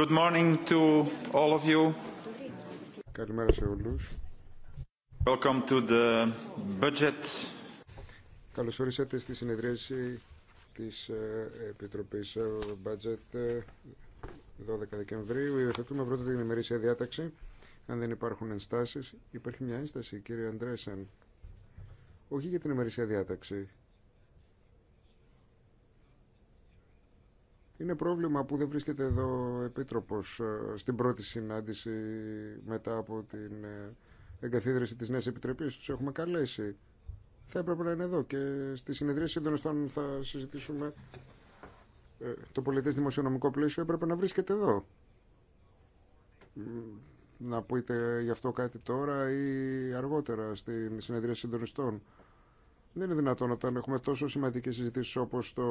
Good morning to all of you. Καλημέρα σε όλους. Welcome to the budget. Καλώς ορίσατε στη συνεδρίαση της ε, Επιτροπής ε, Budget 12 ε, Δεκεμβρίου. Υιοθετούμε πρώτα την ημερήσια διάταξη. Αν δεν υπάρχουν ενστάσεις, υπάρχει μια ένσταση, κύριε Αντρέσεν, Όχι για την ημερήσια διάταξη. Είναι πρόβλημα που δεν βρίσκεται εδώ ο Επίτροπος ε, στην πρώτη συνάντηση μετά από την ε, εγκαθίδρυση της νέας επιτροπής. Τους έχουμε καλέσει. Θα έπρεπε να είναι εδώ και στη συνεδρία συντονιστών θα συζητήσουμε ε, το πολιτές δημοσιονομικό πλαίσιο έπρεπε να βρίσκεται εδώ. Να πείτε γι' αυτό κάτι τώρα ή αργότερα στην συνεδρία συντονιστών. Δεν είναι δυνατόν όταν έχουμε τόσο σημαντικές συζητήσεις όπως το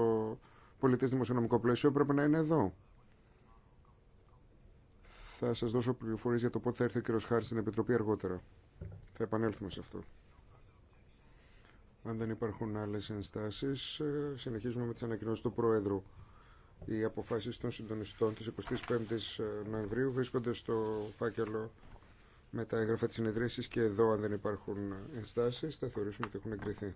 Πολιτή δημοσιονομικό πλαίσιο πρέπει να είναι εδώ. Θα σα δώσω πληροφορίε για το πότε θα έρθει ο κ. Χάρη στην Επιτροπή αργότερα. Θα επανέλθουμε σε αυτό. Αν δεν υπάρχουν άλλε ενστάσεις, ε, συνεχίζουμε με τι ανακοινώσει του Πρόεδρου. Οι αποφάσει των συντονιστών τη 25 η Νοεμβρίου βρίσκονται στο φάκελο με τα έγγραφα τη συνεδρίαση και εδώ αν δεν υπάρχουν ενστάσεις θα θεωρήσουμε ότι έχουν εγκριθεί.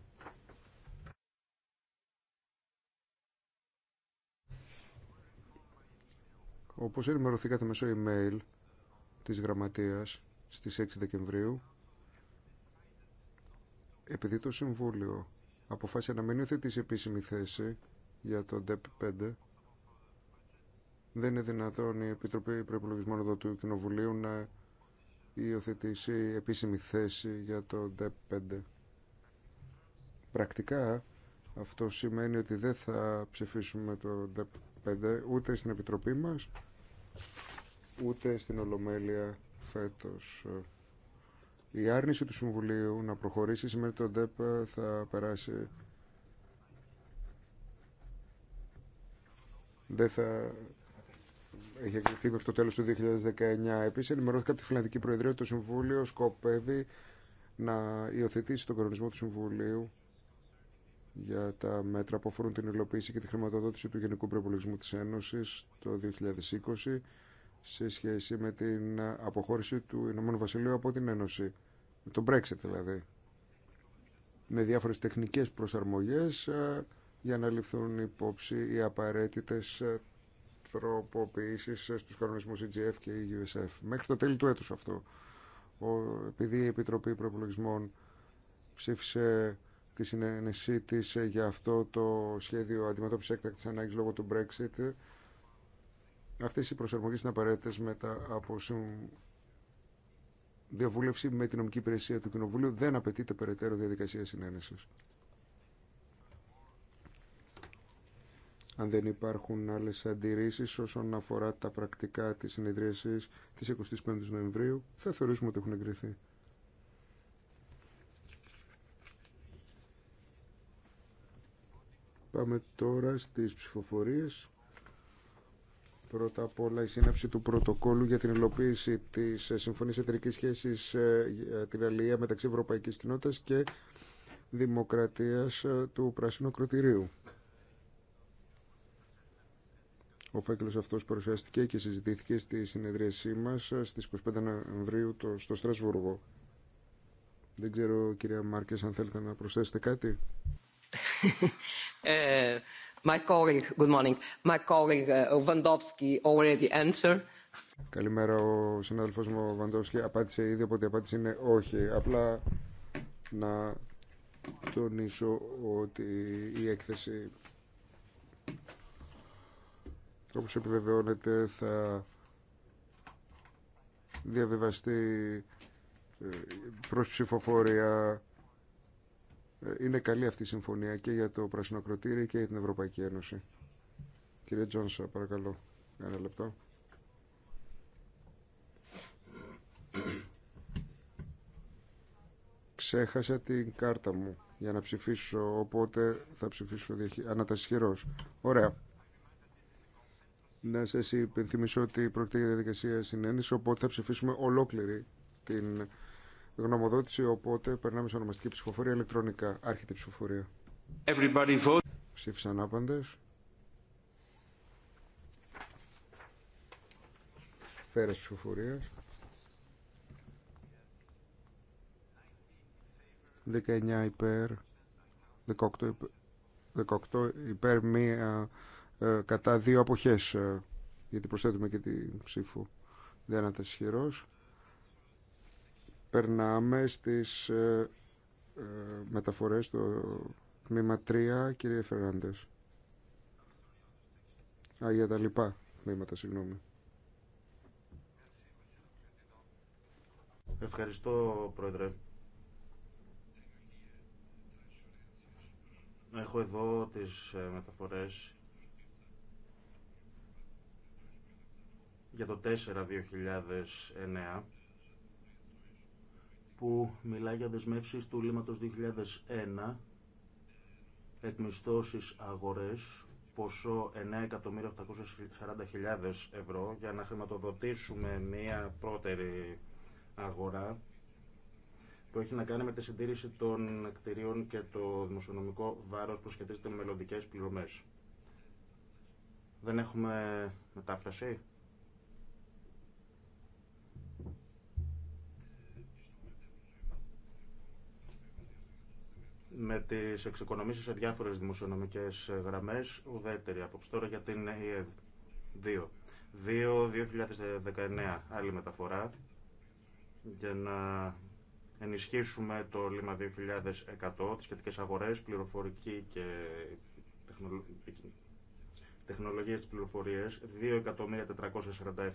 Όπως ενημερωθήκατε μέσω email της γραμματείας στις 6 Δεκεμβρίου, επειδή το Συμβούλιο αποφάσισε να μην υιοθετήσει επίσημη θέση για το ΔΕΠ 5, δεν είναι δυνατόν η Επιτροπή Προπολογισμών εδώ του Κοινοβουλίου να υιοθετήσει επίσημη θέση για το ΔΕΠ 5. Πρακτικά, αυτό σημαίνει ότι δεν θα ψηφίσουμε το ΔΕΠ 5 ούτε στην Επιτροπή μας, ούτε στην Ολομέλεια φέτος. Η άρνηση του Συμβουλίου να προχωρήσει σήμερα το ΔΕΠ θα περάσει. Δεν θα έχει εκτεθεί μέχρι το τέλος του 2019. Επίσης ενημερώθηκα από τη Φιλανδική Προεδρία ότι το Συμβούλιο σκοπεύει να υιοθετήσει τον κανονισμό του Συμβουλίου για τα μέτρα που αφορούν την υλοποίηση και τη χρηματοδότηση του Γενικού Προπολογισμού της Ένωσης το 2020 σε σχέση με την αποχώρηση του Ηνωμένου Βασιλείου από την Ένωση, με το Brexit δηλαδή, με διάφορες τεχνικές προσαρμογές ε, για να ληφθούν υπόψη οι απαραίτητες ε, τροποποιήσεις ε, στους κανονισμούς EGF και e USF μέχρι το τέλη του έτους αυτό. επειδή η Επιτροπή Προπολογισμών ψήφισε τη συνένεσή της για αυτό το σχέδιο αντιμετώπισης έκτακτης ανάγκης λόγω του Brexit, Αυτέ οι προσαρμογέ είναι απαραίτητε μετά από διαβούλευση με την νομική υπηρεσία του Κοινοβουλίου. Δεν απαιτείται περαιτέρω διαδικασία συνένεση. Αν δεν υπάρχουν άλλες αντιρρήσει όσον αφορά τα πρακτικά της συνεδρίαση της 25 η Νοεμβρίου, θα θεωρήσουμε ότι έχουν εγκριθεί. Πάμε τώρα στις ψηφοφορίες. Πρώτα απ' όλα η σύναψη του πρωτοκόλου για την υλοποίηση τη ε, συμφωνία Εταιρική σχέση για ε, ε, την αλληλεία μεταξύ Ευρωπαϊκή Κοινότητα και Δημοκρατία του Πράσινου Κροτηρίου. Ο φάκελο αυτό παρουσιάστηκε και συζητήθηκε στη συνεδρίασή μα στι 25 Νοεμβρίου στο Στρασβούργο. Δεν ξέρω, κυρία Μάρκε, αν θέλετε να προσθέσετε κάτι. Uh, Καλημέρα, ο συνάδελφος μου ο Βαντόφσκι απάντησε ήδη, οπότε η απάντηση είναι όχι. Απλά να τονίσω ότι η έκθεση όπως επιβεβαιώνεται θα διαβιβαστεί ε, προς ψηφοφορία ε, είναι καλή αυτή η συμφωνία και για το πρασινοκροτήρι και για την Ευρωπαϊκή Ένωση. Κύριε Τζόνσα, παρακαλώ, ένα λεπτό. Ξέχασα την κάρτα μου για να ψηφίσω, οπότε θα ψηφίσω ανατασχερός. Ωραία. Να σας υπενθυμίσω ότι πρόκειται για διαδικασία συνένεση, οπότε θα ψηφίσουμε ολόκληρη την γνωμοδότηση, οπότε περνάμε σε ονομαστική ψηφοφορία ηλεκτρονικά. Άρχεται ψηφοφορία. Everybody vote. Ψήφισαν άπαντες. Πέρας ψηφοφορίας. 19 υπέρ, 18 υπέρ, 18 υπέρ ε, κατά δύο αποχές, ε, γιατί προσθέτουμε και την ψήφο. Δεν ήταν ισχυρός. Περνάμε στις ε, ε, μεταφορές στο τμήμα 3, κύριε Φεράντες. Α, για τα λοιπά τμήματα, συγγνώμη. Ευχαριστώ, Πρόεδρε. Έχω εδώ τις ε, μεταφορές για το 4-2009 που μιλάει για δεσμεύσεις του λίματος 2001, εκμισθώσεις αγορές, ποσό 9.840.000 ευρώ για να χρηματοδοτήσουμε μια πρώτερη αγορά που έχει να κάνει με τη συντήρηση των κτηρίων και το δημοσιονομικό βάρος που σχετίζεται με μελλοντικέ πληρωμές. Δεν έχουμε μετάφραση. με τι εξοικονομήσει σε διάφορε δημοσιονομικέ ε, γραμμέ, ουδέτερη άποψη τώρα για την ΕΕΔ 2. 2019 άλλη μεταφορά για να ενισχύσουμε το λίμα 2100, τι σχετικές αγορές, πληροφορική και τεχνολογίες της πληροφορίας 2.447.000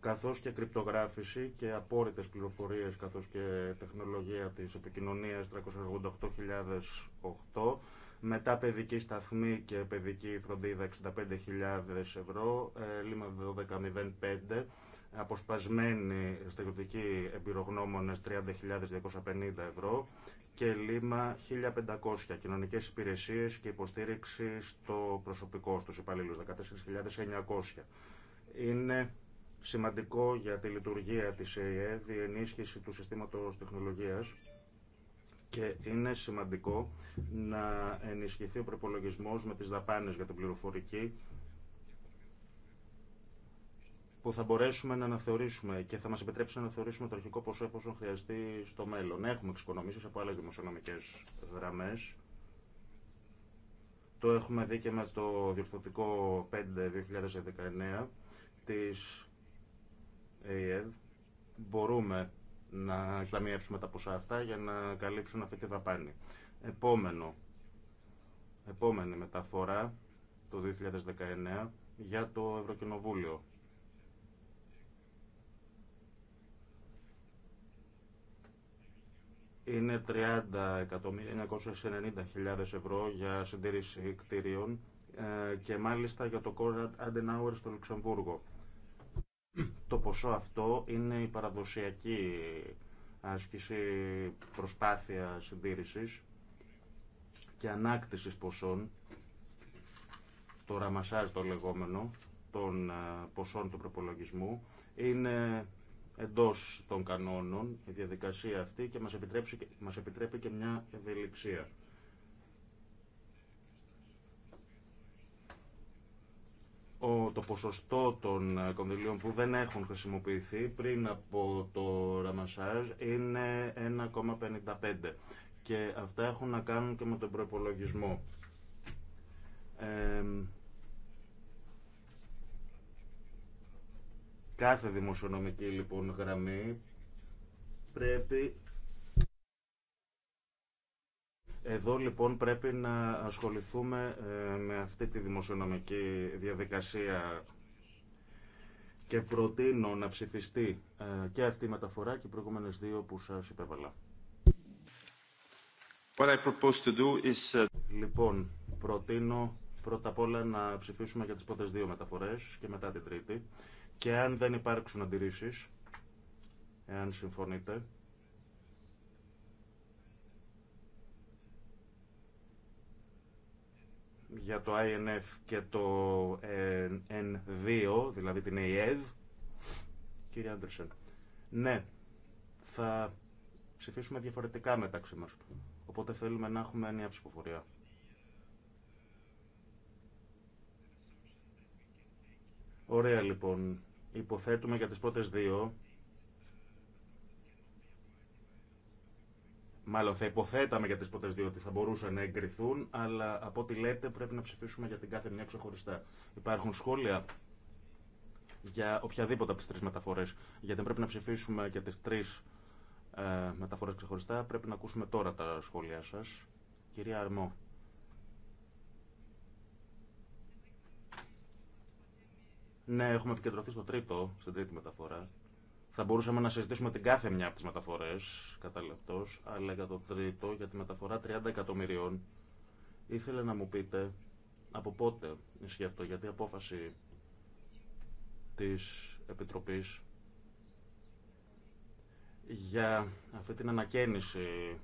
καθώς και κρυπτογράφηση και απόρριτες πληροφορίες καθώς και τεχνολογία της επικοινωνίας 388.008 μετά παιδική σταθμή και παιδική φροντίδα 65.000 ευρώ, ε, λίμα 12.05 αποσπασμένοι στεγνωτικοί εμπειρογνώμονες 30.250 ευρώ και λίμα 1.500 κοινωνικές υπηρεσίες και υποστήριξη στο προσωπικό στους υπαλλήλους 14.900. Είναι σημαντικό για τη λειτουργία της ΕΕΔ η ενίσχυση του συστήματος τεχνολογίας και είναι σημαντικό να ενισχυθεί ο προπολογισμό με τις δαπάνες για την πληροφορική που θα μπορέσουμε να αναθεωρήσουμε και θα μα επιτρέψει να αναθεωρήσουμε το αρχικό ποσό εφόσον χρειαστεί στο μέλλον. Έχουμε εξοικονομήσει από άλλε δημοσιονομικέ γραμμέ. Το έχουμε δει και με το διορθωτικό 5-2019 τη ΕΕΔ. Μπορούμε να ταμιεύσουμε τα ποσά αυτά για να καλύψουν αυτή τη δαπάνη. Επόμενο, επόμενη μεταφορά το 2019 για το Ευρωκοινοβούλιο. είναι 30.990.000 ευρώ για συντήρηση κτίριων ε, και μάλιστα για το Conrad Adenauer στο Λουξεμβούργο. Το ποσό αυτό είναι η παραδοσιακή άσκηση προσπάθεια συντήρησης και ανάκτησης ποσών, το ραμασάζ το λεγόμενο, των ε, ποσών του προπολογισμού, είναι εντός των κανόνων η διαδικασία αυτή και μας, επιτρέψει, μας επιτρέπει και μια ευελιξία. ο, το ποσοστό των ε, κονδυλίων που δεν έχουν χρησιμοποιηθεί πριν από το ραμασάζ είναι 1,55 και αυτά έχουν να κάνουν και με τον προπολογισμό. Κάθε δημοσιονομική λοιπόν γραμμή πρέπει εδώ λοιπόν πρέπει να ασχοληθούμε ε, με αυτή τη δημοσιονομική διαδικασία και προτείνω να ψηφιστεί ε, και αυτή η μεταφορά και οι προηγούμενες δύο που σας υπέβαλα. What I propose to do is... Uh, λοιπόν, προτείνω πρώτα απ' όλα να ψηφίσουμε για τις πρώτες δύο μεταφορές και μετά την τρίτη. Και αν δεν υπάρξουν αντιρρήσεις, εάν συμφωνείτε, για το INF και το N2, δηλαδή την AED κύριε Άντερσεν, ναι, θα ψηφίσουμε διαφορετικά μεταξύ μας. Οπότε θέλουμε να έχουμε μια ψηφοφορία. Ωραία λοιπόν υποθέτουμε για τις πρώτες δύο, μάλλον θα υποθέταμε για τις πρώτες δύο ότι θα μπορούσαν να εγκριθούν, αλλά από ό,τι λέτε πρέπει να ψηφίσουμε για την κάθε μια ξεχωριστά. Υπάρχουν σχόλια για οποιαδήποτε από τις τρεις μεταφορές, γιατί πρέπει να ψηφίσουμε για τις τρεις ε, μεταφορές ξεχωριστά, πρέπει να ακούσουμε τώρα τα σχόλια σας. Κυρία Αρμό. Ναι, έχουμε επικεντρωθεί στο τρίτο, στην τρίτη μεταφορά. Θα μπορούσαμε να συζητήσουμε την κάθε μια από τι μεταφορέ, κατά αλλά για το τρίτο, για τη μεταφορά 30 εκατομμυρίων, ήθελα να μου πείτε από πότε ισχύει αυτό, γιατί η απόφαση τη Επιτροπή για αυτή την ανακαίνιση,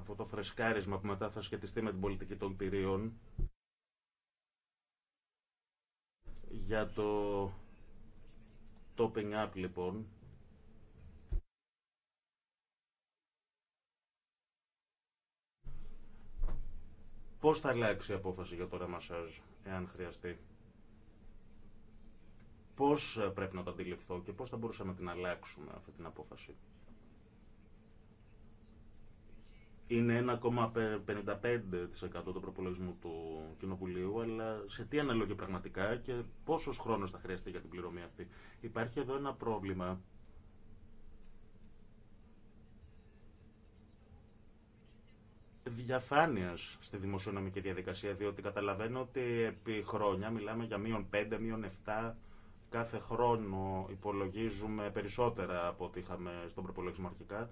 αυτό το φρεσκάρισμα που μετά θα σχετιστεί με την πολιτική των κτηρίων, για το topping up λοιπόν, Πώς θα αλλάξει η απόφαση για το ρεμασάζ, εάν χρειαστεί. Πώς πρέπει να το αντιληφθώ και πώς θα μπορούσαμε να την αλλάξουμε αυτή την απόφαση. είναι 1,55% του προπολογισμού του Κοινοβουλίου, αλλά σε τι αναλογεί πραγματικά και πόσο χρόνο θα χρειαστεί για την πληρωμή αυτή. Υπάρχει εδώ ένα πρόβλημα διαφάνεια στη δημοσιονομική διαδικασία, διότι καταλαβαίνω ότι επί χρόνια μιλάμε για μείον 5, μείον 7. Κάθε χρόνο υπολογίζουμε περισσότερα από ό,τι είχαμε στον προπολογισμό αρχικά.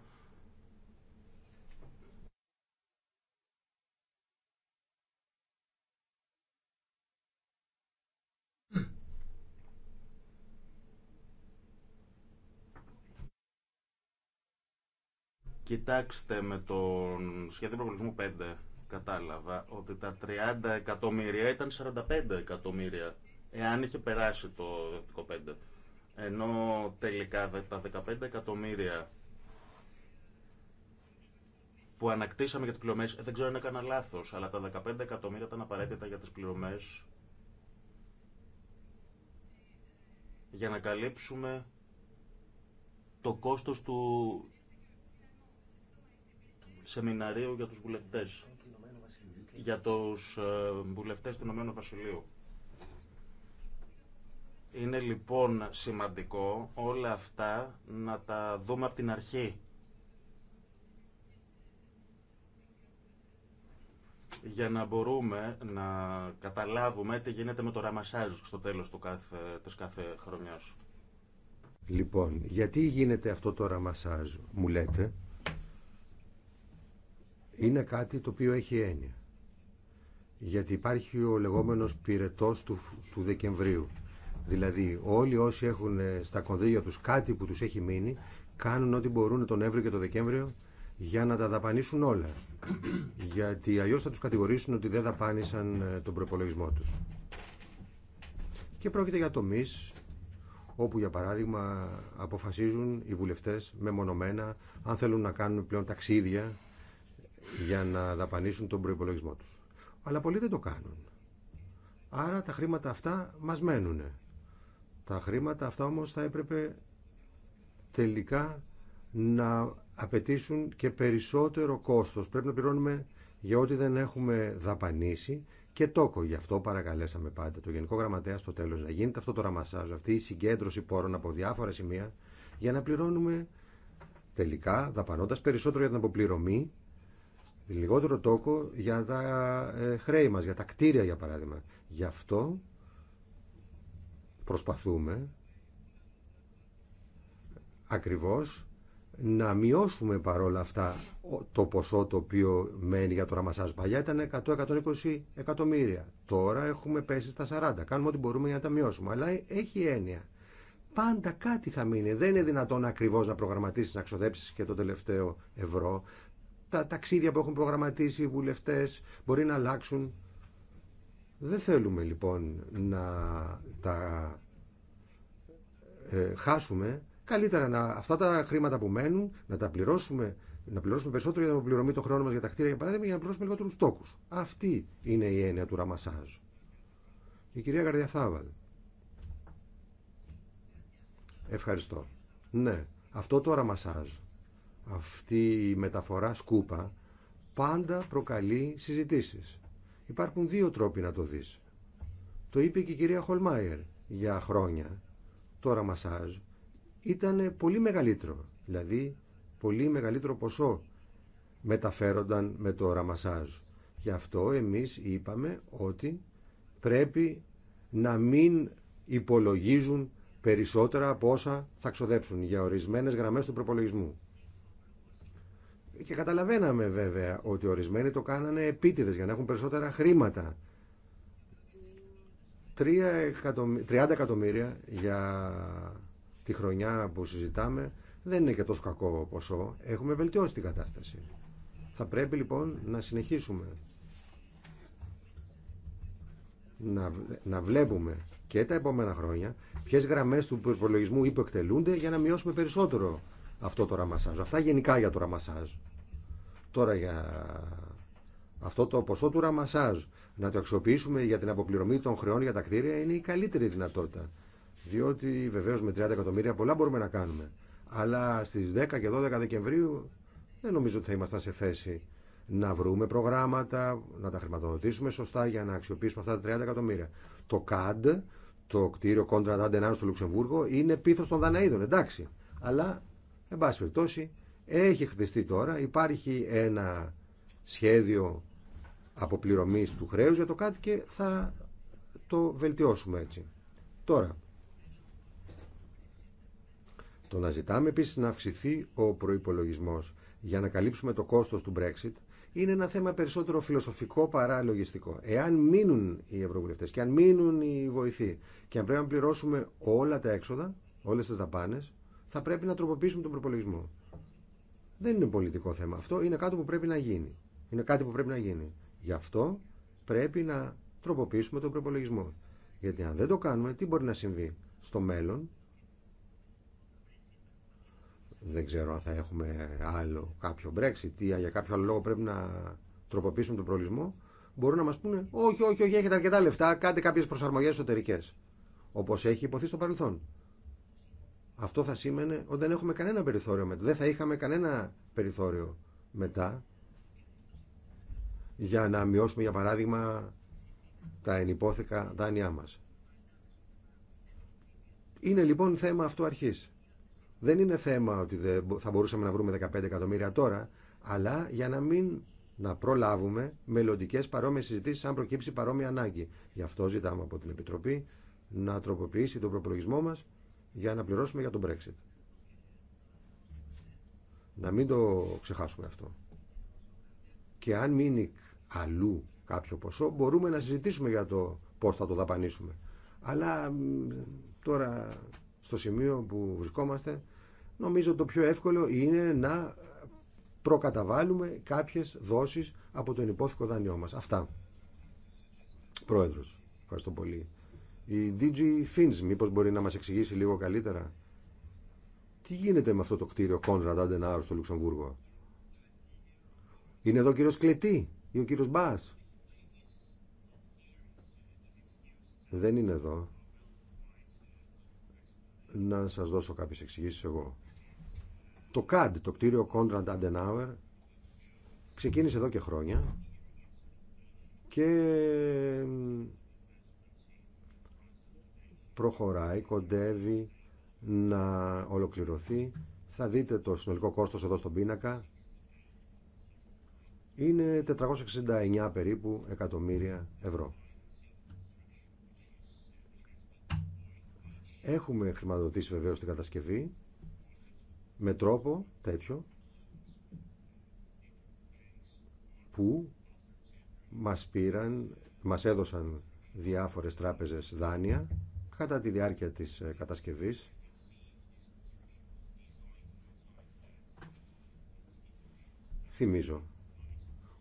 Κοιτάξτε, με τον σχέδιο προπολογισμού 5 κατάλαβα ότι τα 30 εκατομμύρια ήταν 45 εκατομμύρια εάν είχε περάσει το δευτικό 5. Ενώ τελικά τα 15 εκατομμύρια που ανακτήσαμε για τις πληρωμές, ε, δεν ξέρω αν έκανα λάθος, αλλά τα 15 εκατομμύρια ήταν απαραίτητα για τις πληρωμές για να καλύψουμε το κόστος του σεμιναρίου για τους βουλευτές, για τους ε, βουλευτές του Ηνωμένου Βασιλείου. Είναι λοιπόν σημαντικό όλα αυτά να τα δούμε από την αρχή. για να μπορούμε να καταλάβουμε τι γίνεται με το ραμασάζ στο τέλος του κάθε, της κάθε χρονιάς. Λοιπόν, γιατί γίνεται αυτό το ραμασάζ, μου λέτε, είναι κάτι το οποίο έχει έννοια. Γιατί υπάρχει ο λεγόμενος πυρετός του, του Δεκεμβρίου. Δηλαδή όλοι όσοι έχουν ε, στα κονδύλια τους κάτι που τους έχει μείνει κάνουν ό,τι μπορούν τον Εύριο και τον Δεκέμβριο για να τα δαπανίσουν όλα. Γιατί αλλιώ θα τους κατηγορήσουν ότι δεν δαπάνησαν ε, τον προπολογισμό τους. Και πρόκειται για τομεί όπου για παράδειγμα αποφασίζουν οι βουλευτές μεμονωμένα αν θέλουν να κάνουν πλέον ταξίδια για να δαπανίσουν τον προϋπολογισμό τους. Αλλά πολλοί δεν το κάνουν. Άρα τα χρήματα αυτά μας μένουν. Τα χρήματα αυτά όμως θα έπρεπε τελικά να απαιτήσουν και περισσότερο κόστος. Πρέπει να πληρώνουμε για ό,τι δεν έχουμε δαπανίσει και τόκο. Γι' αυτό παρακαλέσαμε πάντα το Γενικό Γραμματέα στο τέλο να γίνεται αυτό το ραμασάζ, αυτή η συγκέντρωση πόρων από διάφορα σημεία για να πληρώνουμε τελικά, δαπανώντα περισσότερο για την αποπληρωμή λιγότερο τόκο για τα ε, χρέη μας, για τα κτίρια για παράδειγμα. Γι' αυτό προσπαθούμε ακριβώς να μειώσουμε παρόλα αυτά το ποσό το οποίο μένει για το ραμασάζ. Παλιά ήταν 100-120 εκατομμύρια. Τώρα έχουμε πέσει στα 40. Κάνουμε ό,τι μπορούμε για να τα μειώσουμε. Αλλά ε, έχει έννοια. Πάντα κάτι θα μείνει. Δεν είναι δυνατόν ακριβώ να προγραμματίσει, να ξοδέψει και το τελευταίο ευρώ τα ταξίδια που έχουν προγραμματίσει οι βουλευτές μπορεί να αλλάξουν. Δεν θέλουμε λοιπόν να τα ε, χάσουμε. Καλύτερα να, αυτά τα χρήματα που μένουν να τα πληρώσουμε, να πληρώσουμε περισσότερο για να πληρωμή το χρόνο μας για τα κτίρια για παράδειγμα για να πληρώσουμε λιγότερους τόκους. Αυτή είναι η έννοια του Ραμασάζ. Η κυρία Γαρδιαθάβαλ. Ευχαριστώ. Ναι, αυτό το Ραμασάζ αυτή η μεταφορά σκούπα πάντα προκαλεί συζητήσεις. Υπάρχουν δύο τρόποι να το δεις. Το είπε και η κυρία Χολμάιερ για χρόνια. Το μασάζ, ήταν πολύ μεγαλύτερο. Δηλαδή πολύ μεγαλύτερο ποσό μεταφέρονταν με το ραμασάζ. Γι' αυτό εμείς είπαμε ότι πρέπει να μην υπολογίζουν περισσότερα από όσα θα ξοδέψουν για ορισμένες γραμμές του προπολογισμού και καταλαβαίναμε βέβαια ότι ορισμένοι το κάνανε επίτηδες για να έχουν περισσότερα χρήματα. 30 εκατομμύρια για τη χρονιά που συζητάμε δεν είναι και τόσο κακό ποσό. Έχουμε βελτιώσει την κατάσταση. Θα πρέπει λοιπόν να συνεχίσουμε να, να βλέπουμε και τα επόμενα χρόνια ποιε γραμμέ του προπολογισμού υποεκτελούνται για να μειώσουμε περισσότερο αυτό το ραμασάζ. Αυτά γενικά για το ραμασάζ. Τώρα για αυτό το ποσό του ραμασάζ να το αξιοποιήσουμε για την αποπληρωμή των χρεών για τα κτίρια είναι η καλύτερη δυνατότητα. Διότι βεβαίω με 30 εκατομμύρια πολλά μπορούμε να κάνουμε. Αλλά στι 10 και 12 Δεκεμβρίου δεν νομίζω ότι θα ήμασταν σε θέση να βρούμε προγράμματα, να τα χρηματοδοτήσουμε σωστά για να αξιοποιήσουμε αυτά τα 30 εκατομμύρια. Το CAD, το κτίριο Contra Dandenau στο Λουξεμβούργο, είναι πίθο των Δαναίδων, εντάξει. Αλλά, εν πάση έχει χτιστεί τώρα, υπάρχει ένα σχέδιο αποπληρωμής του χρέους για το κάτι και θα το βελτιώσουμε έτσι. Τώρα, το να ζητάμε επίσης να αυξηθεί ο προϋπολογισμός για να καλύψουμε το κόστος του Brexit είναι ένα θέμα περισσότερο φιλοσοφικό παρά λογιστικό. Εάν μείνουν οι ευρωβουλευτές και αν μείνουν οι βοηθοί και αν πρέπει να πληρώσουμε όλα τα έξοδα, όλες τις δαπάνες, θα πρέπει να τροποποιήσουμε τον προπολογισμό. Δεν είναι πολιτικό θέμα αυτό, είναι κάτι που πρέπει να γίνει. Είναι κάτι που πρέπει να γίνει. Γι' αυτό πρέπει να τροποποιήσουμε τον προπολογισμό. Γιατί αν δεν το κάνουμε, τι μπορεί να συμβεί στο μέλλον. Δεν ξέρω αν θα έχουμε άλλο κάποιο Brexit ή για κάποιο άλλο λόγο πρέπει να τροποποιήσουμε τον προπολογισμό. Μπορούν να μα πούνε, όχι, όχι, όχι, έχετε αρκετά λεφτά, κάντε κάποιε προσαρμογέ εσωτερικέ. Όπω έχει υποθεί στο παρελθόν. Αυτό θα σήμαινε ότι δεν έχουμε κανένα περιθώριο μετά. Δεν θα είχαμε κανένα περιθώριο μετά για να μειώσουμε, για παράδειγμα, τα ενυπόθηκα δάνειά μας. Είναι λοιπόν θέμα αυτού αρχής. Δεν είναι θέμα ότι θα μπορούσαμε να βρούμε 15 εκατομμύρια τώρα, αλλά για να μην να προλάβουμε μελλοντικέ παρόμοιε συζητήσει αν προκύψει παρόμοια ανάγκη. Γι' αυτό ζητάμε από την Επιτροπή να τροποποιήσει τον προπολογισμό μας για να πληρώσουμε για τον Brexit. Να μην το ξεχάσουμε αυτό. Και αν μείνει αλλού κάποιο ποσό, μπορούμε να συζητήσουμε για το πώς θα το δαπανίσουμε. Αλλά τώρα στο σημείο που βρισκόμαστε, νομίζω το πιο εύκολο είναι να προκαταβάλουμε κάποιες δόσεις από τον υπόθηκο δάνειό μας. Αυτά. Πρόεδρος, ευχαριστώ πολύ. Η DG Fins μήπως μπορεί να μας εξηγήσει λίγο καλύτερα τι γίνεται με αυτό το κτίριο Κόντρα Adenauer στο Λουξεμβούργο. Είναι εδώ ο κύριος Κλετή ή ο κύριος Μπάς. Δεν είναι εδώ. Να σας δώσω κάποιες εξηγήσεις εγώ. Το CAD, το κτίριο Κόντραντ Αντενάουερ, ξεκίνησε εδώ και χρόνια και προχωράει, κοντεύει να ολοκληρωθεί. Θα δείτε το συνολικό κόστος εδώ στον πίνακα. Είναι 469 περίπου εκατομμύρια ευρώ. Έχουμε χρηματοδοτήσει βεβαίως την κατασκευή με τρόπο τέτοιο που μας πήραν, μας έδωσαν διάφορες τράπεζες δάνεια κατά τη διάρκεια της ε, κατασκευής θυμίζω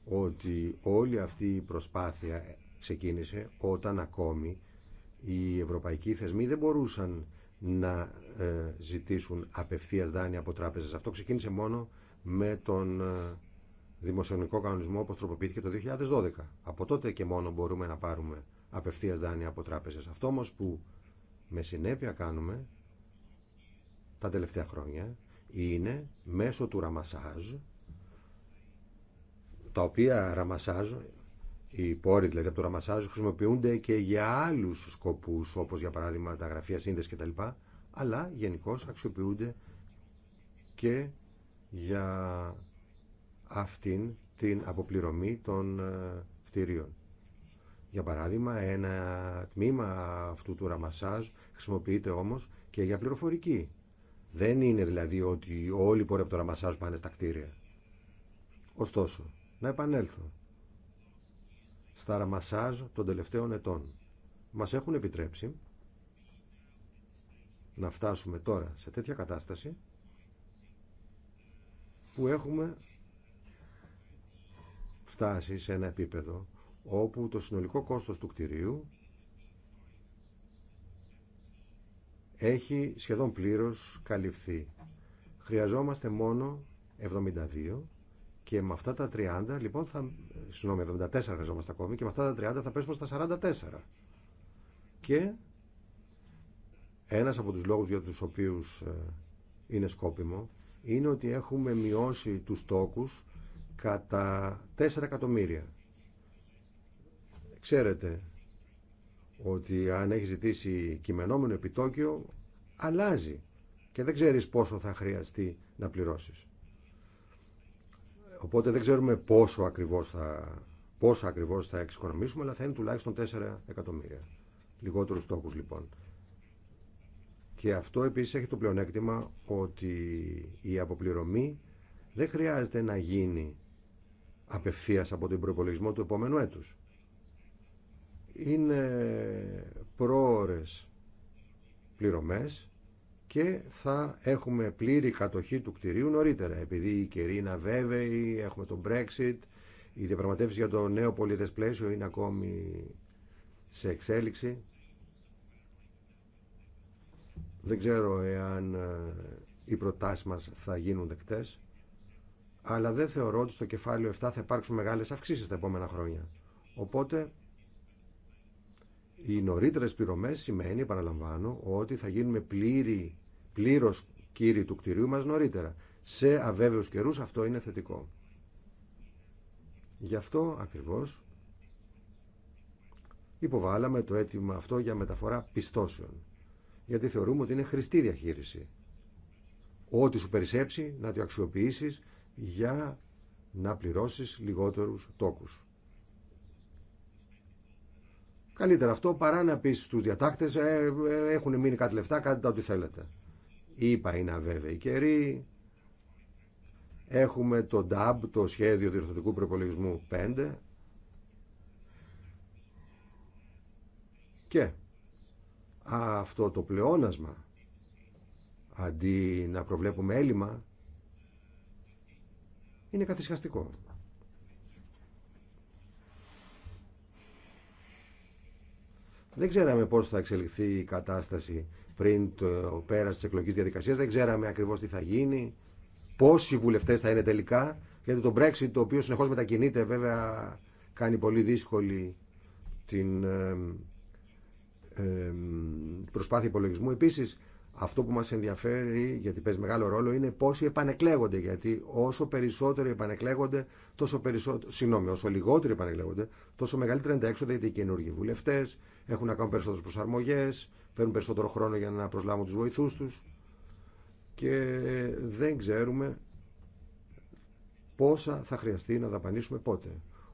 ότι όλη αυτή η προσπάθεια ξεκίνησε όταν ακόμη οι ευρωπαϊκοί θεσμοί δεν μπορούσαν να ε, ζητήσουν απευθείας δάνεια από τράπεζες. Αυτό ξεκίνησε μόνο με τον ε, δημοσιονομικό κανονισμό όπως τροποποιήθηκε το 2012. Από τότε και μόνο μπορούμε να πάρουμε απευθείας δάνεια από τράπεζες. Αυτό όμως που με συνέπεια κάνουμε τα τελευταία χρόνια είναι μέσω του ραμασάζ τα οποία ραμασάζ οι πόροι δηλαδή από το ραμασάζ χρησιμοποιούνται και για άλλους σκοπούς όπως για παράδειγμα τα γραφεία σύνδεση κτλ αλλά γενικώ αξιοποιούνται και για αυτήν την αποπληρωμή των ε, κτηρίων. Για παράδειγμα, ένα τμήμα αυτού του ραμασάζ χρησιμοποιείται όμως και για πληροφορική. Δεν είναι δηλαδή ότι όλοι οι πόροι το ραμασάζ πάνε στα κτίρια. Ωστόσο, να επανέλθω στα ραμασάζ των τελευταίων ετών. Μας έχουν επιτρέψει να φτάσουμε τώρα σε τέτοια κατάσταση που έχουμε φτάσει σε ένα επίπεδο όπου το συνολικό κόστος του κτηρίου έχει σχεδόν πλήρως καλυφθεί. Χρειαζόμαστε μόνο 72 και με αυτά τα 30, λοιπόν, θα, συγγνώμη, 74 χρειαζόμαστε ακόμη και με αυτά τα 30 θα πέσουμε στα 44. Και ένας από τους λόγους για τους οποίους ε, είναι σκόπιμο είναι ότι έχουμε μειώσει τους τόκους κατά 4 εκατομμύρια Ξέρετε ότι αν έχει ζητήσει κειμενόμενο επιτόκιο, αλλάζει και δεν ξέρεις πόσο θα χρειαστεί να πληρώσεις. Οπότε δεν ξέρουμε πόσο ακριβώς θα, πόσο ακριβώς θα εξοικονομήσουμε, αλλά θα είναι τουλάχιστον 4 εκατομμύρια. Λιγότερους στόχους λοιπόν. Και αυτό επίσης έχει το πλεονέκτημα ότι η αποπληρωμή δεν χρειάζεται να γίνει απευθείας από τον προπολογισμό του επόμενου έτους είναι πρόορες πληρωμές και θα έχουμε πλήρη κατοχή του κτηρίου νωρίτερα επειδή η καιρή είναι αβέβαιη έχουμε τον Brexit η διαπραγματεύση για το νέο πολίτες πλαίσιο είναι ακόμη σε εξέλιξη δεν ξέρω εάν ε, οι προτάσεις μας θα γίνουν δεκτές αλλά δεν θεωρώ ότι στο κεφάλαιο 7 θα υπάρξουν μεγάλες αυξήσεις τα επόμενα χρόνια οπότε οι νωρίτερε πληρωμέ σημαίνει, επαναλαμβάνω, ότι θα γίνουμε πλήρη, κύριοι του κτηρίου μας νωρίτερα. Σε αβέβαιους καιρούς αυτό είναι θετικό. Γι' αυτό ακριβώς υποβάλαμε το αίτημα αυτό για μεταφορά πιστώσεων. Γιατί θεωρούμε ότι είναι χρηστή διαχείριση. Ό,τι σου περισσέψει να το αξιοποιήσεις για να πληρώσεις λιγότερους τόκους. Καλύτερα αυτό παρά να πει στου διατάκτε ε, ε έχουν μείνει κάτι λεφτά, κάντε τα ό,τι θέλετε. Είπα είναι αβέβαιοι καιροί. Έχουμε το DAB, το σχέδιο διορθωτικού προπολογισμού 5. Και αυτό το πλεόνασμα, αντί να προβλέπουμε έλλειμμα, είναι καθυσχαστικό. Δεν ξέραμε πώς θα εξελιχθεί η κατάσταση πριν το πέρα τη εκλογική διαδικασίας. Δεν ξέραμε ακριβώς τι θα γίνει, πόσοι βουλευτέ θα είναι τελικά. Γιατί το Brexit, το οποίο συνεχώς μετακινείται, βέβαια κάνει πολύ δύσκολη την προσπάθεια υπολογισμού. Επίσης, αυτό που μας ενδιαφέρει, γιατί παίζει μεγάλο ρόλο, είναι πόσοι επανεκλέγονται. Γιατί όσο περισσότεροι επανεκλέγονται, τόσο περισσότερο, συγγνώμη, όσο λιγότερο επανεκλέγονται, τόσο μεγαλύτερα είναι τα έξοδα γιατί οι καινούργοι βουλευτέ έχουν να κάνουν περισσότερε προσαρμογέ, παίρνουν περισσότερο χρόνο για να προσλάβουν του βοηθού του και δεν ξέρουμε πόσα θα χρειαστεί να δαπανίσουμε πότε.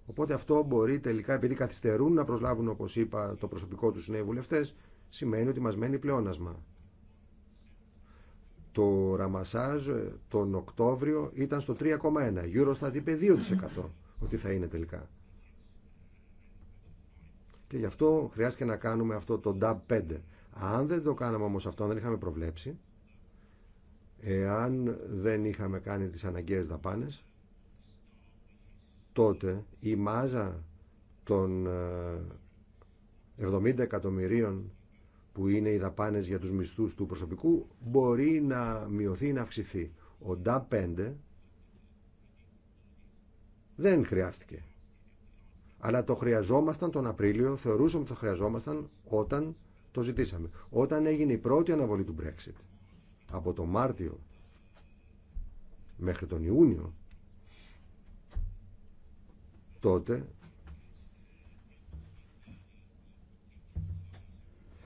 Οπότε αυτό μπορεί τελικά, επειδή καθυστερούν να προσλάβουν, όπω είπα, το προσωπικό του νέοι βουλευτέ, σημαίνει ότι μα μένει πλεόνασμα. Το ραμασάζ τον Οκτώβριο ήταν στο 3,1. θα είπε 2% ότι θα είναι τελικά. Και γι' αυτό χρειάστηκε να κάνουμε αυτό το DAB 5. Αν δεν το κάναμε όμως αυτό, αν δεν είχαμε προβλέψει, εάν δεν είχαμε κάνει τις αναγκαίες δαπάνες, τότε η μάζα των 70 ε, εκατομμυρίων που είναι οι δαπάνε για τους μισθούς του προσωπικού μπορεί να μειωθεί ή να αυξηθεί. Ο ΝΤΑ 5 δεν χρειάστηκε. Αλλά το χρειαζόμασταν τον Απρίλιο, θεωρούσαμε ότι το χρειαζόμασταν όταν το ζητήσαμε. Όταν έγινε η πρώτη αναβολή του Brexit, από τον Μάρτιο μέχρι τον Ιούνιο, τότε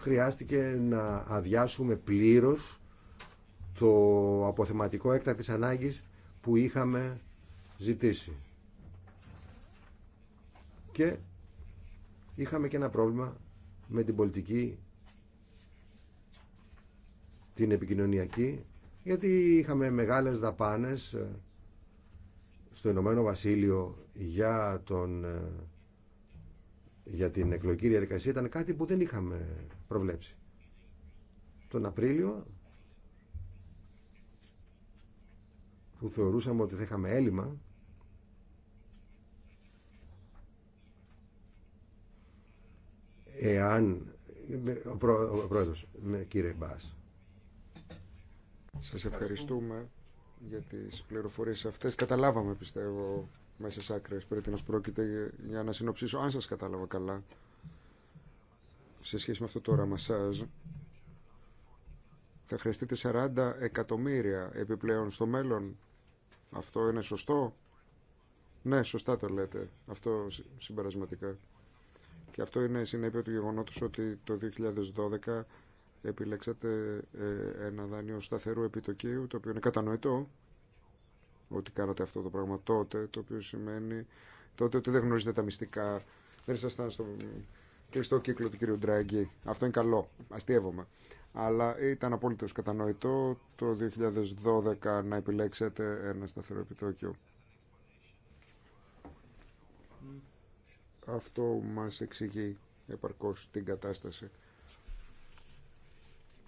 χρειάστηκε να αδειάσουμε πλήρως το αποθεματικό έκτακτης ανάγκης που είχαμε ζητήσει. Και είχαμε και ένα πρόβλημα με την πολιτική, την επικοινωνιακή, γιατί είχαμε μεγάλες δαπάνες ε, στο Ηνωμένο Βασίλειο για, τον, ε, για την εκλογική διαδικασία. Ήταν κάτι που δεν είχαμε προβλέψει. Τον Απρίλιο, που θεωρούσαμε ότι θα είχαμε έλλειμμα, εάν ο, πρό, ο πρόεδρος, με κύριε Μπάς. Σας ευχαριστούμε για τις πληροφορίες αυτές. Καταλάβαμε, πιστεύω, μέσα σ' άκρες, πρέπει να πρόκειται για να συνοψίσω, αν σας κατάλαβα καλά, σε σχέση με αυτό το ραμασάζ θα χρειαστείτε 40 εκατομμύρια επιπλέον στο μέλλον. Αυτό είναι σωστό. Ναι, σωστά το λέτε. Αυτό συμπερασματικά. Και αυτό είναι συνέπεια του γεγονότος ότι το 2012 επιλέξατε ε, ένα δάνειο σταθερού επιτοκίου, το οποίο είναι κατανοητό ότι κάνατε αυτό το πράγμα τότε, το οποίο σημαίνει τότε ότι δεν γνωρίζετε τα μυστικά, δεν ήσασταν στο και στο κύκλο του κύριου Ντράγκη. Αυτό είναι καλό, αστείευομαι. Αλλά ήταν απόλυτο κατανοητό το 2012 να επιλέξετε ένα σταθερό επιτόκιο. Αυτό μας εξηγεί επαρκώς την κατάσταση.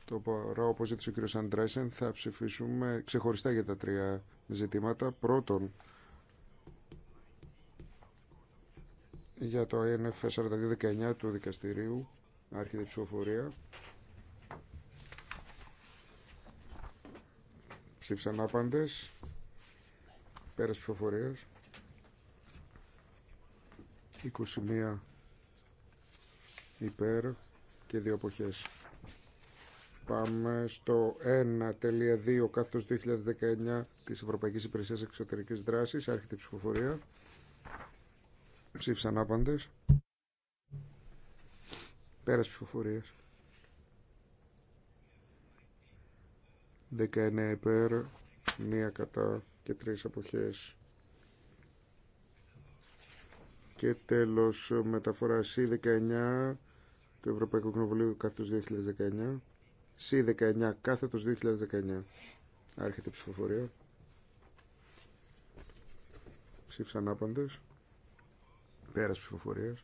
Το παρά όπως ζήτησε ο κ. Αντρέσεν θα ψηφίσουμε ξεχωριστά για τα τρία ζητήματα. Πρώτον, για το INF 4219 του δικαστηρίου άρχιδη ψηφοφορία ψήφισαν άπαντες πέρας ψηφοφορίας 21 υπέρ και δύο εποχές πάμε στο 1.2 κάθετος 2019 της Ευρωπαϊκής Υπηρεσίας Εξωτερικής Δράσης άρχεται ψηφοφορία Ψήφισαν άπαντε. Πέρας ψηφοφορία. 19 υπέρ, 1 κατά και 3 αποχές. Και τέλος μεταφορά C19 του Ευρωπαϊκού Κοινοβουλίου κάθετος 2019. C19 κάθετος 2019. Άρχεται η ψηφοφορία. Ψήφισαν άπαντες. Πέρας ψηφοφορίας.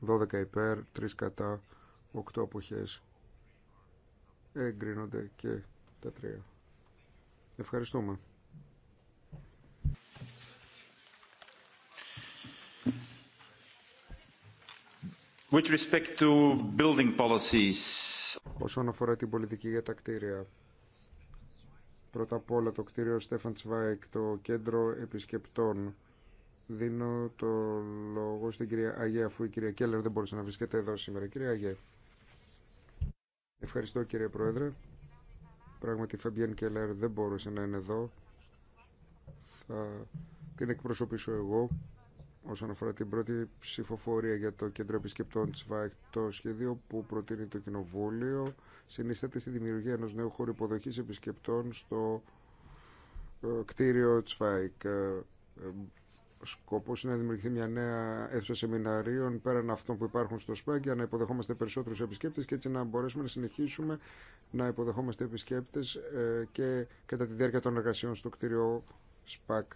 12 υπέρ, 3 κατά, 8 αποχές. Εγκρίνονται και τα τρία. Ευχαριστούμε. With respect to building policies. Όσον αφορά την πολιτική για τα κτίρια, Πρώτα απ' όλα το κτίριο Στέφαν Τσβάικ, το κέντρο επισκεπτών. Δίνω το λόγο στην κυρία Αγία, αφού η κυρία Κέλλερ δεν μπορούσε να βρίσκεται εδώ σήμερα. Κυρία Αγία. Ευχαριστώ κύριε Πρόεδρε. Πράγματι η Φαμπιέν Κέλλερ δεν μπορούσε να είναι εδώ. Θα την εκπροσωπήσω εγώ όσον αφορά την πρώτη ψηφοφορία για το Κέντρο Επισκεπτών της ΒΑΕΚ, το σχέδιο που προτείνει το Κοινοβούλιο συνίσταται στη δημιουργία ενό νέου χώρου υποδοχή επισκεπτών στο ε, κτίριο της ΒΑΕΚ. Ε, ε, Σκοπό είναι να δημιουργηθεί μια νέα αίθουσα σεμιναρίων πέραν αυτών που υπάρχουν στο ΣΠΑΚ για να υποδεχόμαστε περισσότερου επισκέπτε και έτσι να μπορέσουμε να συνεχίσουμε να υποδεχόμαστε επισκέπτε και κατά τη διάρκεια των εργασιών στο κτίριο Σπακ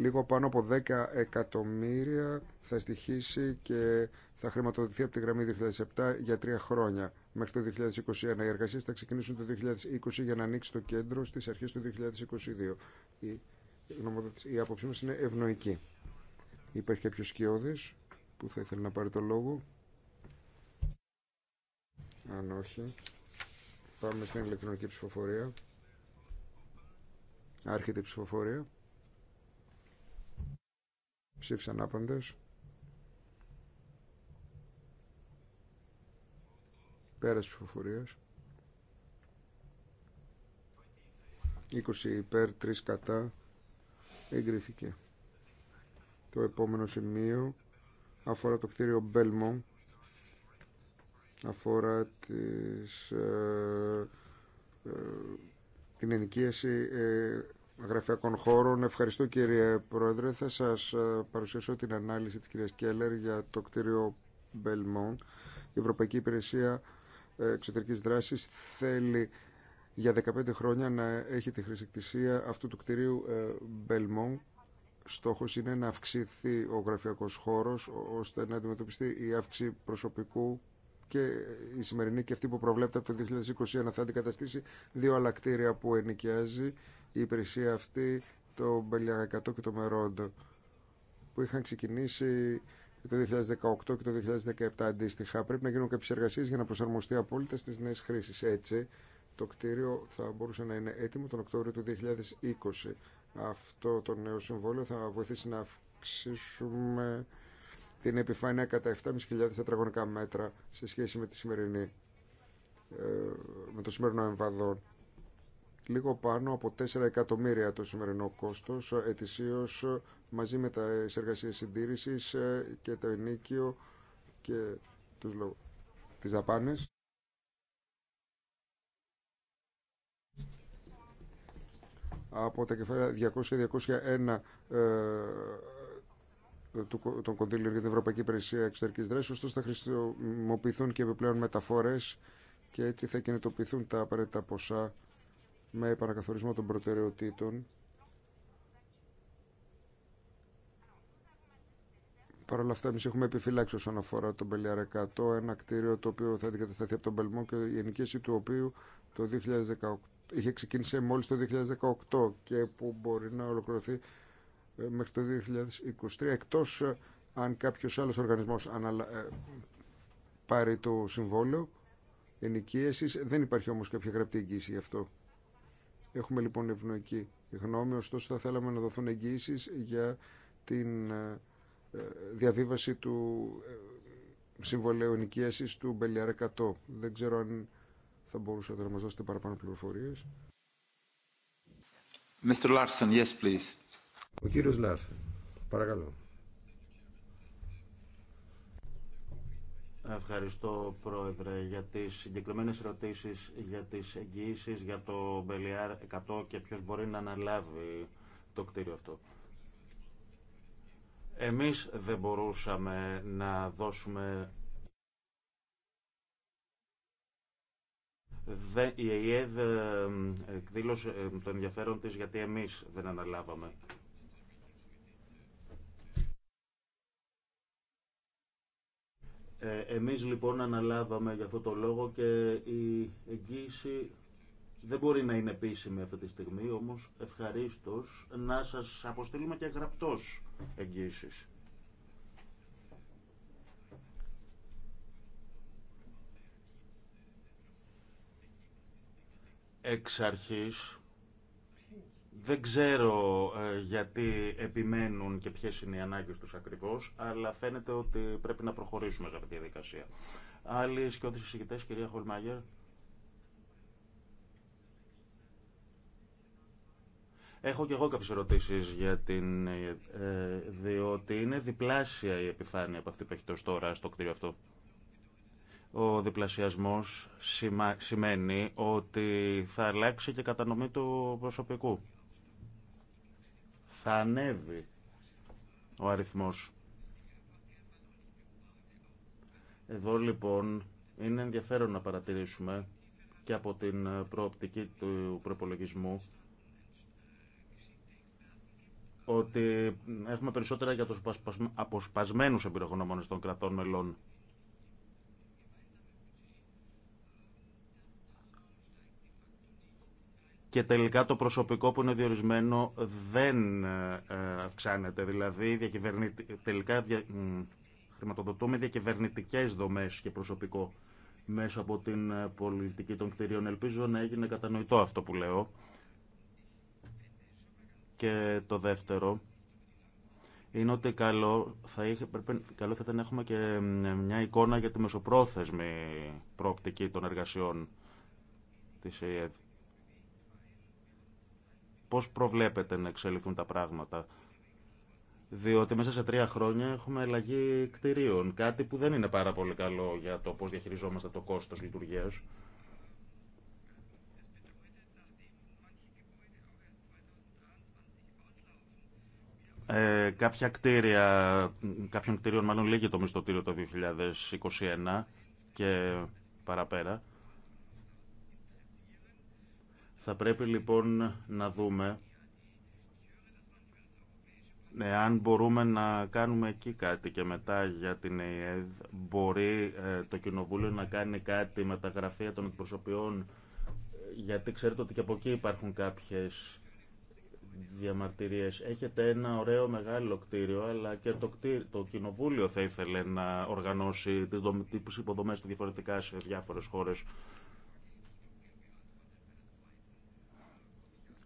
λίγο πάνω από 10 εκατομμύρια θα στοιχήσει και θα χρηματοδοτηθεί από τη γραμμή 2007 για τρία χρόνια. Μέχρι το 2021 οι εργασίες θα ξεκινήσουν το 2020 για να ανοίξει το κέντρο στις αρχές του 2022. Η, η άποψή μας είναι ευνοϊκή. Υπάρχει κάποιο σκιώδης που θα ήθελε να πάρει το λόγο. Αν όχι, πάμε στην ηλεκτρονική ψηφοφορία. Άρχεται η ψηφοφορία. Ψήφισαν άπαντες. Πέρας ψηφοφορίας. 20 υπέρ, 3 κατά. Εγκρίθηκε. Το επόμενο σημείο αφορά το κτίριο Μπέλμο, αφορά τις, ε, ε, την ενοικίαση ε, γραφειακών χώρων. Ευχαριστώ κύριε Πρόεδρε. Θα σας ε, παρουσιάσω την ανάλυση της κυρίας Κέλλερ για το κτίριο Belmont. Η Ευρωπαϊκή Υπηρεσία ε, Εξωτερικής Δράσης θέλει για 15 χρόνια να έχει τη χρησικτησία αυτού του κτίριου ε, Belmont. Στόχος είναι να αυξηθεί ο γραφειακός χώρος ώστε να αντιμετωπιστεί η αύξηση προσωπικού και η σημερινή και αυτή που προβλέπεται από το 2021 θα αντικαταστήσει δύο άλλα κτίρια που ενοικιάζει η υπηρεσία αυτή, το Μπελιακατό και το Μερόντο, που είχαν ξεκινήσει το 2018 και το 2017 αντίστοιχα. Πρέπει να γίνουν κάποιε εργασίε για να προσαρμοστεί απόλυτα στις νέε χρήσει. Έτσι, το κτίριο θα μπορούσε να είναι έτοιμο τον Οκτώβριο του 2020. Αυτό το νέο συμβόλαιο θα βοηθήσει να αυξήσουμε την επιφάνεια κατά 7.500 τετραγωνικά μέτρα σε σχέση με, ε, με το σημερινό εμβαδόν λίγο πάνω από 4 εκατομμύρια το σημερινό κόστος ετησίως μαζί με τα εργασίες συντήρησης ε, και το ενίκιο και τους λόγους τις δαπάνες. Από τα κεφάλαια 200-201 ε, των κονδύλων για την Ευρωπαϊκή Υπηρεσία Εξωτερικής Δράσης, ωστόσο θα χρησιμοποιηθούν και επιπλέον μεταφορές και έτσι θα κινητοποιηθούν τα απαραίτητα ποσά με παρακαθορισμό των προτεραιοτήτων Παρ' όλα αυτά, εμεί έχουμε επιφυλάξει όσον αφορά τον Πελιαρεκατό, ένα κτίριο το οποίο θα αντικατασταθεί από τον Πελμό και η ενοικίαση του οποίου το 2018, είχε ξεκίνησε μόλι το 2018 και που μπορεί να ολοκληρωθεί ε, μέχρι το 2023, εκτό ε, αν κάποιο άλλο οργανισμό ε, πάρει το συμβόλαιο ενοικίαση. Δεν υπάρχει όμω κάποια γραπτή εγγύηση γι' αυτό. Έχουμε λοιπόν ευνοϊκή γνώμη, ωστόσο θα θέλαμε να δοθούν εγγύησει για την ε, ε, διαβίβαση του ε, συμβολέου νοικιάσης του Μπελιαρέκατο. 100. Δεν ξέρω αν θα μπορούσατε να μας δώσετε παραπάνω πληροφορίες. Mr. Larson, yes, please. Ο κύριος Λάρσεν, παρακαλώ. Ευχαριστώ, Πρόεδρε, για τι συγκεκριμένε ερωτήσει, για τι εγγυήσει, για το Μπελιάρ 100 και ποιο μπορεί να αναλάβει το κτίριο αυτό. Εμείς δεν μπορούσαμε να δώσουμε η ΕΕΔ ε, εκδήλωσε ε, το ενδιαφέρον της γιατί εμείς δεν αναλάβαμε Ε, εμείς λοιπόν αναλάβαμε για αυτό το λόγο και η εγγύηση δεν μπορεί να είναι επίσημη αυτή τη στιγμή, όμως ευχαρίστως να σας αποστείλουμε και γραπτός εγγύησης. Εξ αρχής δεν ξέρω ε, γιατί επιμένουν και ποιες είναι οι ανάγκες τους ακριβώς, αλλά φαίνεται ότι πρέπει να προχωρήσουμε σε αυτή τη διαδικασία. Άλλοι σκιώδεις εισηγητές, κυρία Χολμάγερ. Έχω και εγώ κάποιες ερωτήσεις για την... Ε, διότι είναι διπλάσια η επιφάνεια από αυτή που έχει τόσο τώρα στο κτίριο αυτό. Ο διπλασιασμός σημαίνει ότι θα αλλάξει και κατανομή του προσωπικού θα ανέβει ο αριθμός. Εδώ λοιπόν είναι ενδιαφέρον να παρατηρήσουμε και από την προοπτική του προπολογισμού ότι έχουμε περισσότερα για τους αποσπασμένους εμπειρογνώμονες των κρατών μελών και τελικά το προσωπικό που είναι διορισμένο δεν ε, αυξάνεται. Δηλαδή τελικά χρηματοδοτούμε διακυβερνητικές δομές και προσωπικό μέσω από την ε, πολιτική των κτηρίων. Ελπίζω να έγινε κατανοητό αυτό που λέω. Και το δεύτερο είναι ότι καλό θα, είχε, πρέπει, καλό θα ήταν να έχουμε και ε, μια εικόνα για τη μεσοπρόθεσμη προοπτική των εργασιών της ΕΕΔ πώς προβλέπετε να εξελιχθούν τα πράγματα. Διότι μέσα σε τρία χρόνια έχουμε αλλαγή κτηρίων, κάτι που δεν είναι πάρα πολύ καλό για το πώς διαχειριζόμαστε το κόστος λειτουργίας. Ε, κάποια κτίρια, κάποιων κτίριων μάλλον λίγη το μισθωτήριο το 2021 και παραπέρα. Θα πρέπει λοιπόν να δούμε εάν μπορούμε να κάνουμε εκεί κάτι και μετά για την ΕΕΔ μπορεί ε, το Κοινοβούλιο να κάνει κάτι με τα γραφεία των προσωπιών ε, γιατί ξέρετε ότι και από εκεί υπάρχουν κάποιες διαμαρτυρίες. Έχετε ένα ωραίο μεγάλο κτίριο, αλλά και το, το κοινοβούλιο θα ήθελε να οργανώσει τις υποδομές του διαφορετικά σε διάφορες χώρες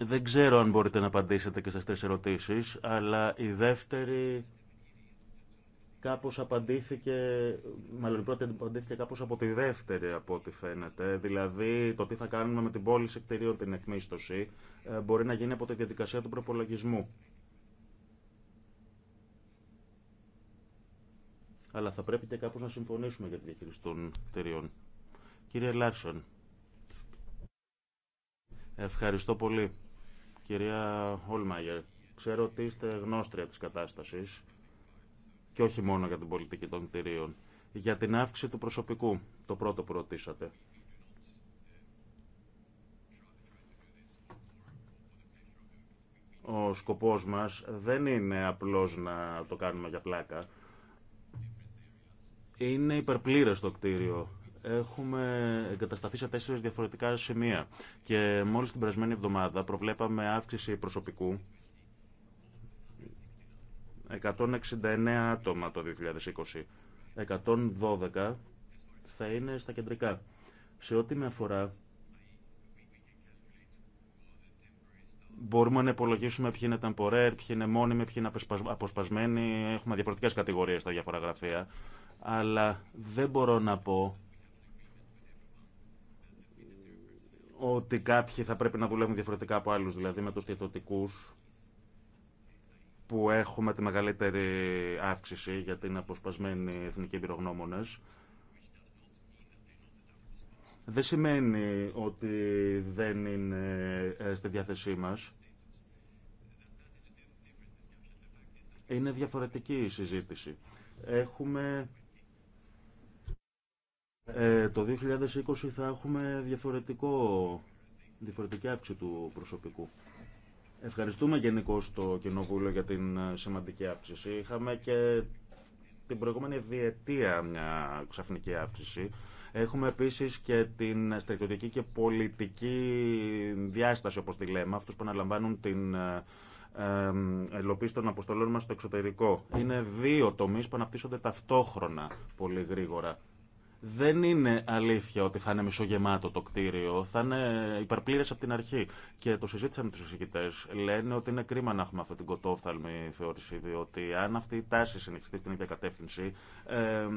Δεν ξέρω αν μπορείτε να απαντήσετε και στις τρεις ερωτήσεις, αλλά η δεύτερη κάπως απαντήθηκε, μάλλον η πρώτη απαντήθηκε κάπως από τη δεύτερη από ό,τι φαίνεται. Δηλαδή το τι θα κάνουμε με την πώληση κτηρίων την εκμίστοση ε, μπορεί να γίνει από τη διαδικασία του προπολογισμού. Αλλά θα πρέπει και κάπως να συμφωνήσουμε για τη διαχείριση των Κύριε Λάρσον, ευχαριστώ πολύ. Κυρία Χόλμαγερ, ξέρω ότι είστε γνώστρια της κατάστασης και όχι μόνο για την πολιτική των κτηρίων. Για την αύξηση του προσωπικού, το πρώτο που ρωτήσατε. Ο σκοπός μας δεν είναι απλώς να το κάνουμε για πλάκα. Είναι υπερπλήρες το κτίριο έχουμε εγκατασταθεί σε τέσσερις διαφορετικά σημεία και μόλις την περασμένη εβδομάδα προβλέπαμε αύξηση προσωπικού 169 άτομα το 2020. 112 θα είναι στα κεντρικά. Σε ό,τι με αφορά, μπορούμε να υπολογίσουμε ποιοι είναι ταμπορέ, ποιοι είναι μόνιμοι, ποιοι είναι αποσπασμένοι. Έχουμε διαφορετικές κατηγορίες στα διάφορα γραφεία. Αλλά δεν μπορώ να πω ότι κάποιοι θα πρέπει να δουλεύουν διαφορετικά από άλλους, δηλαδή με τους διατοτικούς που έχουμε τη μεγαλύτερη αύξηση για την αποσπασμένη εθνική εμπειρογνώμονες. Δεν σημαίνει ότι δεν είναι ε, στη διάθεσή μας. Είναι διαφορετική η συζήτηση. Έχουμε ε, το 2020 θα έχουμε διαφορετικό, διαφορετική αύξηση του προσωπικού. Ευχαριστούμε γενικώ το Κοινοβούλιο για την ε, σημαντική αύξηση. Είχαμε και την προηγούμενη διετία μια ξαφνική αύξηση. Έχουμε επίση και την στρατιωτική και πολιτική διάσταση, όπω τη λέμε, αυτού που αναλαμβάνουν την ελοπίση ε, των αποστολών μα στο εξωτερικό. Είναι δύο τομεί που αναπτύσσονται ταυτόχρονα πολύ γρήγορα δεν είναι αλήθεια ότι θα είναι μισογεμάτο το κτίριο. Θα είναι υπερπλήρε από την αρχή. Και το συζήτησαμε με του εισηγητέ. Λένε ότι είναι κρίμα να έχουμε αυτή την κοτόφθαλμη θεώρηση, διότι αν αυτή η τάση συνεχιστεί στην ίδια κατεύθυνση,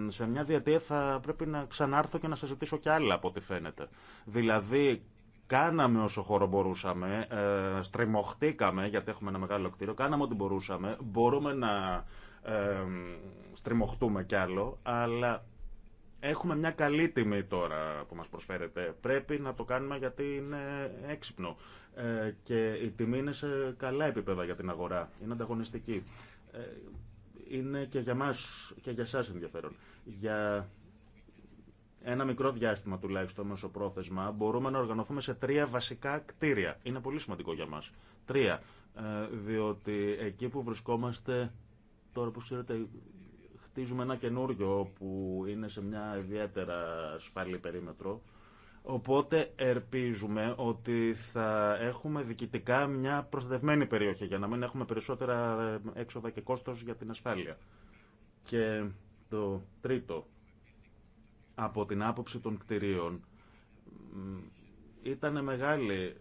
σε μια διετία θα πρέπει να ξανάρθω και να σα ζητήσω κι άλλα από ό,τι φαίνεται. Δηλαδή, Κάναμε όσο χώρο μπορούσαμε, ε, στριμωχτήκαμε, γιατί έχουμε ένα μεγάλο κτίριο, κάναμε ό,τι μπορούσαμε, μπορούμε να ε, στριμωχτούμε κι άλλο, αλλά Έχουμε μια καλή τιμή τώρα που μας προσφέρεται. Πρέπει να το κάνουμε γιατί είναι έξυπνο. Ε, και η τιμή είναι σε καλά επίπεδα για την αγορά. Είναι ανταγωνιστική. Ε, είναι και για μας και για εσάς ενδιαφέρον. Για ένα μικρό διάστημα τουλάχιστον μέσω πρόθεσμα μπορούμε να οργανωθούμε σε τρία βασικά κτίρια. Είναι πολύ σημαντικό για μας. Τρία. Ε, διότι εκεί που βρισκόμαστε τώρα που ξέρετε χτίζουμε ένα καινούριο που είναι σε μια ιδιαίτερα ασφαλή περίμετρο. Οπότε ερπίζουμε ότι θα έχουμε διοικητικά μια προστατευμένη περιοχή για να μην έχουμε περισσότερα ε, έξοδα και κόστος για την ασφάλεια. Και το τρίτο, από την άποψη των κτηρίων, ήταν μεγάλη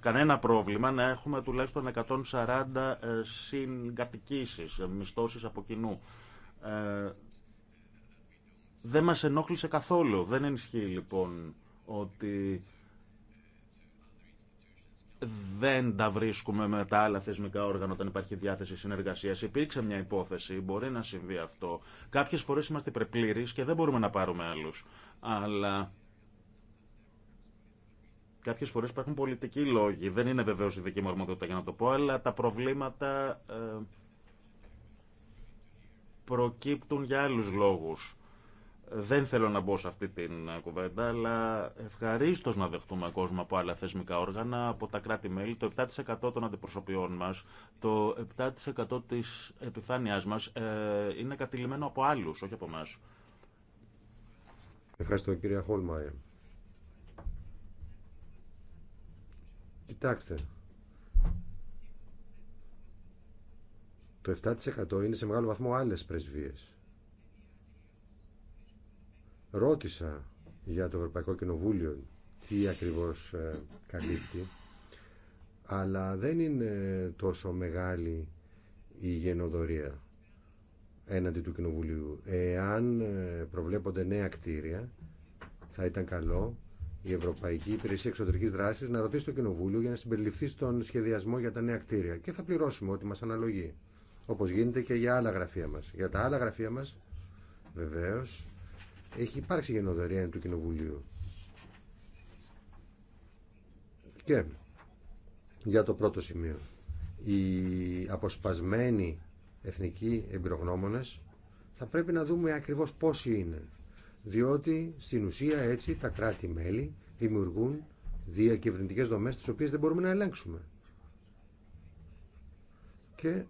κανένα πρόβλημα να έχουμε τουλάχιστον 140 ε, συγκατοικήσεις, ε, μισθώσεις από κοινού. Ε, δεν μας ενόχλησε καθόλου. Δεν ενισχύει λοιπόν ότι δεν τα βρίσκουμε με τα άλλα θεσμικά όργανα όταν υπάρχει διάθεση συνεργασία. Υπήρξε μια υπόθεση, μπορεί να συμβεί αυτό. Κάποιε φορέ είμαστε υπερπλήρει και δεν μπορούμε να πάρουμε άλλου. Αλλά Κάποιε φορέ υπάρχουν πολιτικοί λόγοι. Δεν είναι βεβαίω η δική μου αρμοδιότητα για να το πω, αλλά τα προβλήματα ε, προκύπτουν για άλλου λόγου. Δεν θέλω να μπω σε αυτή την ε, κουβέντα, αλλά ευχαρίστω να δεχτούμε κόσμο από άλλα θεσμικά όργανα, από τα κράτη-μέλη. Το 7% των αντιπροσωπιών μα, το 7% τη επιφάνειά μα ε, είναι κατηλημένο από άλλου, όχι από εμά. Ευχαριστώ, κυρία Χόλμαερ. Κοιτάξτε. Το 7% είναι σε μεγάλο βαθμό άλλες πρεσβείες. Ρώτησα για το Ευρωπαϊκό Κοινοβούλιο τι ακριβώς ε, καλύπτει, αλλά δεν είναι τόσο μεγάλη η γενοδορία έναντι του Κοινοβουλίου. Εάν ε, προβλέπονται νέα κτίρια, θα ήταν καλό η Ευρωπαϊκή Υπηρεσία Εξωτερική Δράση να ρωτήσει το Κοινοβούλιο για να συμπεριληφθεί στον σχεδιασμό για τα νέα κτίρια. Και θα πληρώσουμε ό,τι μα αναλογεί. Όπω γίνεται και για άλλα γραφεία μα. Για τα άλλα γραφεία μα, βεβαίω, έχει υπάρξει γενοδορία του Κοινοβουλίου. Και για το πρώτο σημείο. Οι αποσπασμένοι εθνικοί εμπειρογνώμονε θα πρέπει να δούμε ακριβώ πόσοι είναι διότι στην ουσία έτσι τα κράτη-μέλη δημιουργούν διακυβερνητικές δομές τις οποίες δεν μπορούμε να ελέγξουμε. Και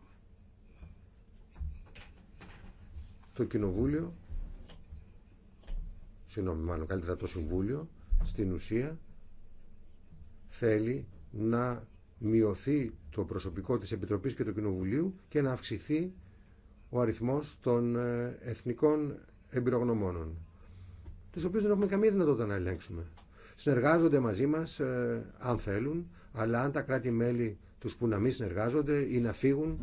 το Κοινοβούλιο, συγγνώμη μάλλον καλύτερα το Συμβούλιο, στην ουσία θέλει να μειωθεί το προσωπικό της Επιτροπής και του Κοινοβουλίου και να αυξηθεί ο αριθμός των ε, εθνικών εμπειρογνωμόνων τους οποίους δεν έχουμε καμία δυνατότητα να ελέγξουμε. Συνεργάζονται μαζί μας ε, αν θέλουν, αλλά αν τα κράτη-μέλη τους που να μην συνεργάζονται ή να φύγουν,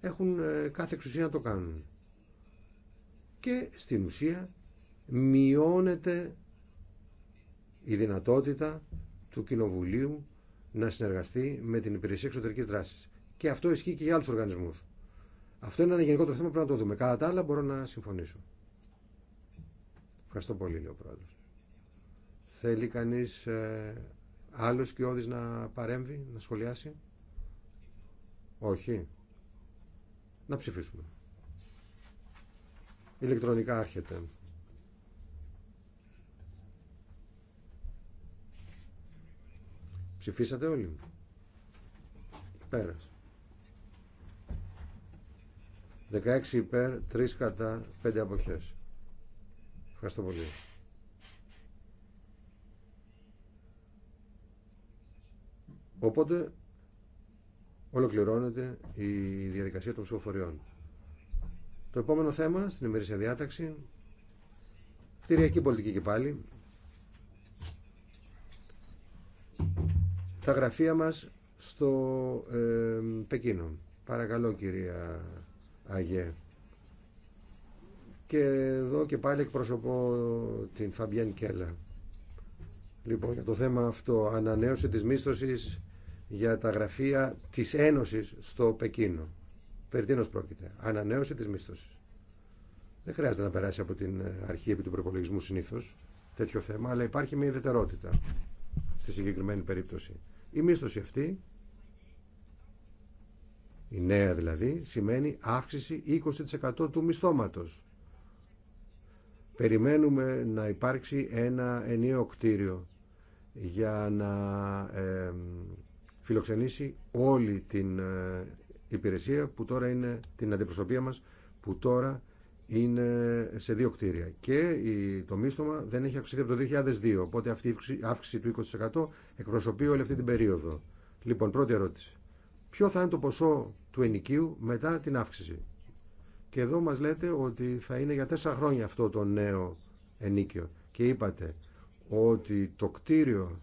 έχουν ε, κάθε εξουσία να το κάνουν. Και στην ουσία μειώνεται η δυνατότητα του Κοινοβουλίου να συνεργαστεί με την Υπηρεσία Εξωτερικής Δράσης. Και αυτό ισχύει και για άλλους οργανισμούς. Αυτό είναι ένα γενικότερο θέμα που πρέπει να το δούμε. Κατά τα άλλα μπορώ να συμφωνήσω. Ευχαριστώ πολύ, λέει ο Θέλει κανείς ε, άλλος κοιόδης να παρέμβει, να σχολιάσει. Όχι. Να ψηφίσουμε. Ηλεκτρονικά άρχεται. Ψηφίσατε όλοι. Πέρας. 16 υπέρ, 3 κατά, 5 αποχές. Ευχαριστώ πολύ. Οπότε ολοκληρώνεται η διαδικασία των ψηφοφοριών. Το επόμενο θέμα στην ημερήσια διάταξη, κτηριακή πολιτική και πάλι. Τα γραφεία μας στο ε, Πεκίνο. Παρακαλώ κυρία Αγέ και εδώ και πάλι εκπροσωπώ την Φαμπιέν Κέλλα. Λοιπόν, για το θέμα αυτό, ανανέωση της μίσθωσης για τα γραφεία της Ένωσης στο Πεκίνο. Περί τίνος πρόκειται. Ανανέωση της μίσθωσης. Δεν χρειάζεται να περάσει από την ε, αρχή επί του προπολογισμού συνήθως τέτοιο θέμα, αλλά υπάρχει μια ιδιαιτερότητα στη συγκεκριμένη περίπτωση. Η μίσθωση αυτή, η νέα δηλαδή, σημαίνει αύξηση 20% του μισθώματος. Περιμένουμε να υπάρξει ένα ενίο κτίριο για να ε, φιλοξενήσει όλη την ε, υπηρεσία που τώρα είναι την αντιπροσωπεία μας που τώρα είναι σε δύο κτίρια και η, το μίστομα δεν έχει αυξηθεί από το 2002 οπότε αυτή η αύξηση του 20% εκπροσωπεί όλη αυτή την περίοδο λοιπόν πρώτη ερώτηση ποιο θα είναι το ποσό του ενοικίου μετά την αύξηση και εδώ μας λέτε ότι θα είναι για τέσσερα χρόνια αυτό το νέο ενίκιο. Και είπατε ότι το κτίριο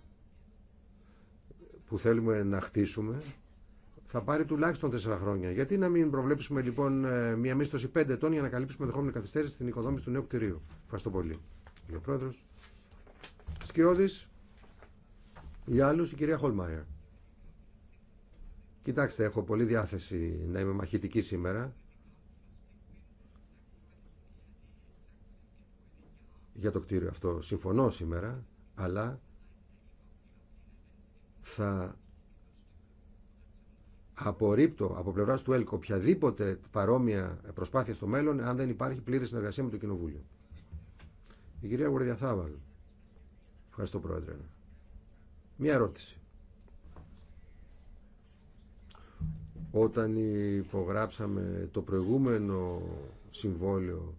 που θέλουμε να χτίσουμε θα πάρει τουλάχιστον τέσσερα χρόνια. Γιατί να μην προβλέψουμε λοιπόν ε, μια μίσθωση πέντε ετών για να καλύψουμε δεχόμενη καθυστέρηση στην οικοδόμηση του νέου κτιρίου. Ευχαριστώ πολύ. Κύριε Για άλλου η κυρία Χολμάια. Κοιτάξτε, έχω πολύ διάθεση να είμαι μαχητική σήμερα. για το κτίριο αυτό. Συμφωνώ σήμερα, αλλά θα απορρίπτω από πλευρά του ΕΛΚ οποιαδήποτε παρόμοια προσπάθεια στο μέλλον, αν δεν υπάρχει πλήρη συνεργασία με το Κοινοβούλιο. Η κυρία Γουρδιαθάβαλ. Ευχαριστώ, Πρόεδρε. Μία ερώτηση. Όταν υπογράψαμε το προηγούμενο συμβόλαιο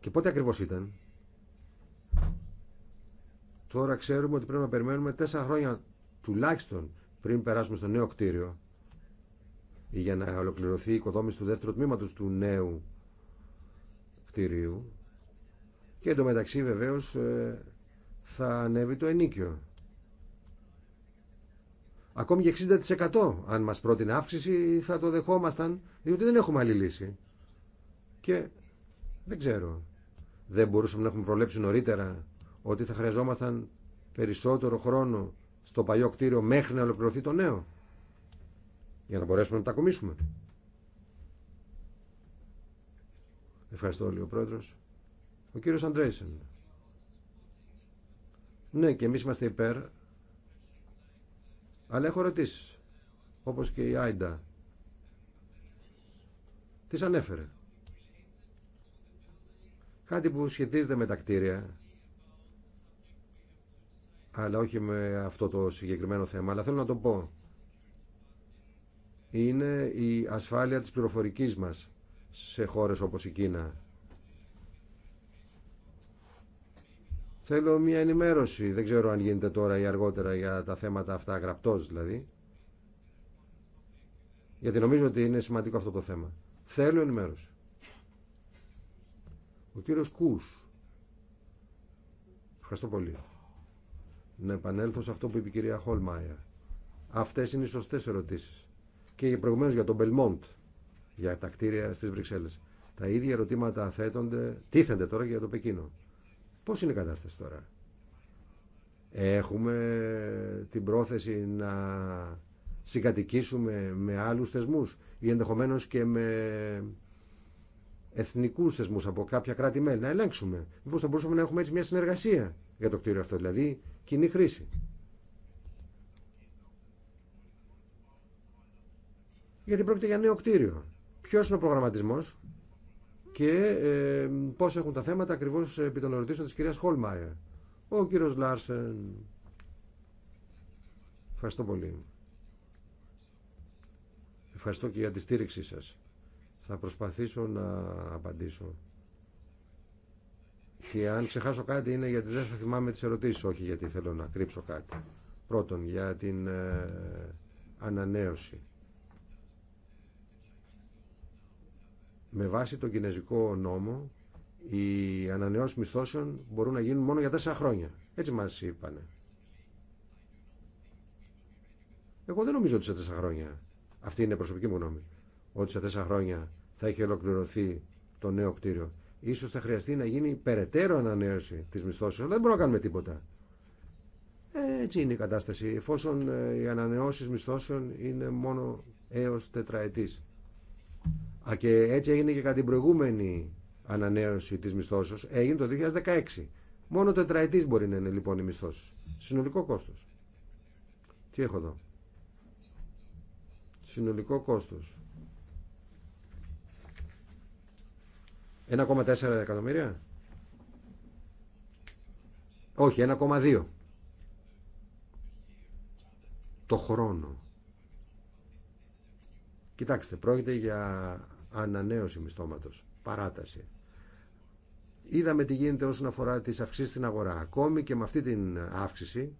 και πότε ακριβώς ήταν Τώρα ξέρουμε ότι πρέπει να περιμένουμε τέσσερα χρόνια τουλάχιστον πριν περάσουμε στο νέο κτίριο για να ολοκληρωθεί η οικοδόμηση του δεύτερου τμήματος του νέου κτίριου και εντωμεταξύ βεβαίως ε, θα ανέβει το ενίκιο. Ακόμη και 60% αν μας πρότεινε αύξηση θα το δεχόμασταν διότι δεν έχουμε άλλη λύση. Και δεν ξέρω. Δεν μπορούσαμε να έχουμε προβλέψει νωρίτερα ότι θα χρειαζόμασταν περισσότερο χρόνο στο παλιό κτίριο μέχρι να ολοκληρωθεί το νέο για να μπορέσουμε να τα κομίσουμε. Ευχαριστώ, όλοι ο Πρόεδρος. Ο κύριος Αντρέισεν. Ναι, και εμείς είμαστε υπέρ, αλλά έχω ρωτήσει, όπως και η Άιντα. Τις ανέφερε. Κάτι που σχετίζεται με τα κτίρια αλλά όχι με αυτό το συγκεκριμένο θέμα, αλλά θέλω να το πω. Είναι η ασφάλεια της πληροφορικής μας σε χώρες όπως η Κίνα. Θέλω μια ενημέρωση, δεν ξέρω αν γίνεται τώρα ή αργότερα για τα θέματα αυτά, γραπτός δηλαδή. Γιατί νομίζω ότι είναι σημαντικό αυτό το θέμα. Θέλω ενημέρωση. Ο κύριος Κούς. Ευχαριστώ πολύ να επανέλθω σε αυτό που είπε η κυρία Χολμάια. Αυτέ είναι οι σωστέ ερωτήσει. Και προηγουμένω για τον Μπελμόντ, για τα κτίρια στι Βρυξέλλες. Τα ίδια ερωτήματα θέτονται, τίθενται τώρα και για το Πεκίνο. Πώ είναι η κατάσταση τώρα. Έχουμε την πρόθεση να συγκατοικήσουμε με άλλους θεσμούς ή ενδεχομένως και με εθνικούς θεσμούς από κάποια κράτη-μέλη, να ελέγξουμε. Μήπως θα μπορούσαμε να έχουμε έτσι μια συνεργασία για το κτίριο αυτό. Δηλαδή κοινή χρήση. Γιατί πρόκειται για νέο κτίριο. Ποιος είναι ο προγραμματισμός και ε, πώς έχουν τα θέματα ακριβώς επί των ερωτήσεων της κυρίας Χολμάιερ. Ο κύριος Λάρσεν. Ευχαριστώ πολύ. Ευχαριστώ και για τη στήριξή σας. Θα προσπαθήσω να απαντήσω και αν ξεχάσω κάτι είναι γιατί δεν θα θυμάμαι τις ερωτήσεις, όχι γιατί θέλω να κρύψω κάτι. Πρώτον, για την ε, ανανέωση. Με βάση τον κινέζικο νόμο, οι ανανεώσει μισθώσεων μπορούν να γίνουν μόνο για τέσσερα χρόνια. Έτσι μας είπανε. Εγώ δεν νομίζω ότι σε τέσσερα χρόνια, αυτή είναι η προσωπική μου γνώμη, ότι σε τέσσερα χρόνια θα έχει ολοκληρωθεί το νέο κτίριο. Ίσως θα χρειαστεί να γίνει περαιτέρω ανανέωση της μισθώσεως, αλλά δεν μπορούμε να κάνουμε τίποτα. Ε, έτσι είναι η κατάσταση, εφόσον ε, οι ανανεώσει μισθώσεων είναι μόνο έως τετραετή. Α, και έτσι έγινε και κατά την προηγούμενη ανανέωση της μισθώσεως, έγινε το 2016. Μόνο τετραετής μπορεί να είναι λοιπόν η μισθώση Συνολικό κόστο. Τι έχω εδώ. Συνολικό κόστος. 1,4 εκατομμύρια. Όχι, 1,2. Το χρόνο. Κοιτάξτε, πρόκειται για ανανέωση μισθώματος, παράταση. Είδαμε τι γίνεται όσον αφορά τις αυξήσεις στην αγορά. Ακόμη και με αυτή την αύξηση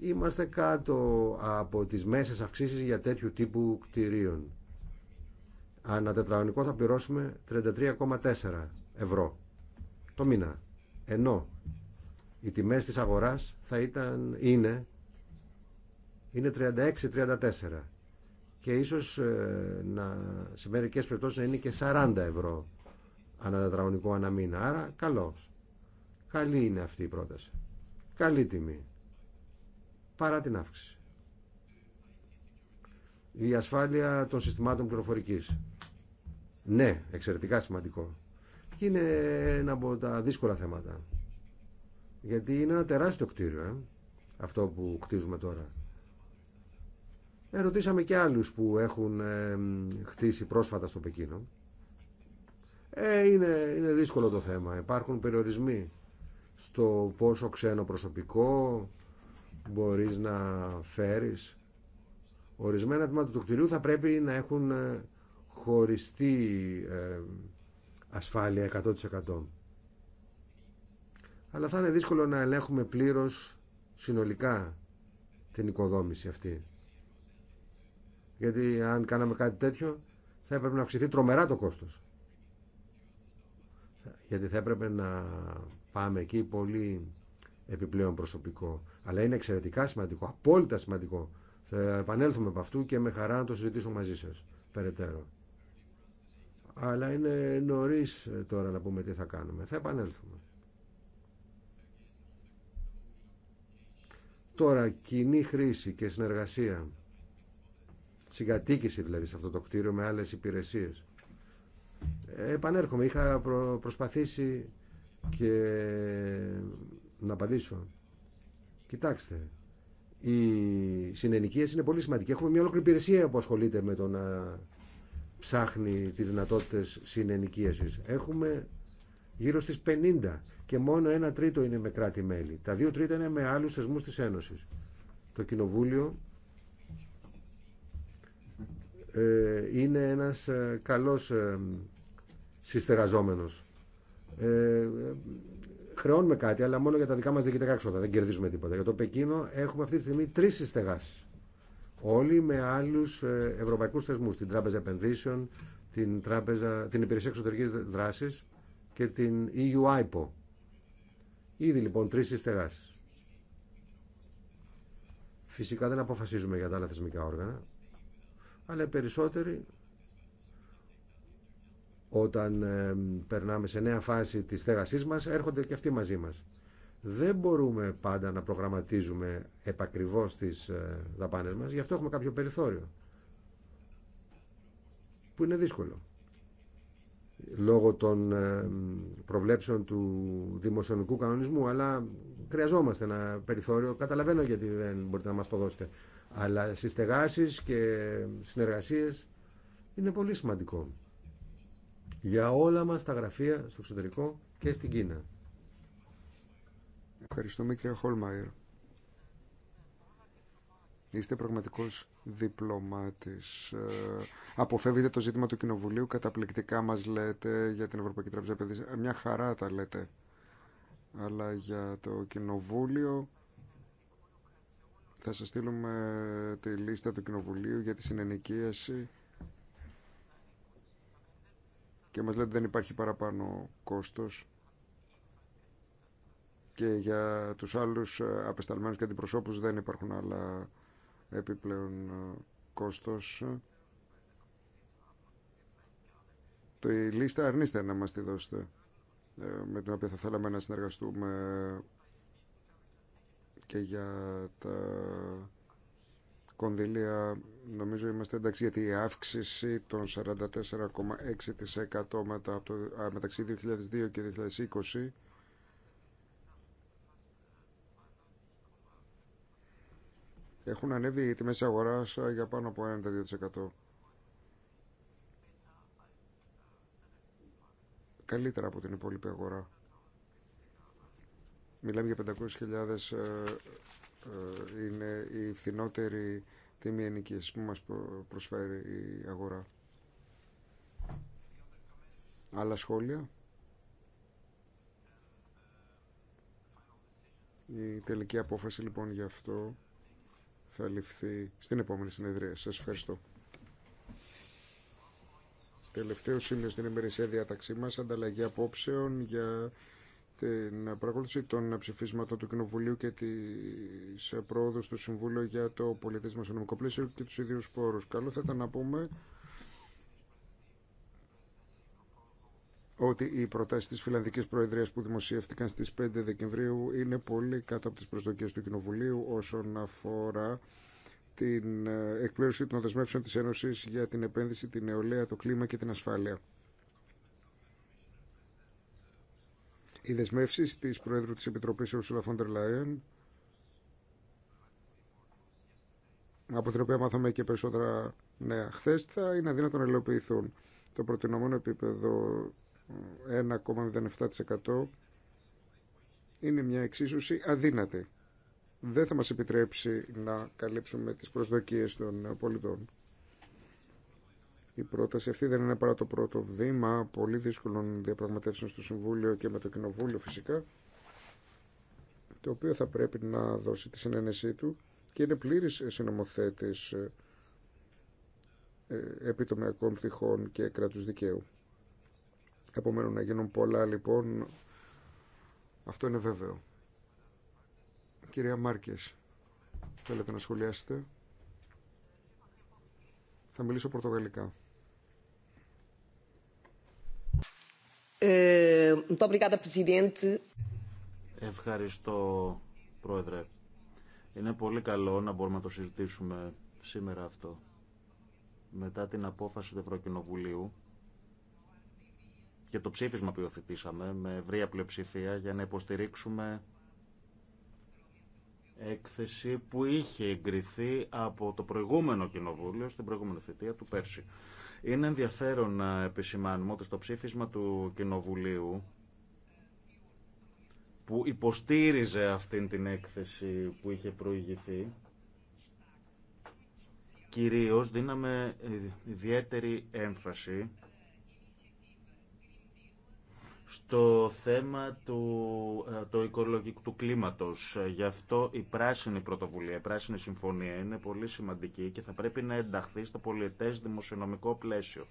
είμαστε κάτω από τις μέσες αυξήσεις για τέτοιου τύπου κτηρίων. Ανά θα πληρώσουμε 33,4 ευρώ το μήνα. Ενώ οι τιμές της αγοράς θα ήταν, είναι, είναι 36-34 και ίσως ε, να, σε μερικέ περιπτώσει να είναι και 40 ευρώ ανά τετραγωνικό ανά μήνα. Άρα καλό. Καλή είναι αυτή η πρόταση. Καλή τιμή. Παρά την αύξηση η ασφάλεια των συστημάτων πληροφορική. Ναι, εξαιρετικά σημαντικό. Και είναι ένα από τα δύσκολα θέματα. Γιατί είναι ένα τεράστιο κτίριο, ε, αυτό που κτίζουμε τώρα. Ερωτήσαμε και άλλους που έχουν ε, χτίσει πρόσφατα στο Πεκίνο. Ε, είναι, είναι δύσκολο το θέμα. Υπάρχουν περιορισμοί στο πόσο ξένο προσωπικό μπορείς να φέρεις Ορισμένα τμήματα του κτηρίου θα πρέπει να έχουν ε, χωριστή ε, ασφάλεια 100%. Αλλά θα είναι δύσκολο να ελέγχουμε πλήρως συνολικά την οικοδόμηση αυτή. Γιατί αν κάναμε κάτι τέτοιο θα έπρεπε να αυξηθεί τρομερά το κόστος. Γιατί θα έπρεπε να πάμε εκεί πολύ επιπλέον προσωπικό. Αλλά είναι εξαιρετικά σημαντικό, απόλυτα σημαντικό θα επανέλθουμε από αυτού και με χαρά να το συζητήσω μαζί σας περαιτέρω. Αλλά είναι νωρίς ε, τώρα να πούμε τι θα κάνουμε. Θα επανέλθουμε. Τώρα κοινή χρήση και συνεργασία, συγκατοίκηση δηλαδή σε αυτό το κτίριο με άλλες υπηρεσίες. Επανέρχομαι, είχα προσπαθήσει και να απαντήσω. Κοιτάξτε, οι συνενικίε είναι πολύ σημαντική. Έχουμε μια ολόκληρη υπηρεσία που ασχολείται με το να ψάχνει τις δυνατότητες συνενοικίασης. Έχουμε γύρω στις 50 και μόνο ένα τρίτο είναι με κράτη-μέλη. Τα δύο τρίτα είναι με άλλους θεσμού της Ένωσης. Το Κοινοβούλιο ε, είναι ένας ε, καλός ε, συστεγαζόμενος χρεώνουμε κάτι, αλλά μόνο για τα δικά μα διοικητικά έξοδα. Δεν κερδίζουμε τίποτα. Για το Πεκίνο έχουμε αυτή τη στιγμή τρει συστεγάσει. Όλοι με άλλου ε, ευρωπαϊκού θεσμού. Την Τράπεζα Επενδύσεων, την, τράπεζα, την Υπηρεσία Εξωτερική Δράση και την EU IPO. Ήδη λοιπόν τρει συστεγάσει. Φυσικά δεν αποφασίζουμε για τα άλλα θεσμικά όργανα, αλλά οι περισσότεροι όταν περνάμε σε νέα φάση της στέγασής μας, έρχονται και αυτοί μαζί μας. Δεν μπορούμε πάντα να προγραμματίζουμε επακριβώς τις ε, δαπάνες μας, γι' αυτό έχουμε κάποιο περιθώριο, που είναι δύσκολο. Λόγω των προβλέψεων του δημοσιονομικού κανονισμού, αλλά χρειαζόμαστε ένα περιθώριο. Καταλαβαίνω γιατί δεν μπορείτε να μας το δώσετε. Αλλά στις και συνεργασίες είναι πολύ σημαντικό για όλα μας τα γραφεία στο εξωτερικό και στην Κίνα. Ευχαριστούμε κύριε Χολμάιρ. Είστε πραγματικός διπλωμάτης. Ε, αποφεύγετε το ζήτημα του Κοινοβουλίου, καταπληκτικά μας λέτε για την Ευρωπαϊκή Τράπεζα Μια χαρά τα λέτε. Αλλά για το Κοινοβούλιο θα σας στείλουμε τη λίστα του Κοινοβουλίου για τη συνενικίαση και μας ότι δεν υπάρχει παραπάνω κόστος και για τους άλλους ε, απεσταλμένους και αντιπροσώπους δεν υπάρχουν άλλα επιπλέον ε, κόστος. Το, η λίστα αρνείστε να μας τη δώσετε ε, με την οποία θα θέλαμε να συνεργαστούμε και για τα κονδυλία νομίζω είμαστε εντάξει γιατί η αύξηση των 44,6% μεταξύ 2002 και 2020 έχουν ανέβει οι τιμές αγοράς για πάνω από 92%. Καλύτερα από την υπόλοιπη αγορά. Μιλάμε για 500.000 ε, είναι η φθηνότερη τιμή ενοικίας που μας προσφέρει η αγορά. Άλλα σχόλια. Η τελική απόφαση λοιπόν γι' αυτό θα ληφθεί στην επόμενη συνεδρία. Σας ευχαριστώ. Τελευταίο σημείο στην ημερησία διάταξή μας, ανταλλαγή απόψεων για την παρακολούθηση των ψηφίσματων του Κοινοβουλίου και τη πρόοδου του Συμβούλου για το πολιτισμό νομικό πλαίσιο και του ιδίου πόρου. Καλό θα ήταν να πούμε ότι οι προτάσει τη Φιλανδική Προεδρία που δημοσιεύτηκαν στι 5 Δεκεμβρίου είναι πολύ κάτω από τι προσδοκίε του Κοινοβουλίου όσον αφορά την ε, εκπλήρωση των δεσμεύσεων τη Ένωση για την επένδυση, την νεολαία, το κλίμα και την ασφάλεια. Οι δεσμεύσει τη Προέδρου τη Επιτροπή Ursula von der Leyen, από την οποία μάθαμε και περισσότερα νέα χθε, θα είναι αδύνατο να υλοποιηθούν. Το προτινόμενο επίπεδο 1,07% ε, είναι μια εξίσωση αδύνατη. Δεν θα μας επιτρέψει να καλύψουμε τις προσδοκίες των πολιτών. Η πρόταση αυτή δεν είναι παρά το πρώτο βήμα πολύ δύσκολων διαπραγματεύσεων στο Συμβούλιο και με το Κοινοβούλιο φυσικά το οποίο θα πρέπει να δώσει τη συνένεσή του και είναι πλήρης συνομοθέτης ε, επιτομιακών πτυχών και κράτους δικαίου. Επομένως να γίνουν πολλά λοιπόν, αυτό είναι βέβαιο. Κυρία Μάρκες, θέλετε να σχολιάσετε. Θα μιλήσω πορτογαλικά. Ευχαριστώ, Πρόεδρε. Είναι πολύ καλό να μπορούμε να το συζητήσουμε σήμερα αυτό. Μετά την απόφαση του Ευρωκοινοβουλίου και το ψήφισμα που υιοθετήσαμε με ευρεία πλειοψηφία για να υποστηρίξουμε έκθεση που είχε εγκριθεί από το προηγούμενο κοινοβούλιο στην προηγούμενη θητεία του Πέρση. Είναι ενδιαφέρον να επισημάνουμε ότι στο ψήφισμα του Κοινοβουλίου που υποστήριζε αυτήν την έκθεση που είχε προηγηθεί κυρίως δίναμε ιδιαίτερη έμφαση στο θέμα του, ε, το οικολογικού του κλίματος. Ε, γι' αυτό η πράσινη πρωτοβουλία, η πράσινη συμφωνία είναι πολύ σημαντική και θα πρέπει να ενταχθεί στο πολιτές δημοσιονομικό πλαίσιο.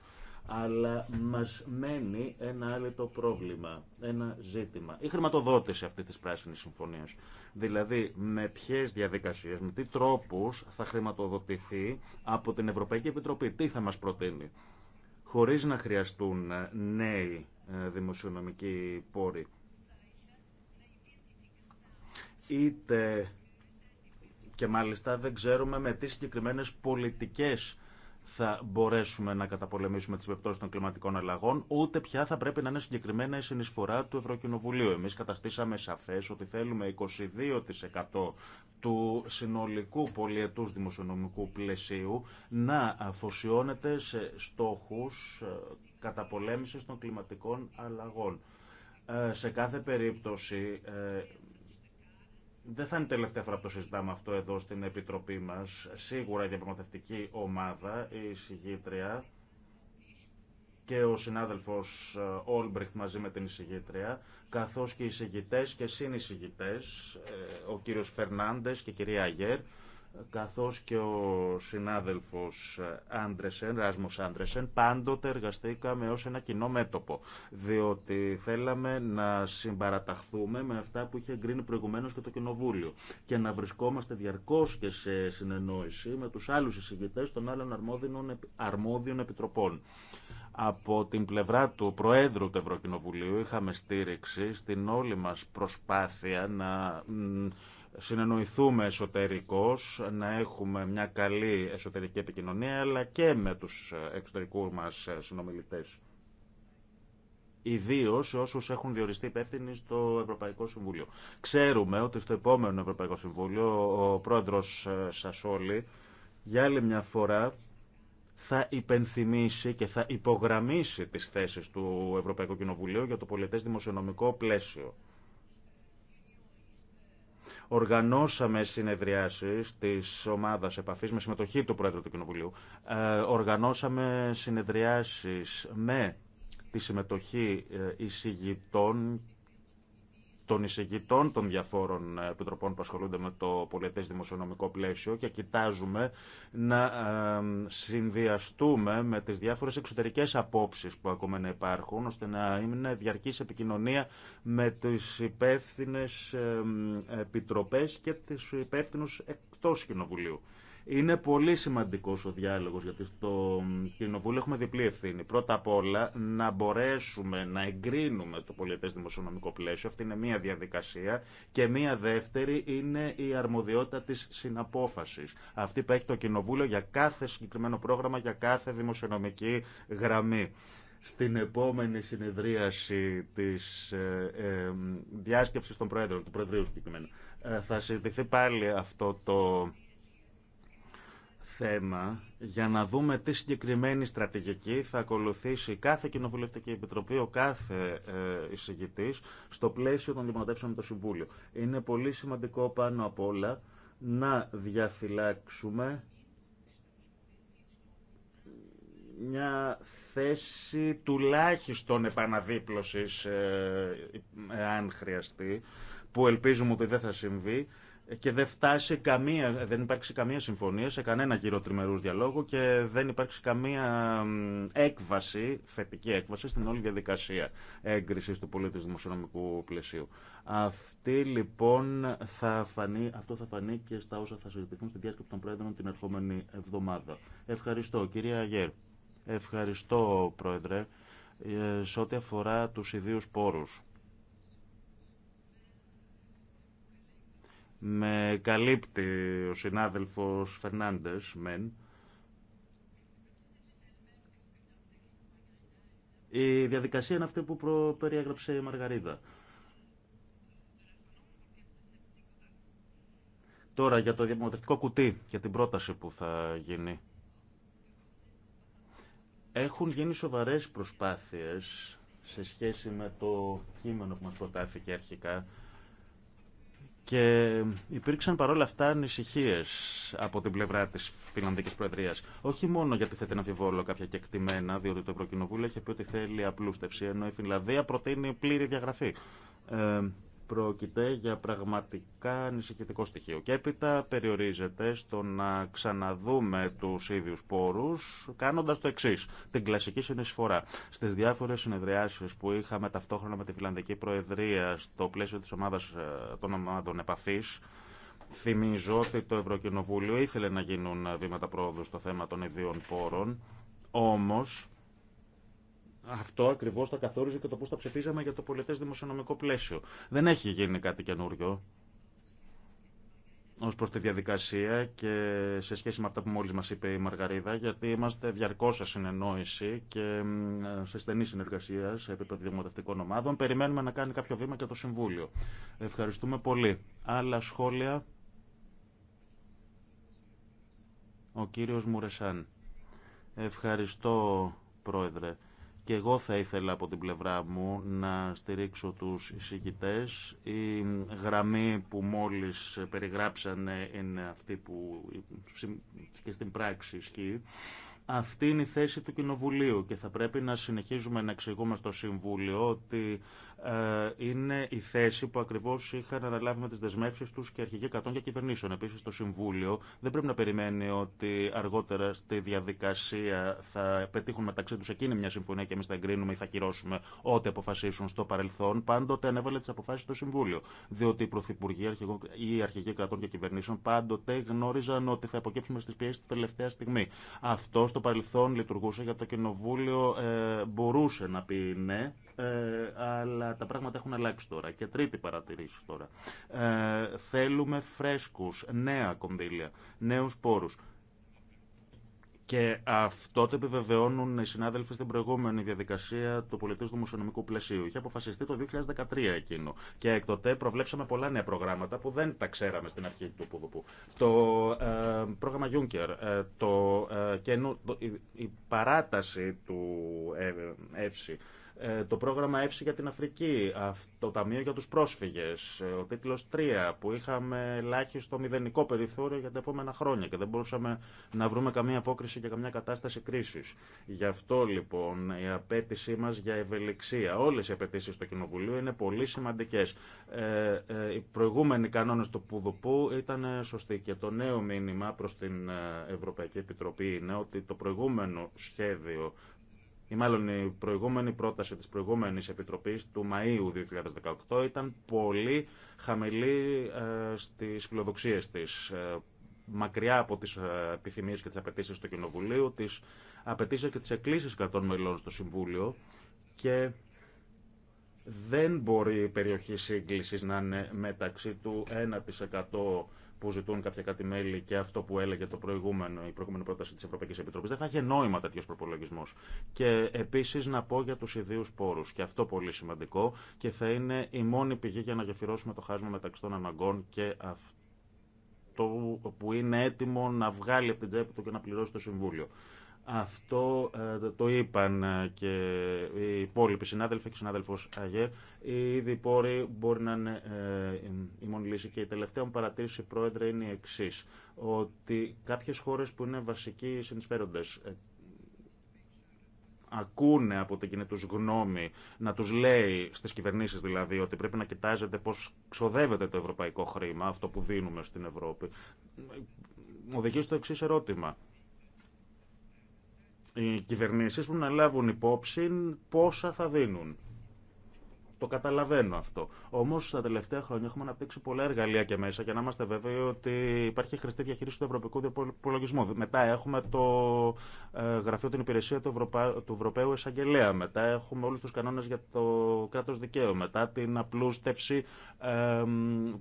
Αλλά μας μένει ένα άλλο το πρόβλημα, ένα ζήτημα. Η χρηματοδότηση αυτής της πράσινης συμφωνίας. Δηλαδή με ποιες διαδικασίες, με τι τρόπους θα χρηματοδοτηθεί από την Ευρωπαϊκή Επιτροπή. Τι θα μας προτείνει. Χωρίς να χρειαστούν νέοι ε, δημοσιονομική πόροι. Είτε και μάλιστα δεν ξέρουμε με τι συγκεκριμένες πολιτικές θα μπορέσουμε να καταπολεμήσουμε τι επιπτώσει των κλιματικών αλλαγών, ούτε πια θα πρέπει να είναι συγκεκριμένα η συνεισφορά του Ευρωκοινοβουλίου. Εμεί καταστήσαμε σαφέ ότι θέλουμε 22% του συνολικού πολιετού δημοσιονομικού πλαισίου να αφοσιώνεται σε στόχου ε, καταπολέμησης των κλιματικών αλλαγών. Ε, σε κάθε περίπτωση ε, δεν θα είναι τελευταία φορά που το συζητάμε αυτό εδώ στην Επιτροπή μας. Σίγουρα η διαπραγματευτική ομάδα, η συγγήτρια και ο συνάδελφος ε, Όλμπριχτ μαζί με την εισηγήτρια, καθώς και οι εισηγητές και συνεισηγητές, ο κύριος Φερνάντες και η κυρία Αγέρ, καθώς και ο συνάδελφος Άντρεσεν, Ράσμος Άντρεσεν, πάντοτε εργαστήκαμε ως ένα κοινό μέτωπο, διότι θέλαμε να συμπαραταχθούμε με αυτά που είχε εγκρίνει προηγουμένως και το Κοινοβούλιο και να βρισκόμαστε διαρκώς και σε συνεννόηση με τους άλλους εισηγητές των άλλων αρμόδιων, επιτροπών. Από την πλευρά του Προέδρου του Ευρωκοινοβουλίου είχαμε στήριξη στην όλη μας προσπάθεια να συνεννοηθούμε εσωτερικώς, να έχουμε μια καλή εσωτερική επικοινωνία, αλλά και με τους εξωτερικούς μας συνομιλητές. Ιδίω σε όσου έχουν διοριστεί υπεύθυνοι στο Ευρωπαϊκό Συμβούλιο. Ξέρουμε ότι στο επόμενο Ευρωπαϊκό Συμβούλιο ο πρόεδρο Σασόλη για άλλη μια φορά θα υπενθυμίσει και θα υπογραμμίσει τις θέσεις του Ευρωπαϊκού Κοινοβουλίου για το πολιτές δημοσιονομικό πλαίσιο. Οργανώσαμε συνεδριάσει της ομάδα επαφή με συμμετοχή του Πρόεδρου του Κοινοβουλίου. Ε, οργανώσαμε συνεδριάσεις με τη συμμετοχή ε, εισηγητών των εισηγητών των διαφόρων ε, επιτροπών που ασχολούνται με το πολιτές δημοσιονομικό πλαίσιο και κοιτάζουμε να ε, συνδυαστούμε με τις διάφορες εξωτερικές απόψεις που ακόμα να υπάρχουν ώστε να είναι διαρκής επικοινωνία με τις υπεύθυνε ε, επιτροπές και τις υπεύθυνου κοινοβουλίου. Είναι πολύ σημαντικό ο διάλογο, γιατί στο Κοινοβούλιο έχουμε διπλή ευθύνη. Πρώτα απ' όλα να μπορέσουμε να εγκρίνουμε το πολιτέ δημοσιονομικό πλαίσιο. Αυτή είναι μία διαδικασία. Και μία δεύτερη είναι η αρμοδιότητα τη συναπόφαση. Αυτή που έχει το Κοινοβούλιο για κάθε συγκεκριμένο πρόγραμμα, για κάθε δημοσιονομική γραμμή στην επόμενη συνεδρίαση της ε, ε, διάσκεψης των Προέδρων, του Προεδρείου συγκεκριμένα. Ε, θα συζητηθεί πάλι αυτό το θέμα για να δούμε τι συγκεκριμένη στρατηγική θα ακολουθήσει κάθε κοινοβουλευτική επιτροπή, ο κάθε ε, εισηγητής, στο πλαίσιο των διαπραγματεύσεων με το Συμβούλιο. Είναι πολύ σημαντικό πάνω απ' όλα να διαφυλάξουμε μια θέση τουλάχιστον επαναδίπλωσης, ε, ε, αν χρειαστεί, που ελπίζουμε ότι δεν θα συμβεί, και δεν, φτάσει καμία, δεν υπάρξει καμία συμφωνία σε κανένα γύρο τριμερού διαλόγου και δεν υπάρξει καμία έκβαση, θετική έκβαση στην όλη διαδικασία έγκρισης του πολίτης δημοσιονομικού πλαισίου. Αυτή λοιπόν θα φανεί, αυτό θα φανεί και στα όσα θα συζητηθούν στη διάσκεψη των Πρόεδρων την ερχόμενη εβδομάδα. Ευχαριστώ. Κυρία Αγέρ. Ευχαριστώ, Πρόεδρε. Ε, σε ό,τι αφορά τους ιδίους πόρους. Με καλύπτει ο συνάδελφος Φερνάντες, μεν. Η διαδικασία είναι αυτή που περιέγραψε η Μαργαρίδα. Τώρα για το διαπραγματευτικό κουτί, για την πρόταση που θα γίνει. Έχουν γίνει σοβαρές προσπάθειες σε σχέση με το κείμενο που μας προτάθηκε αρχικά και υπήρξαν παρόλα αυτά ανησυχίε από την πλευρά τη Φιλανδική Προεδρία. Όχι μόνο γιατί θέτει να αμφιβόλο κάποια κεκτημένα, διότι το Ευρωκοινοβούλιο έχει πει ότι θέλει απλούστευση, ενώ η Φιλανδία προτείνει πλήρη διαγραφή. Ε, Πρόκειται για πραγματικά ανησυχητικό στοιχείο και έπειτα περιορίζεται στο να ξαναδούμε του ίδιου πόρου κάνοντας το εξή την κλασική συνεισφορά. Στις διάφορες συνεδριάσεις που είχαμε ταυτόχρονα με τη Φιλανδική Προεδρία στο πλαίσιο της ομάδας ε, των ομάδων επαφή. θυμίζω ότι το Ευρωκοινοβούλιο ήθελε να γίνουν ε, βήματα πρόοδου στο θέμα των ιδίων πόρων, όμως αυτό ακριβώ τα καθόριζε και το πώ θα ψηφίζαμε για το πολιτέ δημοσιονομικό πλαίσιο. Δεν έχει γίνει κάτι καινούριο ω προ τη διαδικασία και σε σχέση με αυτά που μόλι μα είπε η Μαργαρίδα, γιατί είμαστε διαρκώ σε συνεννόηση και σε στενή συνεργασία σε επίπεδο δημοτευτικών ομάδων. Περιμένουμε να κάνει κάποιο βήμα και το Συμβούλιο. Ευχαριστούμε πολύ. Άλλα σχόλια. Ο κύριος Μουρεσάν. Ευχαριστώ, Πρόεδρε. Και εγώ θα ήθελα από την πλευρά μου να στηρίξω τους εισηγητές. Η γραμμή που μόλις περιγράψανε είναι αυτή που και στην πράξη ισχύει. Αυτή είναι η θέση του Κοινοβουλίου και θα πρέπει να συνεχίζουμε να εξηγούμε στο Συμβούλιο ότι ε, είναι η θέση που ακριβώ είχαν αναλάβει με τι δεσμεύσει του και αρχηγοί κρατών και κυβερνήσεων. Επίση, το Συμβούλιο δεν πρέπει να περιμένει ότι αργότερα στη διαδικασία θα πετύχουν μεταξύ του εκείνη μια συμφωνία και εμεί θα εγκρίνουμε ή θα κυρώσουμε ό,τι αποφασίσουν στο παρελθόν. Πάντοτε ανέβαλε τι αποφάσει στο Συμβούλιο. Διότι οι πρωθυπουργοί ή οι αρχηγοί κρατών και κυβερνήσεων πάντοτε γνώριζαν ότι θα αποκυψουμε στι πιέσει τη τελευταία στιγμή. Αυτό παρελθόν λειτουργούσε για το κοινοβούλιο ε, μπορούσε να πει ναι, ε, αλλά τα πράγματα έχουν αλλάξει τώρα. Και τρίτη παρατηρήση τώρα. Ε, θέλουμε φρέσκους, νέα κονδύλια, νέους πόρους. Και αυτό το επιβεβαιώνουν οι συνάδελφοι στην προηγούμενη διαδικασία του πολιτικού δημοσιονομικού πλαισίου. Είχε αποφασιστεί το 2013 εκείνο. Και εκ τότε προβλέψαμε πολλά νέα προγράμματα που δεν τα ξέραμε στην αρχή του Πουδουπού. Το ε, πρόγραμμα Juncker, ε, ε, το, η, η, παράταση του ΕΦΣΙ, ε, το πρόγραμμα Εύση για την Αφρική, το Ταμείο για τους Πρόσφυγες, ε, ο τίτλος 3 που είχαμε ελάχιστο μηδενικό περιθώριο για τα επόμενα χρόνια και δεν μπορούσαμε να βρούμε καμία απόκριση για καμιά κατάσταση κρίσης. Γι' αυτό λοιπόν η απέτησή μας για ευελιξία, όλες οι απαιτήσει του Κοινοβουλίου είναι πολύ σημαντικές. Ε, ε, οι προηγούμενοι κανόνες του Πουδουπού ήταν σωστοί και το νέο μήνυμα προς την ε, Ευρωπαϊκή Επιτροπή είναι ότι το προηγούμενο σχέδιο ή μάλλον η προηγούμενη πρόταση της προηγούμενης επιτροπής του Μαΐου 2018 ήταν πολύ χαμηλή ε, στις φιλοδοξίες της, ε, μακριά από τις ε, επιθυμίες και τις απαιτήσεις του Κοινοβουλίου, τις απαιτήσεις και τις εκκλήσεις κρατών μελών στο Συμβούλιο και δεν μπορεί η περιοχή σύγκλησης να είναι μεταξύ του 1% που ζητούν κάποια κάτι μέλη και αυτό που έλεγε το προηγούμενο, η προηγούμενη πρόταση τη Ευρωπαϊκή Επιτροπή. Δεν θα είχε νόημα τέτοιο προπολογισμό. Και επίση να πω για του ιδίου πόρου. Και αυτό πολύ σημαντικό και θα είναι η μόνη πηγή για να γεφυρώσουμε το χάσμα μεταξύ των αναγκών και αυτό που είναι έτοιμο να βγάλει από την τσέπη του και να πληρώσει το Συμβούλιο. Αυτό ε, το είπαν ε, και οι υπόλοιποι συνάδελφοι και συνάδελφος Αγέ οι Ήδη πόροι μπορεί να είναι ε, η μόνη λύση. Και η τελευταία μου παρατήρηση, Πρόεδρε, είναι η εξή. Ότι κάποιε χώρε που είναι βασικοί συνεισφέροντε ακούνε από την κοινή του γνώμη να του λέει στι κυβερνήσει δηλαδή ότι πρέπει να κοιτάζετε πώ ξοδεύεται το ευρωπαϊκό χρήμα, αυτό που δίνουμε στην Ευρώπη. Οδηγεί στο εξή ερώτημα οι κυβερνήσεις που να λάβουν υπόψη πόσα θα δίνουν. Το καταλαβαίνω αυτό. Όμω τα τελευταία χρόνια έχουμε αναπτύξει πολλά εργαλεία και μέσα για να είμαστε βέβαιοι ότι υπάρχει χρηστή διαχείριση του ευρωπαϊκού Διαπολογισμού. Μετά έχουμε το ε, γραφείο την υπηρεσία του, του Ευρωπαίου Εισαγγελέα. Μετά έχουμε όλου του κανόνε για το κράτο δικαίου. Μετά την απλούστευση ε,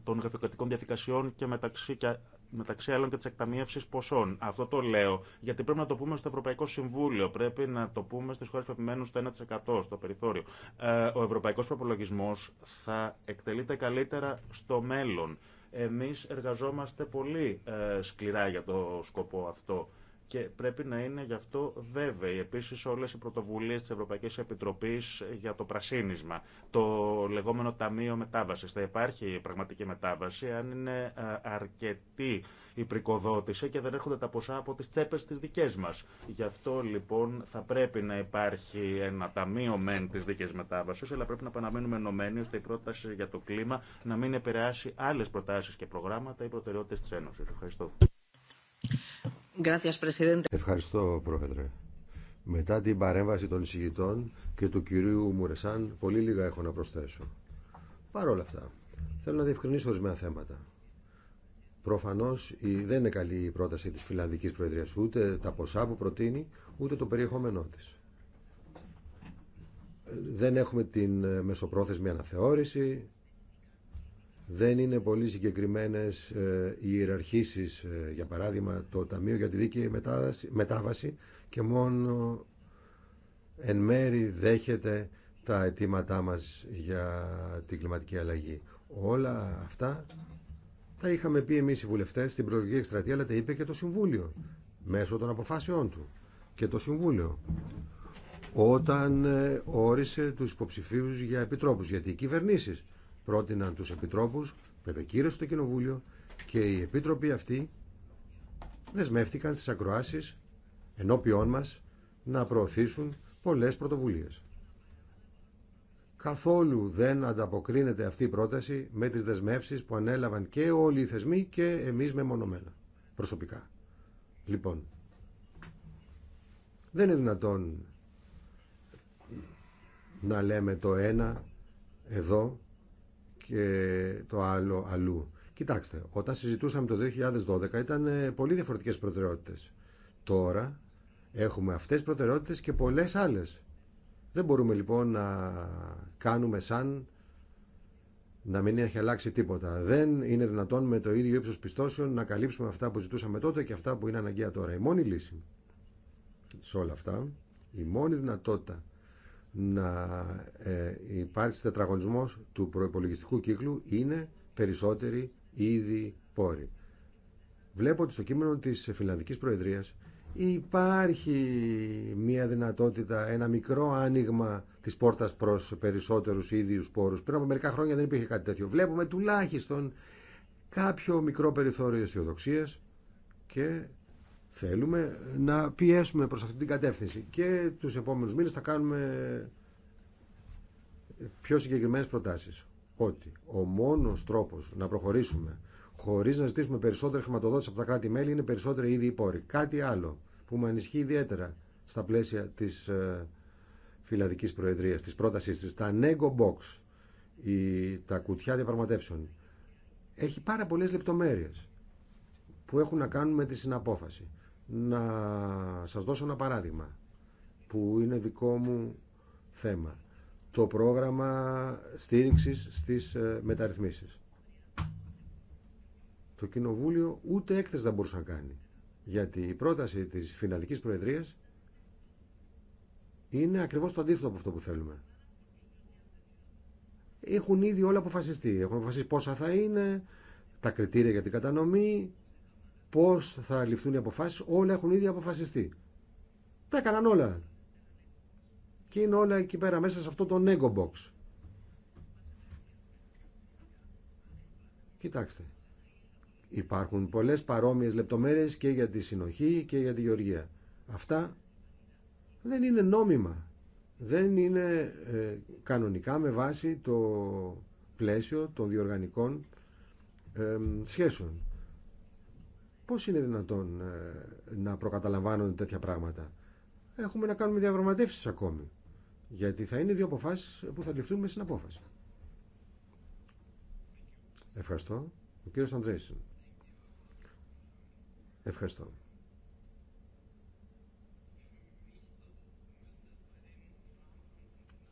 των γραφειοκρατικών διαδικασιών και μεταξύ και μεταξύ άλλων και τη εκταμείευση ποσών. Αυτό το λέω γιατί πρέπει να το πούμε στο Ευρωπαϊκό Συμβούλιο, πρέπει να το πούμε στι χώρε που επιμένουν στο 1%, στο περιθώριο. Ε, ο ευρωπαϊκό προπολογισμό θα εκτελείται καλύτερα στο μέλλον. Εμεί εργαζόμαστε πολύ ε, σκληρά για το σκοπό αυτό και πρέπει να είναι γι' αυτό βέβαιοι. Επίση, όλε οι πρωτοβουλίε τη Ευρωπαϊκή Επιτροπή για το πρασίνισμα, το λεγόμενο Ταμείο Μετάβαση. Θα υπάρχει πραγματική μετάβαση, αν είναι ε, αρκετή η πρικοδότηση και δεν έρχονται τα ποσά από τι τσέπε τι δικέ μα. Γι' αυτό λοιπόν θα πρέπει να υπάρχει ένα ταμείο μεν τη δίκαιη μετάβαση, αλλά πρέπει να παραμένουμε ενωμένοι ώστε η πρόταση για το κλίμα να μην επηρεάσει άλλε προτάσει και προγράμματα ή προτεραιότητε τη Ένωση. Ευχαριστώ. Ευχαριστώ, Πρόεδρε. Μετά την παρέμβαση των εισηγητών και του κυρίου Μουρεσάν, πολύ λίγα έχω να προσθέσω. Παρ' όλα αυτά, θέλω να διευκρινίσω ορισμένα θέματα. Προφανώ δεν είναι καλή η πρόταση τη Φιλανδική Προεδρία ούτε τα ποσά που προτείνει, ούτε το περιεχόμενό τη. Ε, δεν έχουμε την ε, μεσοπρόθεσμη αναθεώρηση, δεν είναι πολύ συγκεκριμένες ε, οι ιεραρχήσεις, ε, για παράδειγμα το Ταμείο για τη Δίκαιη Μετάβαση και μόνο εν μέρη δέχεται τα αιτήματά μας για την κλιματική αλλαγή. Όλα αυτά τα είχαμε πει εμείς οι βουλευτές στην προεκλογική εκστρατεία, αλλά τα είπε και το Συμβούλιο μέσω των αποφάσεών του και το Συμβούλιο όταν ε, όρισε τους υποψηφίους για επιτρόπους, γιατί οι κυβερνήσεις πρότειναν τους επιτρόπους που επεκύρωσε το Κοινοβούλιο και οι επίτροποι αυτοί δεσμεύτηκαν στις ακροάσεις ενώπιόν μας να προωθήσουν πολλές πρωτοβουλίες. Καθόλου δεν ανταποκρίνεται αυτή η πρόταση με τις δεσμεύσεις που ανέλαβαν και όλοι οι θεσμοί και εμείς μεμονωμένα προσωπικά. Λοιπόν, δεν είναι δυνατόν να λέμε το ένα εδώ και το άλλο αλλού. Κοιτάξτε, όταν συζητούσαμε το 2012 ήταν ε, πολύ διαφορετικές προτεραιότητες. Τώρα έχουμε αυτές τις προτεραιότητες και πολλές άλλες. Δεν μπορούμε λοιπόν να κάνουμε σαν να μην έχει αλλάξει τίποτα. Δεν είναι δυνατόν με το ίδιο ύψος πιστώσεων να καλύψουμε αυτά που ζητούσαμε τότε και αυτά που είναι αναγκαία τώρα. Η μόνη λύση σε όλα αυτά, η μόνη δυνατότητα να ε, υπάρξει τετραγωνισμός του προϋπολογιστικού κύκλου είναι περισσότεροι ήδη πόροι. Βλέπω ότι στο κείμενο της Φιλανδικής Προεδρίας υπάρχει μια δυνατότητα, ένα μικρό άνοιγμα της πόρτας προς περισσότερους ίδιους πόρους. Πριν από μερικά χρόνια δεν υπήρχε κάτι τέτοιο. Βλέπουμε τουλάχιστον κάποιο μικρό περιθώριο αισιοδοξία και Θέλουμε να πιέσουμε προς αυτή την κατεύθυνση και τους επόμενους μήνες θα κάνουμε πιο συγκεκριμένες προτάσεις. Ότι ο μόνος τρόπος να προχωρήσουμε χωρίς να ζητήσουμε περισσότερη χρηματοδότηση από τα κράτη-μέλη είναι περισσότερη ήδη πόροι. Κάτι άλλο που με ανισχύει ιδιαίτερα στα πλαίσια της ε, φιλαδικής προεδρίας, της πρότασής της, τα Nego Box, η, τα κουτιά διαπραγματεύσεων, έχει πάρα πολλές λεπτομέρειες που έχουν να κάνουν με τη συναπόφαση να σας δώσω ένα παράδειγμα που είναι δικό μου θέμα. Το πρόγραμμα στήριξης στις ε, μεταρρυθμίσεις. Το Κοινοβούλιο ούτε έκθεση δεν μπορούσε να κάνει. Γιατί η πρόταση της Φιναλικής Προεδρίας είναι ακριβώς το αντίθετο από αυτό που θέλουμε. Έχουν ήδη όλα αποφασιστεί. Έχουν αποφασίσει πόσα θα είναι, τα κριτήρια για την κατανομή, πώς θα ληφθούν οι αποφάσεις, όλα έχουν ήδη αποφασιστεί. Τα έκαναν όλα. Και είναι όλα εκεί πέρα μέσα σε αυτό το Nego Box. Κοιτάξτε. Υπάρχουν πολλές παρόμοιες λεπτομέρειες και για τη συνοχή και για τη γεωργία. Αυτά δεν είναι νόμιμα. Δεν είναι ε, κανονικά με βάση το πλαίσιο των διοργανικών ε, σχέσεων. Πώς είναι δυνατόν ε, να προκαταλαμβάνονται τέτοια πράγματα. Έχουμε να κάνουμε διαπραγματεύσεις ακόμη. Γιατί θα είναι δύο αποφάσεις που θα ληφθούν με συναπόφαση. Ευχαριστώ. Ο κύριος Ανδρέης. Ευχαριστώ.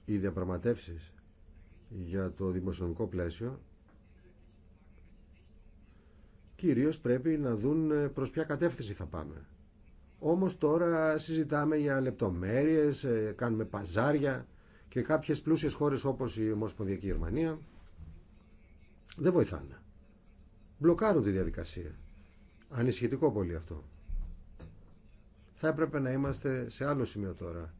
Οι διαπραγματεύσεις για το δημοσιονομικό πλαίσιο κυρίως πρέπει να δουν ε, προς ποια κατεύθυνση θα πάμε. Όμως τώρα συζητάμε για λεπτομέρειες, ε, κάνουμε παζάρια και κάποιες πλούσιες χώρες όπως η Ομοσπονδιακή Γερμανία δεν βοηθάνε. Μπλοκάρουν τη διαδικασία. Ανησυχητικό πολύ αυτό. Θα έπρεπε να είμαστε σε άλλο σημείο τώρα.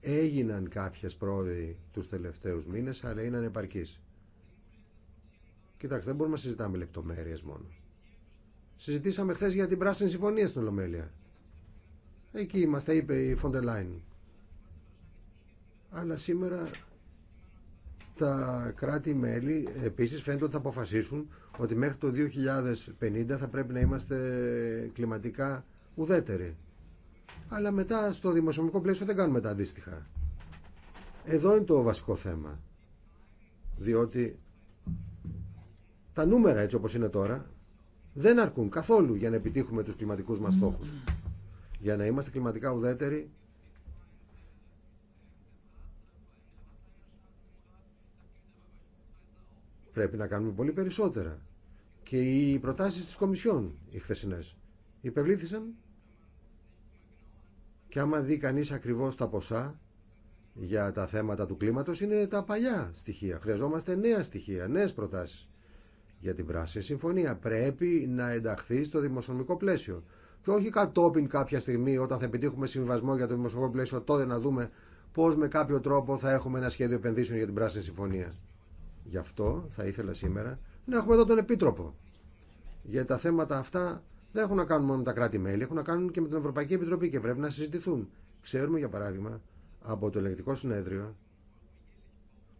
Έγιναν κάποιες πρόοδοι τους τελευταίους μήνες, αλλά είναι ανεπαρκείς. Κοιτάξτε, δεν μπορούμε να συζητάμε λεπτομέρειε μόνο. Συζητήσαμε χθε για την πράσινη συμφωνία στην Ολομέλεια. Εκεί είμαστε, είπε η Φοντελάιν. Αλλά σήμερα τα κράτη-μέλη επίσης φαίνεται ότι θα αποφασίσουν ότι μέχρι το 2050 θα πρέπει να είμαστε κλιματικά ουδέτεροι. Αλλά μετά στο δημοσιομικό πλαίσιο δεν κάνουμε τα αντίστοιχα. Εδώ είναι το βασικό θέμα. Διότι τα νούμερα έτσι όπως είναι τώρα δεν αρκούν καθόλου για να επιτύχουμε τους κλιματικούς μας στόχους. Για να είμαστε κλιματικά ουδέτεροι πρέπει να κάνουμε πολύ περισσότερα. Και οι προτάσεις της Κομισιόν, οι χθεσινές, υπευλήθησαν και άμα δει κανείς ακριβώς τα ποσά για τα θέματα του κλίματος είναι τα παλιά στοιχεία. Χρειαζόμαστε νέα στοιχεία, νέες προτάσεις για την πράσινη συμφωνία. Πρέπει να ενταχθεί στο δημοσιονομικό πλαίσιο. Και όχι κατόπιν κάποια στιγμή όταν θα επιτύχουμε συμβιβασμό για το δημοσιονομικό πλαίσιο τότε να δούμε πώ με κάποιο τρόπο θα έχουμε ένα σχέδιο επενδύσεων για την πράσινη συμφωνία. Γι' αυτό θα ήθελα σήμερα να έχουμε εδώ τον Επίτροπο. Για τα θέματα αυτά δεν έχουν να κάνουν μόνο με τα κράτη-μέλη, έχουν να κάνουν και με την Ευρωπαϊκή Επιτροπή και πρέπει να συζητηθούν. Ξέρουμε, για παράδειγμα, από το ελεγκτικό συνέδριο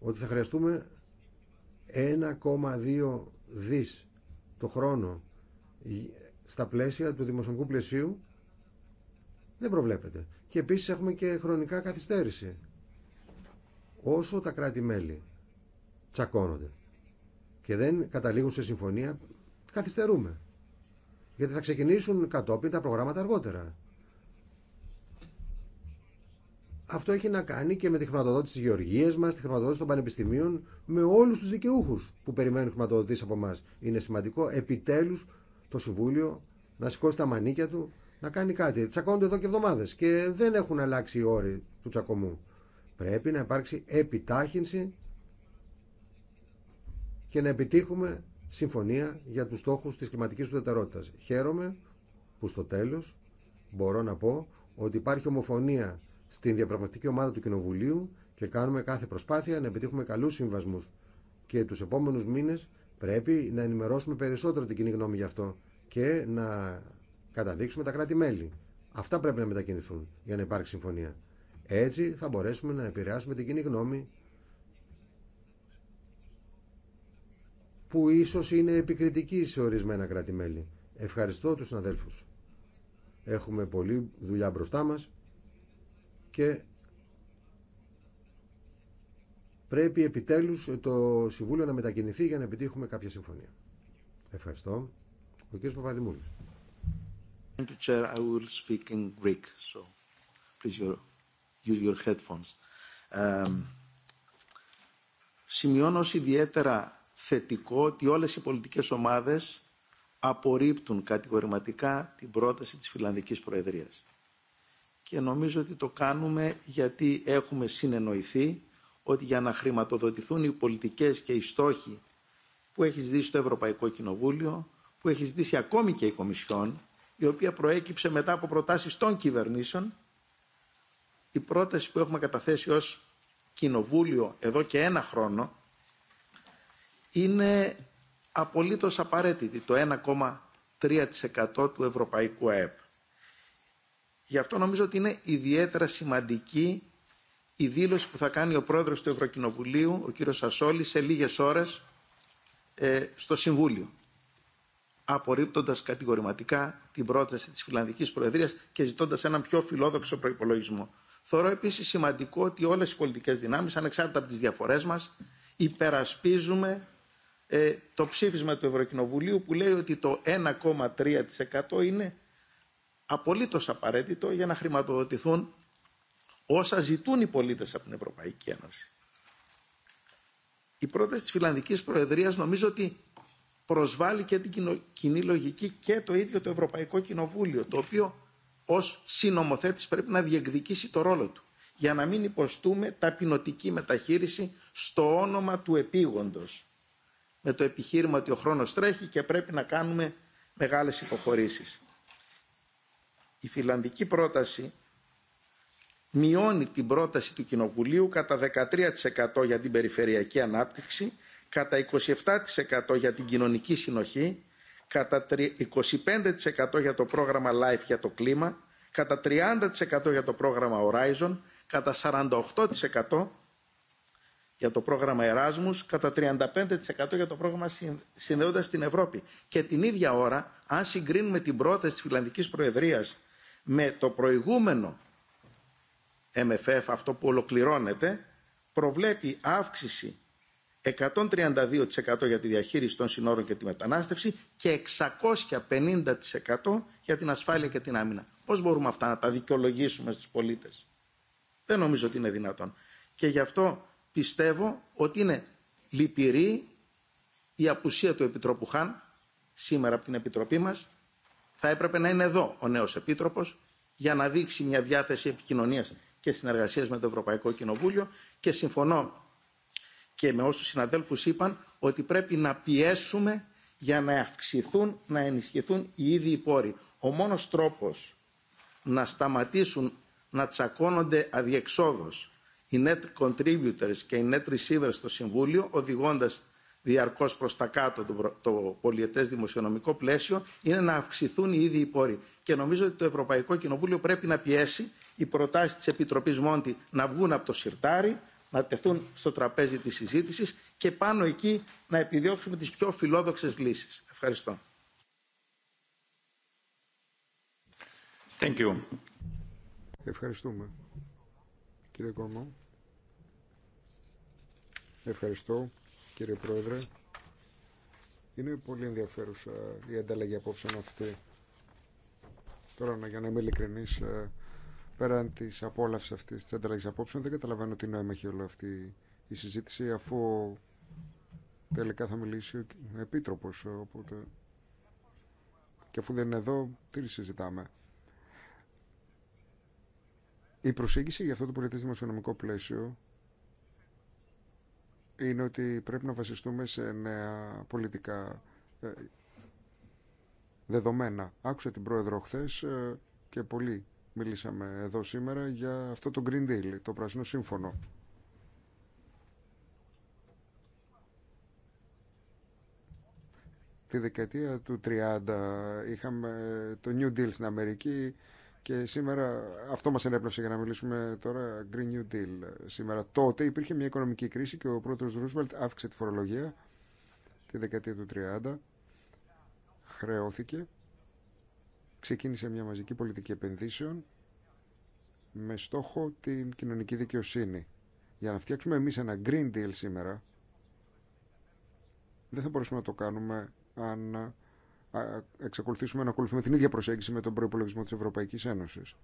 ότι θα χρειαστούμε 1,2 δις το χρόνο στα πλαίσια του δημοσιονομικού πλαισίου δεν προβλέπεται. Και επίσης έχουμε και χρονικά καθυστέρηση. Όσο τα κράτη-μέλη τσακώνονται και δεν καταλήγουν σε συμφωνία, καθυστερούμε. Γιατί θα ξεκινήσουν κατόπιν τα προγράμματα αργότερα. Αυτό έχει να κάνει και με τη χρηματοδότηση τη γεωργία μα, τη χρηματοδότηση των πανεπιστημίων, με όλου του δικαιούχου που περιμένουν χρηματοδοτήσει από εμά. Είναι σημαντικό επιτέλου το Συμβούλιο να σηκώσει τα μανίκια του, να κάνει κάτι. Τσακώνονται εδώ και εβδομάδε και δεν έχουν αλλάξει οι όροι του τσακωμού. Πρέπει να υπάρξει επιτάχυνση και να επιτύχουμε συμφωνία για τους στόχους της κλιματικής ουδετερότητας. Χαίρομαι που στο τέλος μπορώ να πω ότι υπάρχει ομοφωνία στην διαπραγματική ομάδα του Κοινοβουλίου και κάνουμε κάθε προσπάθεια να επιτύχουμε καλού συμβασμού. Και του επόμενου μήνε πρέπει να ενημερώσουμε περισσότερο την κοινή γνώμη γι' αυτό και να καταδείξουμε τα κράτη-μέλη. Αυτά πρέπει να μετακινηθούν για να υπάρξει συμφωνία. Έτσι θα μπορέσουμε να επηρεάσουμε την κοινή γνώμη που ίσως είναι επικριτική σε ορισμένα κράτη-μέλη. Ευχαριστώ τους συναδέλφους. Έχουμε πολλή δουλειά μπροστά μας και πρέπει επιτέλους το Συμβούλιο να μετακινηθεί για να επιτύχουμε κάποια συμφωνία. Ευχαριστώ. Ο κ. Παπαδημούλης. σημειώνω ως ιδιαίτερα θετικό ότι όλες οι πολιτικές ομάδες απορρίπτουν κατηγορηματικά την πρόταση της Φιλανδικής Προεδρίας και νομίζω ότι το κάνουμε γιατί έχουμε συνεννοηθεί ότι για να χρηματοδοτηθούν οι πολιτικές και οι στόχοι που έχει δει το Ευρωπαϊκό Κοινοβούλιο, που έχει δει ακόμη και η Κομισιόν, η οποία προέκυψε μετά από προτάσεις των κυβερνήσεων, η πρόταση που έχουμε καταθέσει ως Κοινοβούλιο εδώ και ένα χρόνο είναι απολύτως απαραίτητη, το 1,3% του Ευρωπαϊκού ΑΕΠ. Γι' αυτό νομίζω ότι είναι ιδιαίτερα σημαντική η δήλωση που θα κάνει ο πρόεδρος του Ευρωκοινοβουλίου, ο κύριος Σασόλη, σε λίγες ώρες ε, στο Συμβούλιο απορρίπτοντας κατηγορηματικά την πρόταση της Φιλανδικής Προεδρίας και ζητώντας έναν πιο φιλόδοξο προϋπολογισμό. Θεωρώ επίσης σημαντικό ότι όλες οι πολιτικές δυνάμεις, ανεξάρτητα από τις διαφορές μας, υπερασπίζουμε ε, το ψήφισμα του Ευρωκοινοβουλίου που λέει ότι το 1,3% είναι απολύτως απαραίτητο για να χρηματοδοτηθούν όσα ζητούν οι πολίτες από την Ευρωπαϊκή Ένωση. Η πρόταση της Φιλανδικής Προεδρίας νομίζω ότι προσβάλλει και την κοινή λογική και το ίδιο το Ευρωπαϊκό Κοινοβούλιο, το οποίο ως συνομοθέτης πρέπει να διεκδικήσει το ρόλο του, για να μην υποστούμε ταπεινωτική μεταχείριση στο όνομα του επίγοντος, με το επιχείρημα ότι ο χρόνος τρέχει και πρέπει να κάνουμε μεγάλες υποχωρήσεις η φιλανδική πρόταση μειώνει την πρόταση του Κοινοβουλίου κατά 13% για την περιφερειακή ανάπτυξη, κατά 27% για την κοινωνική συνοχή, κατά 25% για το πρόγραμμα LIFE για το κλίμα, κατά 30% για το πρόγραμμα Horizon, κατά 48% για το πρόγραμμα Εράσμους, κατά 35% για το πρόγραμμα Συνδέοντας την Ευρώπη. Και την ίδια ώρα, αν συγκρίνουμε την πρόταση της Φιλανδικής Προεδρίας με το προηγούμενο MFF, αυτό που ολοκληρώνεται, προβλέπει αύξηση 132% για τη διαχείριση των συνόρων και τη μετανάστευση και 650% για την ασφάλεια και την άμυνα. Πώς μπορούμε αυτά να τα δικαιολογήσουμε στους πολίτες. Δεν νομίζω ότι είναι δυνατόν. Και γι' αυτό πιστεύω ότι είναι λυπηρή η απουσία του Επιτρόπου Χάν σήμερα από την Επιτροπή μας θα έπρεπε να είναι εδώ ο νέος Επίτροπος για να δείξει μια διάθεση επικοινωνίας και συνεργασίας με το Ευρωπαϊκό Κοινοβούλιο και συμφωνώ και με όσους συναδέλφους είπαν ότι πρέπει να πιέσουμε για να αυξηθούν, να ενισχυθούν οι ίδιοι πόροι. Ο μόνος τρόπος να σταματήσουν να τσακώνονται αδιεξόδως οι net contributors και οι net receivers στο Συμβούλιο, οδηγώντας διαρκώς προ τα κάτω το, το δημοσιονομικό πλαίσιο είναι να αυξηθούν οι ίδιοι οι πόροι. Και νομίζω ότι το Ευρωπαϊκό Κοινοβούλιο πρέπει να πιέσει οι προτάσει τη Επιτροπής Μόντι να βγουν από το σιρτάρι, να τεθούν στο τραπέζι της συζήτηση και πάνω εκεί να επιδιώξουμε τις πιο φιλόδοξε λύσει. Ευχαριστώ. Thank you. Ευχαριστούμε. Κύριε Κορμό. Ευχαριστώ κύριε Πρόεδρε. Είναι πολύ ενδιαφέρουσα η ανταλλαγή απόψεων αυτή. Τώρα, για να είμαι ειλικρινή, ε, πέραν τη απόλαυση αυτή τη ανταλλαγή απόψεων, δεν καταλαβαίνω τι νόημα έχει όλη αυτή η συζήτηση, αφού τελικά θα μιλήσει ο Επίτροπο. Οπότε... Και αφού δεν είναι εδώ, τι συζητάμε. Η προσέγγιση για αυτό το πολιτιστικο δημοσιονομικό πλαίσιο είναι ότι πρέπει να βασιστούμε σε νέα πολιτικά ε, δεδομένα. Άκουσα την πρόεδρο χθε ε, και πολύ μιλήσαμε εδώ σήμερα για αυτό το Green Deal, το Πρασινό Σύμφωνο. Τη δεκαετία του 30 είχαμε το New Deal στην Αμερική, και σήμερα αυτό μας ενέπνευσε για να μιλήσουμε τώρα Green New Deal. Σήμερα τότε υπήρχε μια οικονομική κρίση και ο πρώτος Ρούσβελτ αύξησε τη φορολογία τη δεκαετία του 30. Χρεώθηκε. Ξεκίνησε μια μαζική πολιτική επενδύσεων με στόχο την κοινωνική δικαιοσύνη. Για να φτιάξουμε εμείς ένα Green Deal σήμερα δεν θα μπορέσουμε να το κάνουμε αν εξακολουθήσουμε να ακολουθούμε την ίδια προσέγγιση με τον προϋπολογισμό της Ευρωπαϊκής Ένωσης.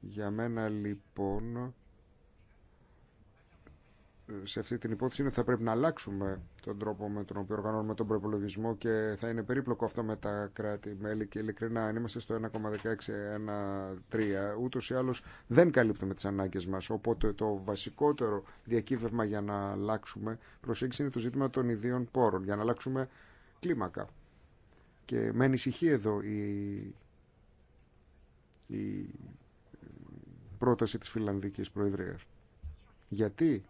Για μένα λοιπόν σε αυτή την υπόθεση είναι ότι θα πρέπει να αλλάξουμε τον τρόπο με τον οποίο οργανώνουμε τον προπολογισμό και θα είναι περίπλοκο αυτό με τα κράτη-μέλη και ειλικρινά αν είμαστε στο 1,1613. 13 ούτως ή άλλως δεν καλύπτουμε τις ανάγκες μας οπότε το βασικότερο διακύβευμα για να αλλάξουμε προσέγγιση είναι το ζήτημα των ιδίων πόρων για να αλλάξουμε κλίμακα. Και με ανησυχεί εδώ η, πρόταση της Φιλανδικής Προεδρίας. Γιατί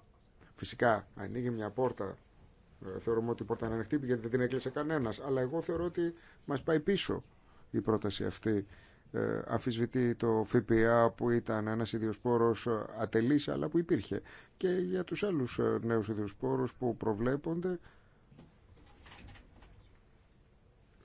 φυσικά ανοίγει μια πόρτα, ε, θεωρούμε ότι η πόρτα είναι ανοιχτή γιατί δεν την έκλεισε κανένας, αλλά εγώ θεωρώ ότι μας πάει πίσω η πρόταση αυτή. Ε, το ΦΠΑ που ήταν ένας ιδιοσπόρος ατελής αλλά που υπήρχε και για τους άλλους ε, νέους ιδιοσπόρους που προβλέπονται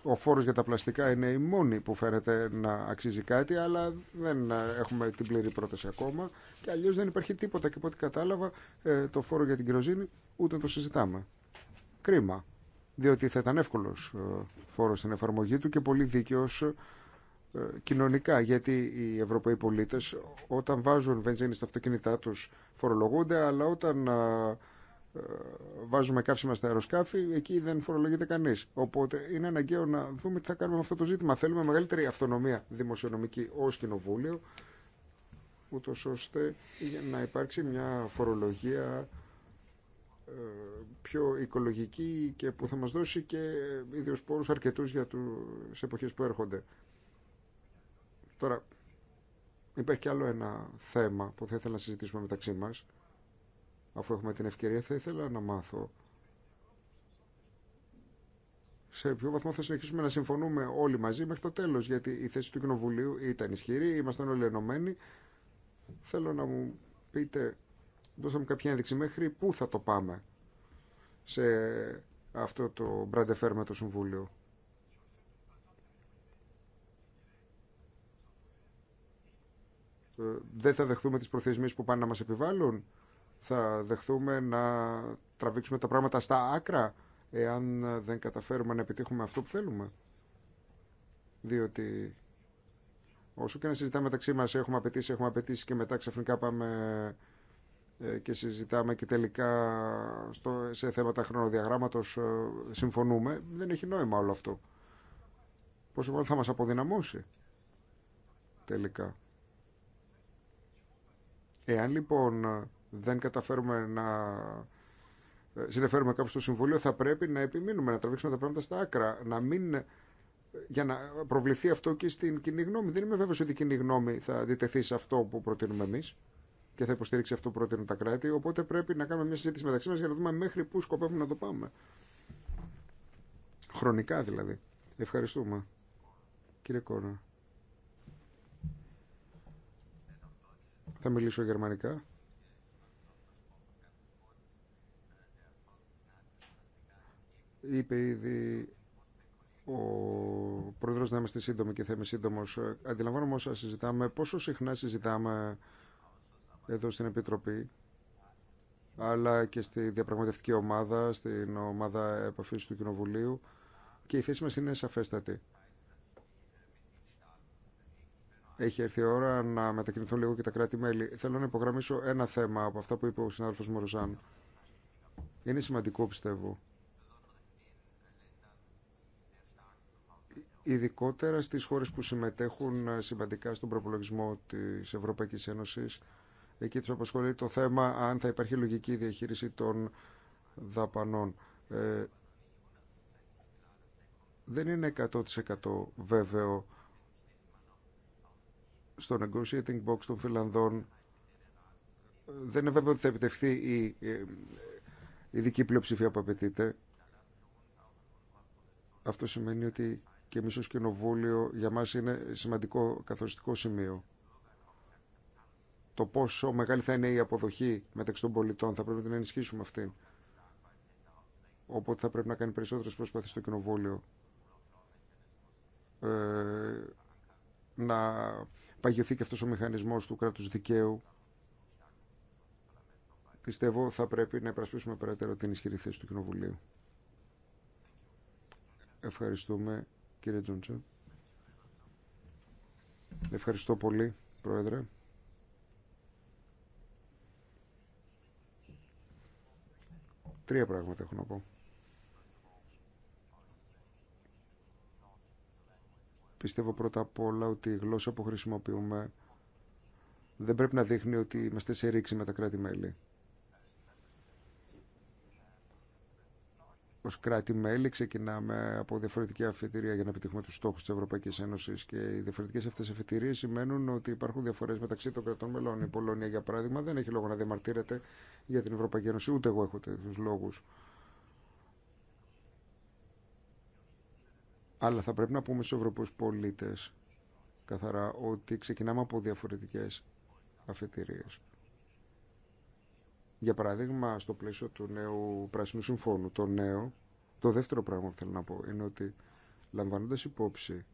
ο φόρος για τα πλαστικά είναι η μόνη που φαίνεται να αξίζει κάτι, αλλά δεν έχουμε την πλήρη πρόταση ακόμα και αλλιώς δεν υπάρχει τίποτα και από ό,τι κατάλαβα ε, το φόρο για την κυροζήνη ούτε το συζητάμε. Κρίμα, διότι θα ήταν εύκολος ε, φόρος στην εφαρμογή του και πολύ δίκαιος ε, κοινωνικά, γιατί οι Ευρωπαίοι πολίτες όταν βάζουν βενζίνη στα αυτοκίνητά τους φορολογούνται, αλλά όταν ε, βάζουμε καύσιμα στα αεροσκάφη, εκεί δεν φορολογείται κανεί. Οπότε είναι αναγκαίο να δούμε τι θα κάνουμε με αυτό το ζήτημα. Θέλουμε μεγαλύτερη αυτονομία δημοσιονομική ω κοινοβούλιο, ούτω ώστε να υπάρξει μια φορολογία ε, πιο οικολογική και που θα μας δώσει και ίδιους πόρους αρκετούς για τις εποχές που έρχονται. Τώρα, υπάρχει και άλλο ένα θέμα που θα ήθελα να συζητήσουμε μεταξύ μας Αφού έχουμε την ευκαιρία θα ήθελα να μάθω σε ποιο βαθμό θα συνεχίσουμε να συμφωνούμε όλοι μαζί μέχρι το τέλος γιατί η θέση του Κοινοβουλίου ήταν ισχυρή, ήμασταν όλοι ενωμένοι. Θέλω να μου πείτε, δώσαμε κάποια ένδειξη μέχρι πού θα το πάμε σε αυτό το μπραντεφέρ με το Συμβούλιο. Ε, δεν θα δεχθούμε τις προθεσμίες που πάνε να μας επιβάλλουν θα δεχθούμε να τραβήξουμε τα πράγματα στα άκρα εάν δεν καταφέρουμε να επιτύχουμε αυτό που θέλουμε. Διότι όσο και να συζητάμε μεταξύ μας έχουμε απαιτήσει, έχουμε απαιτήσει και μετά ξαφνικά πάμε ε, και συζητάμε και τελικά στο, σε θέματα χρονοδιαγράμματος ε, συμφωνούμε, δεν έχει νόημα όλο αυτό. Πόσο μάλλον θα μας αποδυναμώσει τελικά. Εάν λοιπόν ε, δεν καταφέρουμε να ε, συνεφέρουμε κάποιο στο Συμβούλιο, θα πρέπει να επιμείνουμε, να τραβήξουμε τα πράγματα στα άκρα, να μην ε, για να προβληθεί αυτό και στην κοινή γνώμη. Δεν είμαι βέβαιος ότι η κοινή γνώμη θα αντιτεθεί σε αυτό που προτείνουμε εμείς και θα υποστηρίξει αυτό που προτείνουν τα κράτη. Οπότε πρέπει να κάνουμε μια συζήτηση μεταξύ μα για να δούμε μέχρι πού σκοπεύουμε να το πάμε. Χρονικά δηλαδή. Ευχαριστούμε. Κύριε Κόνα. Θα μιλήσω γερμανικά. Είπε ήδη ο Πρόεδρος να είμαστε σύντομοι και θα είμαι σύντομος. Αντιλαμβάνομαι όσα συζητάμε, πόσο συχνά συζητάμε εδώ στην Επιτροπή αλλά και στη διαπραγματευτική ομάδα, στην ομάδα επαφής του Κοινοβουλίου και η θέση μας είναι σαφέστατη. Έχει έρθει η ώρα να μετακινηθούν λίγο και τα κράτη-μέλη. Θέλω να υπογραμμίσω ένα θέμα από αυτά που είπε ο συνάδελφος Μοροζάν. Είναι σημαντικό, πιστεύω, ειδικότερα στις χώρες που συμμετέχουν ε, σημαντικά στον προπολογισμό της Ευρωπαϊκής Ένωσης. Εκεί τους απασχολεί το θέμα αν θα υπάρχει λογική διαχείριση των δαπανών. Ε, δεν είναι 100% βέβαιο στο negotiating box των Φιλανδών δεν είναι βέβαιο ότι θα επιτευχθεί η ε, ειδική πλειοψηφία που απαιτείται. Αυτό σημαίνει ότι και εμείς ως κοινοβούλιο για μας είναι σημαντικό καθοριστικό σημείο. Το πόσο μεγάλη θα είναι η αποδοχή μεταξύ των πολιτών θα πρέπει να την ενισχύσουμε αυτήν. Οπότε θα πρέπει να κάνει περισσότερες προσπάθειες στο κοινοβούλιο. Ε, να παγιωθεί και αυτός ο μηχανισμός του κράτους δικαίου. Πιστεύω θα πρέπει να υπερασπίσουμε περαιτέρω την ισχυρή θέση του Κοινοβουλίου. Ευχαριστούμε κύριε Ευχαριστώ πολύ, Πρόεδρε. Τρία πράγματα έχω να πω. Πιστεύω πρώτα απ' όλα ότι η γλώσσα που χρησιμοποιούμε δεν πρέπει να δείχνει ότι είμαστε σε ρήξη με τα κράτη-μέλη. Ω κράτη-μέλη ξεκινάμε από διαφορετική αφετηρία για να επιτύχουμε του στόχου τη Ευρωπαϊκή Ένωση. και οι διαφορετικέ αυτέ αφετηρίες σημαίνουν ότι υπάρχουν διαφορέ μεταξύ των κρατών μελών. Η Πολωνία, για παράδειγμα, δεν έχει λόγο να διαμαρτύρεται για την Ευρωπαϊκή Ένωση, ούτε εγώ έχω τέτοιου λόγου. Αλλά θα πρέπει να πούμε στου Ευρωπαίου πολίτε, καθαρά ότι ξεκινάμε από διαφορετικέ αφετηρίε. Για παράδειγμα, στο πλαίσιο του νέου Πράσινου Συμφώνου, το νέο, το δεύτερο πράγμα που θέλω να πω είναι ότι λαμβάνοντας υπόψη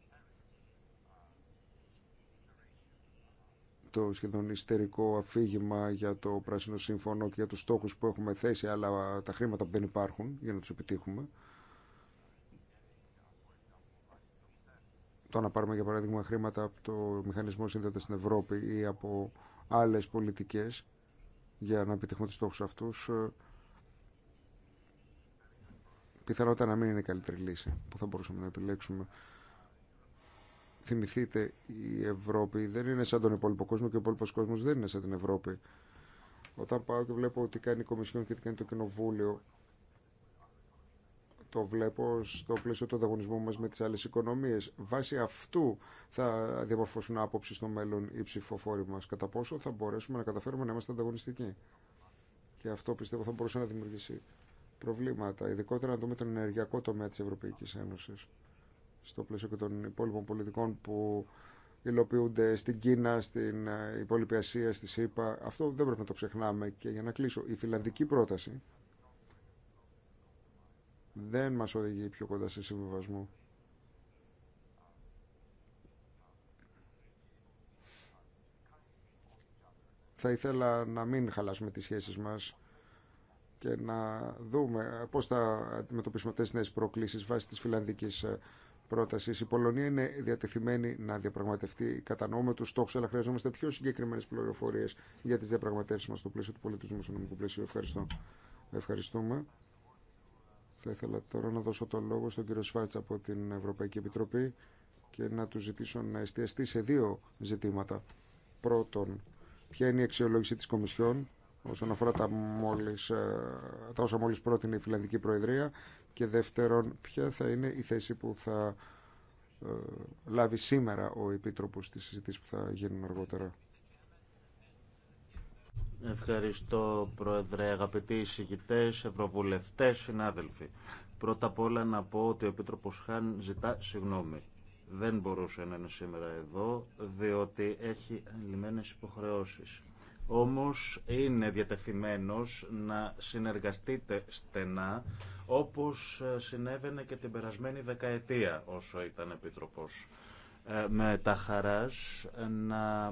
το σχεδόν ιστερικό αφήγημα για το Πράσινο Σύμφωνο και για τους στόχους που έχουμε θέσει αλλά τα χρήματα που δεν υπάρχουν για να τους επιτύχουμε. Το να πάρουμε για παράδειγμα χρήματα από το Μηχανισμό σύνδετα στην Ευρώπη ή από άλλες πολιτικές για να επιτύχουμε τους στόχους αυτούς ε, πιθανότατα να μην είναι η καλύτερη λύση που θα μπορούσαμε να επιλέξουμε. Θυμηθείτε, η Ευρώπη δεν είναι σαν τον υπόλοιπο κόσμο και ο υπόλοιπο κόσμο δεν είναι σαν την Ευρώπη. Όταν πάω και βλέπω τι κάνει η Κομισιόν και τι κάνει το Κοινοβούλιο, το βλέπω στο πλαίσιο του ανταγωνισμού μας με τις άλλες οικονομίες. Βάσει αυτού θα διαμορφώσουν άποψη στο μέλλον οι ψηφοφόροι μας. Κατά πόσο θα μπορέσουμε να καταφέρουμε να είμαστε ανταγωνιστικοί. Και αυτό πιστεύω θα μπορούσε να δημιουργήσει προβλήματα, ειδικότερα να δούμε τον ενεργειακό τομέα της Ευρωπαϊκής Ένωσης στο πλαίσιο και των υπόλοιπων πολιτικών που υλοποιούνται στην Κίνα, στην ε, υπόλοιπη Ασία, στη ΣΥΠΑ. Αυτό δεν πρέπει να το ξεχνάμε. Και για να κλείσω, η φιλανδική πρόταση δεν μας οδηγεί πιο κοντά σε συμβιβασμό. Θα ήθελα να μην χαλάσουμε τις σχέσεις μας και να δούμε πώς θα αντιμετωπίσουμε αυτές τις νέες προκλήσεις βάσει της φιλανδικής ε, πρότασης. Η Πολωνία είναι διατεθειμένη να διαπραγματευτεί κατανοούμε τους στόχους, αλλά χρειαζόμαστε πιο συγκεκριμένες πληροφορίες για τις διαπραγματεύσεις μας στο πλαίσιο του πολιτισμού νομικό πλαίσιο. Ευχαριστώ. Ευχαριστούμε. Θα ήθελα τώρα να δώσω το λόγο στον κύριο Σφάτσα από την Ευρωπαϊκή Επιτροπή και να του ζητήσω να εστιαστεί σε δύο ζητήματα. Πρώτον, ποια είναι η αξιολόγηση της Κομισιόν όσον αφορά τα, μόλις, ε, τα όσα μόλις πρότεινε η Φιλανδική Προεδρία και δεύτερον, ποια θα είναι η θέση που θα ε, λάβει σήμερα ο Επίτροπος στις συζήτηση που θα γίνουν αργότερα. Ευχαριστώ, Πρόεδρε, αγαπητοί εισηγητέ, ευρωβουλευτέ, συνάδελφοι. Πρώτα απ' όλα να πω ότι ο Επίτροπο Χάν ζητά συγγνώμη. Δεν μπορούσε να είναι σήμερα εδώ, διότι έχει λυμμένε υποχρεώσει. Όμω είναι διατεθειμένο να συνεργαστείτε στενά, όπω συνέβαινε και την περασμένη δεκαετία όσο ήταν Επίτροπο. Ε, με τα χαράς να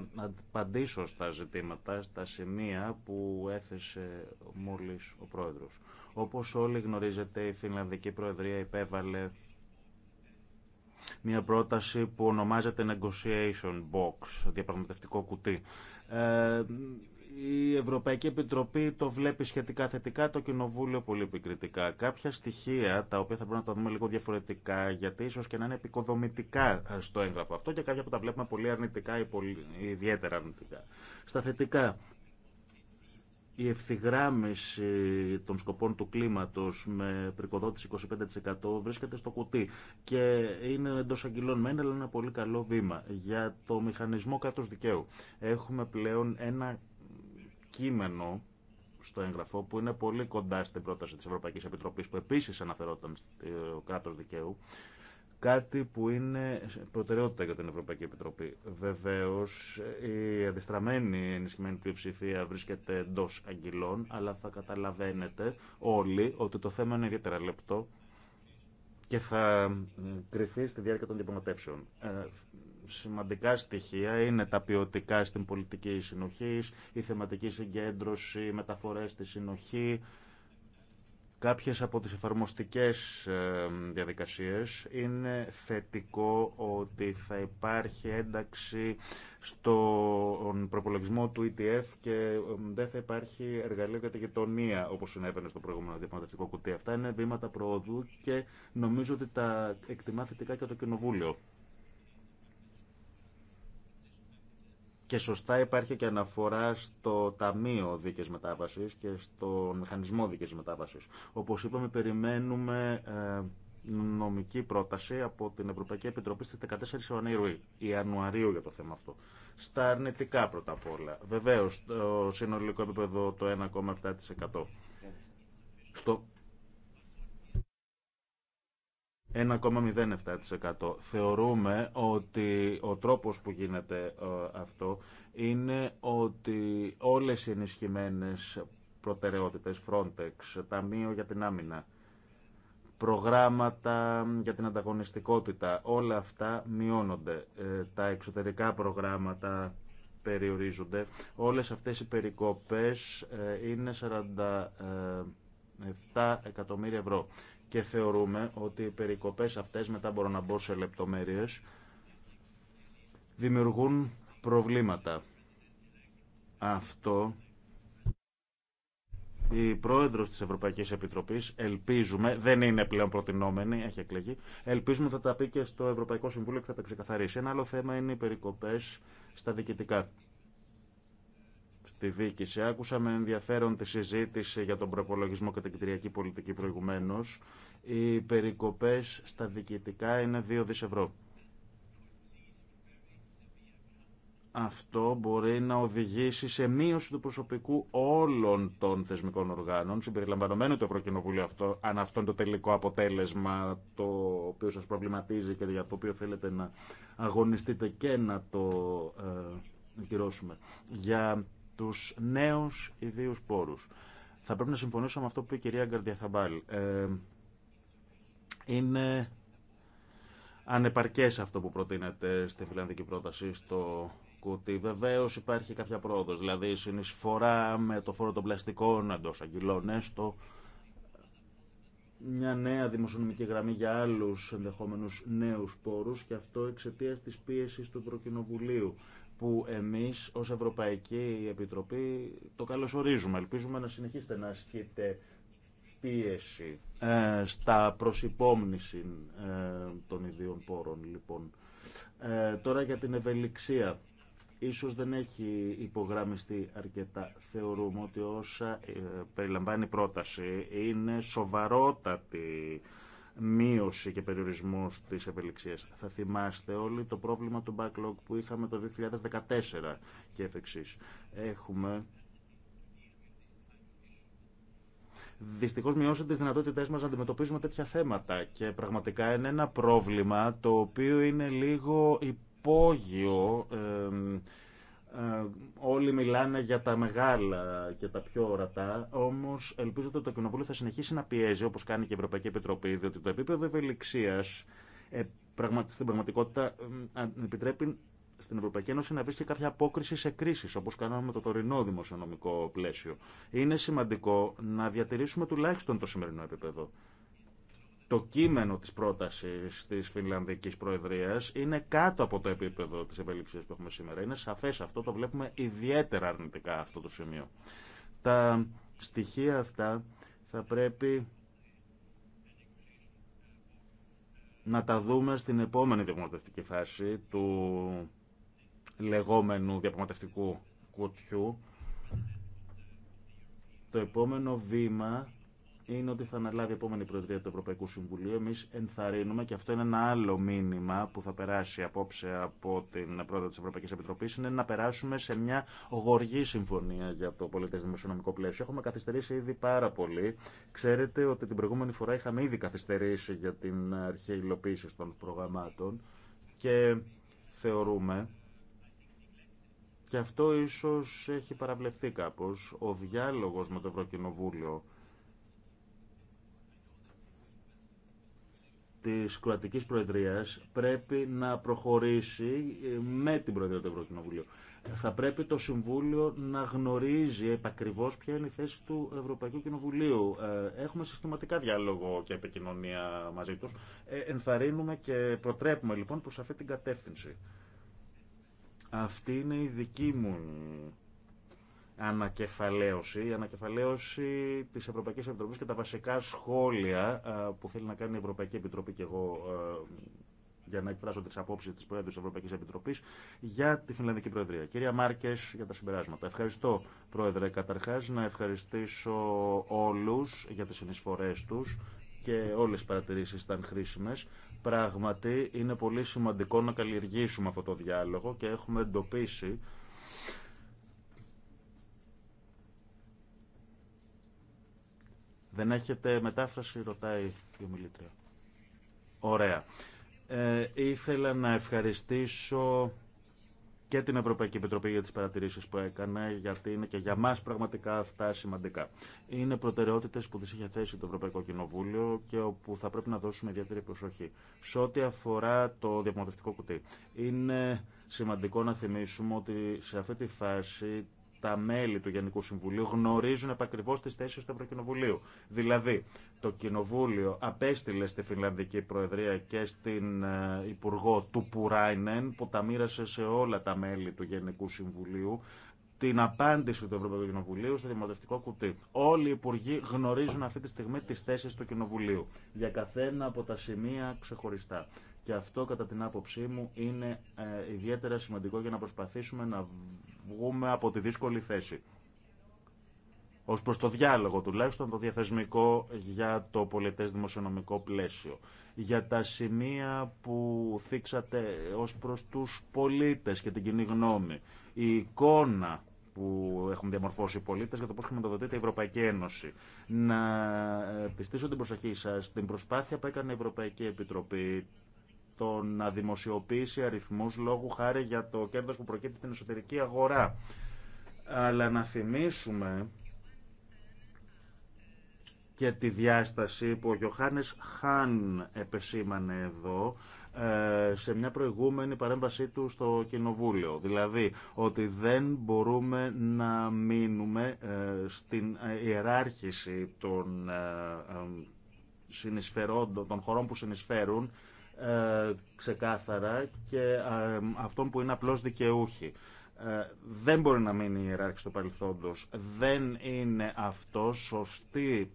απαντήσω στα ζητήματα, στα σημεία που έθεσε μόλις ο Πρόεδρος. Όπως όλοι γνωρίζετε, η Φινλανδική Προεδρία υπέβαλε μια πρόταση που ονομάζεται Negotiation Box, διαπραγματευτικό κουτί. Ε, η Ευρωπαϊκή Επιτροπή το βλέπει σχετικά θετικά, το Κοινοβούλιο πολύ επικριτικά. Κάποια στοιχεία τα οποία θα πρέπει να τα δούμε λίγο διαφορετικά, γιατί ίσω και να είναι επικοδομητικά στο έγγραφο αυτό και κάποια που τα βλέπουμε πολύ αρνητικά ή πολύ, ιδιαίτερα αρνητικά. Στα θετικά, η ευθυγράμμιση των σκοπών του κλίματος με πρικοδότηση 25% βρίσκεται στο κουτί και είναι εντό αγγυλών μεν, αλλά ένα πολύ καλό βήμα για το μηχανισμό κράτους δικαίου. Έχουμε πλέον ένα κείμενο στο έγγραφο που είναι πολύ κοντά στην πρόταση της Ευρωπαϊκής Επιτροπής που επίσης αναφερόταν στο κράτος δικαίου κάτι που είναι προτεραιότητα για την Ευρωπαϊκή Επιτροπή. Βεβαίως η αντιστραμμένη ενισχυμένη πλειοψηφία βρίσκεται εντό αγγυλών, αλλά θα καταλαβαίνετε όλοι ότι το θέμα είναι ιδιαίτερα λεπτό και θα κρυθεί στη διάρκεια των διαπραγματεύσεων. Ε, σημαντικά στοιχεία είναι τα ποιοτικά στην πολιτική συνοχή, η θεματική συγκέντρωση, οι μεταφορέ στη συνοχή. Κάποιες από τις εφαρμοστικές ε, διαδικασίες είναι θετικό ότι θα υπάρχει ένταξη στον προπολογισμό του ETF και ε, δεν θα υπάρχει εργαλείο για τη γειτονία όπω συνέβαινε στο προηγούμενο διαπραγματευτικό κουτί. Αυτά είναι βήματα προόδου και νομίζω ότι τα εκτιμά θετικά και το Κοινοβούλιο. Και σωστά υπάρχει και αναφορά στο Ταμείο Δίκαιη Μετάβαση και στο Μηχανισμό Δίκαιη Μετάβαση. Όπω είπαμε, περιμένουμε ε, νομική πρόταση από την Ευρωπαϊκή Επιτροπή στι 14 Ιανουαρίου, για το θέμα αυτό. Στα αρνητικά πρώτα απ' όλα. Βεβαίω, στο συνολικό επίπεδο το 1,7%. Στο 1,07%. Θεωρούμε ότι ο τρόπος που γίνεται ε, αυτό είναι ότι όλες οι ενισχυμένες προτεραιότητες, Frontex, Ταμείο για την Άμυνα, προγράμματα για την ανταγωνιστικότητα, όλα αυτά μειώνονται. Ε, τα εξωτερικά προγράμματα περιορίζονται. Όλες αυτές οι περικοπές ε, είναι 47 εκατομμύρια ευρώ και θεωρούμε ότι οι περικοπές αυτές, μετά μπορώ να μπω σε λεπτομέρειες, δημιουργούν προβλήματα. Αυτό η πρόεδρος της Ευρωπαϊκής Επιτροπής, ελπίζουμε, δεν είναι πλέον προτινόμενη, έχει εκλεγεί, ελπίζουμε θα τα πει και στο Ευρωπαϊκό Συμβούλιο και θα τα ξεκαθαρίσει. Ένα άλλο θέμα είναι οι περικοπές στα διοικητικά στη δίκηση. Άκουσα με ενδιαφέρον τη συζήτηση για τον προπολογισμό και την κτηριακή πολιτική προηγουμένω. Οι περικοπέ στα διοικητικά είναι 2 δι ευρώ. Αυτό μπορεί να οδηγήσει σε μείωση του προσωπικού όλων των θεσμικών οργάνων, συμπεριλαμβανομένου του Ευρωκοινοβούλιο αυτό, αν αυτό είναι το τελικό αποτέλεσμα το οποίο σας προβληματίζει και για το οποίο θέλετε να αγωνιστείτε και να το ε, κυρώσουμε. Για τους νέους ιδίους πόρους. Θα πρέπει να συμφωνήσω με αυτό που είπε η κυρία Γκαρδιαθαμπάλ. Ε, είναι ανεπαρκές αυτό που προτείνεται στη φιλανδική πρόταση στο κουτί. Βεβαίω υπάρχει κάποια πρόοδο. Δηλαδή η συνεισφορά με το φόρο των πλαστικών εντό αγγυλών, έστω μια νέα δημοσιονομική γραμμή για άλλου ενδεχόμενου νέου πόρου και αυτό εξαιτία τη πίεση του Ευρωκοινοβουλίου που εμείς ως Ευρωπαϊκή Επιτροπή το καλωσορίζουμε. Ελπίζουμε να συνεχίσετε να ασκείτε πίεση ε, στα προσυπόμνηση ε, των ιδίων πόρων. Λοιπόν. Ε, τώρα για την ευελιξία. Ίσως δεν έχει υπογραμμιστεί αρκετά. Θεωρούμε ότι όσα περιλαμβάνει η πρόταση είναι σοβαρότατη μείωση και περιορισμό τη ευελιξία. Θα θυμάστε όλοι το πρόβλημα του backlog που είχαμε το 2014 και εφ' Έχουμε δυστυχώς μειώσουν τι δυνατότητε μας να αντιμετωπίζουμε τέτοια θέματα και πραγματικά είναι ένα πρόβλημα το οποίο είναι λίγο υπόγειο ε, όλοι μιλάνε για τα μεγάλα και τα πιο ορατά, όμω ελπίζω ότι το Κοινοβούλιο θα συνεχίσει να πιέζει όπω κάνει και η Ευρωπαϊκή Επιτροπή, διότι το επίπεδο ευελιξία ε, στην πραγματικότητα ε, επιτρέπει στην Ευρωπαϊκή Ένωση να βρίσκει κάποια απόκριση σε κρίσει, όπω κάναμε με το τωρινό δημοσιονομικό πλαίσιο. Είναι σημαντικό να διατηρήσουμε τουλάχιστον το σημερινό επίπεδο το κείμενο της πρότασης της Φινλανδικής Προεδρίας είναι κάτω από το επίπεδο της ευελιξίας που έχουμε σήμερα. Είναι σαφές αυτό, το βλέπουμε ιδιαίτερα αρνητικά αυτό το σημείο. Τα στοιχεία αυτά θα πρέπει να τα δούμε στην επόμενη διαπραγματευτική φάση του λεγόμενου διαπραγματευτικού κουτιού. Το επόμενο βήμα είναι ότι θα αναλάβει η επόμενη Προεδρία του Ευρωπαϊκού Συμβουλίου. Εμεί ενθαρρύνουμε και αυτό είναι ένα άλλο μήνυμα που θα περάσει απόψε από την Πρόεδρο τη Ευρωπαϊκή Επιτροπή. Είναι να περάσουμε σε μια γοργή συμφωνία για το πολιτέ δημοσιονομικό πλαίσιο. Έχουμε καθυστερήσει ήδη πάρα πολύ. Ξέρετε ότι την προηγούμενη φορά είχαμε ήδη καθυστερήσει για την αρχή υλοποίηση των προγραμμάτων και θεωρούμε και αυτό ίσως έχει παραβλεφθεί κάπως. Ο διάλογος με το Ευρωκοινοβούλιο της κρατικής προεδρίας πρέπει να προχωρήσει ε, με την Προεδρία του Ευρωκοινοβουλίου. Θα πρέπει το Συμβούλιο να γνωρίζει επακριβώς ποια είναι η θέση του Ευρωπαϊκού Κοινοβουλίου. Ε, έχουμε συστηματικά διάλογο και επικοινωνία μαζί τους. Ε, ενθαρρύνουμε και προτρέπουμε λοιπόν προς αυτή την κατεύθυνση. Αυτή είναι η δική μου ανακεφαλαίωση. Η ανακεφαλαίωση της Ευρωπαϊκής Επιτροπής και τα βασικά σχόλια ε, που θέλει να κάνει η Ευρωπαϊκή Επιτροπή και εγώ ε, για να εκφράσω τι απόψει τη Προέδρου τη Ευρωπαϊκή Επιτροπή για τη Φιλανδική Προεδρία. Κυρία Μάρκε, για τα συμπεράσματα. Ευχαριστώ, Πρόεδρε, καταρχά να ευχαριστήσω όλου για τι συνεισφορέ του και όλε οι παρατηρήσει ήταν χρήσιμε. Πράγματι, είναι πολύ σημαντικό να καλλιεργήσουμε αυτό το διάλογο και έχουμε εντοπίσει Δεν έχετε μετάφραση, ρωτάει η ομιλήτρια. Ωραία. Ε, ήθελα να ευχαριστήσω και την Ευρωπαϊκή Επιτροπή για τις παρατηρήσεις που έκανε, γιατί είναι και για μας πραγματικά αυτά σημαντικά. Είναι προτεραιότητες που τις είχε θέσει το Ευρωπαϊκό Κοινοβούλιο και όπου θα πρέπει να δώσουμε ιδιαίτερη προσοχή. Σε ό,τι αφορά το διαπραγματευτικό κουτί, είναι σημαντικό να θυμίσουμε ότι σε αυτή τη φάση τα μέλη του Γενικού Συμβουλίου γνωρίζουν επακριβώ τι θέσει του Ευρωκοινοβουλίου. Δηλαδή, το Κοινοβούλιο απέστειλε στη Φινλανδική Προεδρία και στην ε, Υπουργό του Πουράινεν, που τα μοίρασε σε όλα τα μέλη του Γενικού Συμβουλίου, την απάντηση του Ευρωπαϊκού Κοινοβουλίου στο δημοτευτικό κουτί. Όλοι οι υπουργοί γνωρίζουν αυτή τη στιγμή τι θέσει του Κοινοβουλίου για καθένα από τα σημεία ξεχωριστά. Και αυτό, κατά την άποψή μου, είναι ε, ιδιαίτερα σημαντικό για να προσπαθήσουμε να βγούμε από τη δύσκολη θέση. Ω προ το διάλογο τουλάχιστον το διαθεσμικό για το πολιτέ δημοσιονομικό πλαίσιο. Για τα σημεία που θίξατε ω προ του πολίτε και την κοινή γνώμη. Η εικόνα που έχουν διαμορφώσει οι πολίτε για το πώ χρηματοδοτείται η Ευρωπαϊκή Ένωση. Να πιστήσω την προσοχή σα στην προσπάθεια που έκανε η Ευρωπαϊκή Επιτροπή το να δημοσιοποιήσει αριθμούς λόγου χάρη για το κέρδος που προκύπτει την εσωτερική αγορά. Αλλά να θυμίσουμε και τη διάσταση που ο Γιωχάνης Χάν επεσήμανε εδώ ε, σε μια προηγούμενη παρέμβασή του στο Κοινοβούλιο. Δηλαδή ότι δεν μπορούμε να μείνουμε ε, στην ε, ιεράρχηση των των χωρών που συνεισφέρουν ε, ξεκάθαρα και ε, αυτόν που είναι απλώς δικαιούχοι. Ε, δεν μπορεί να μείνει η ιεράρχηση του παρελθόντος. Δεν είναι αυτό σωστή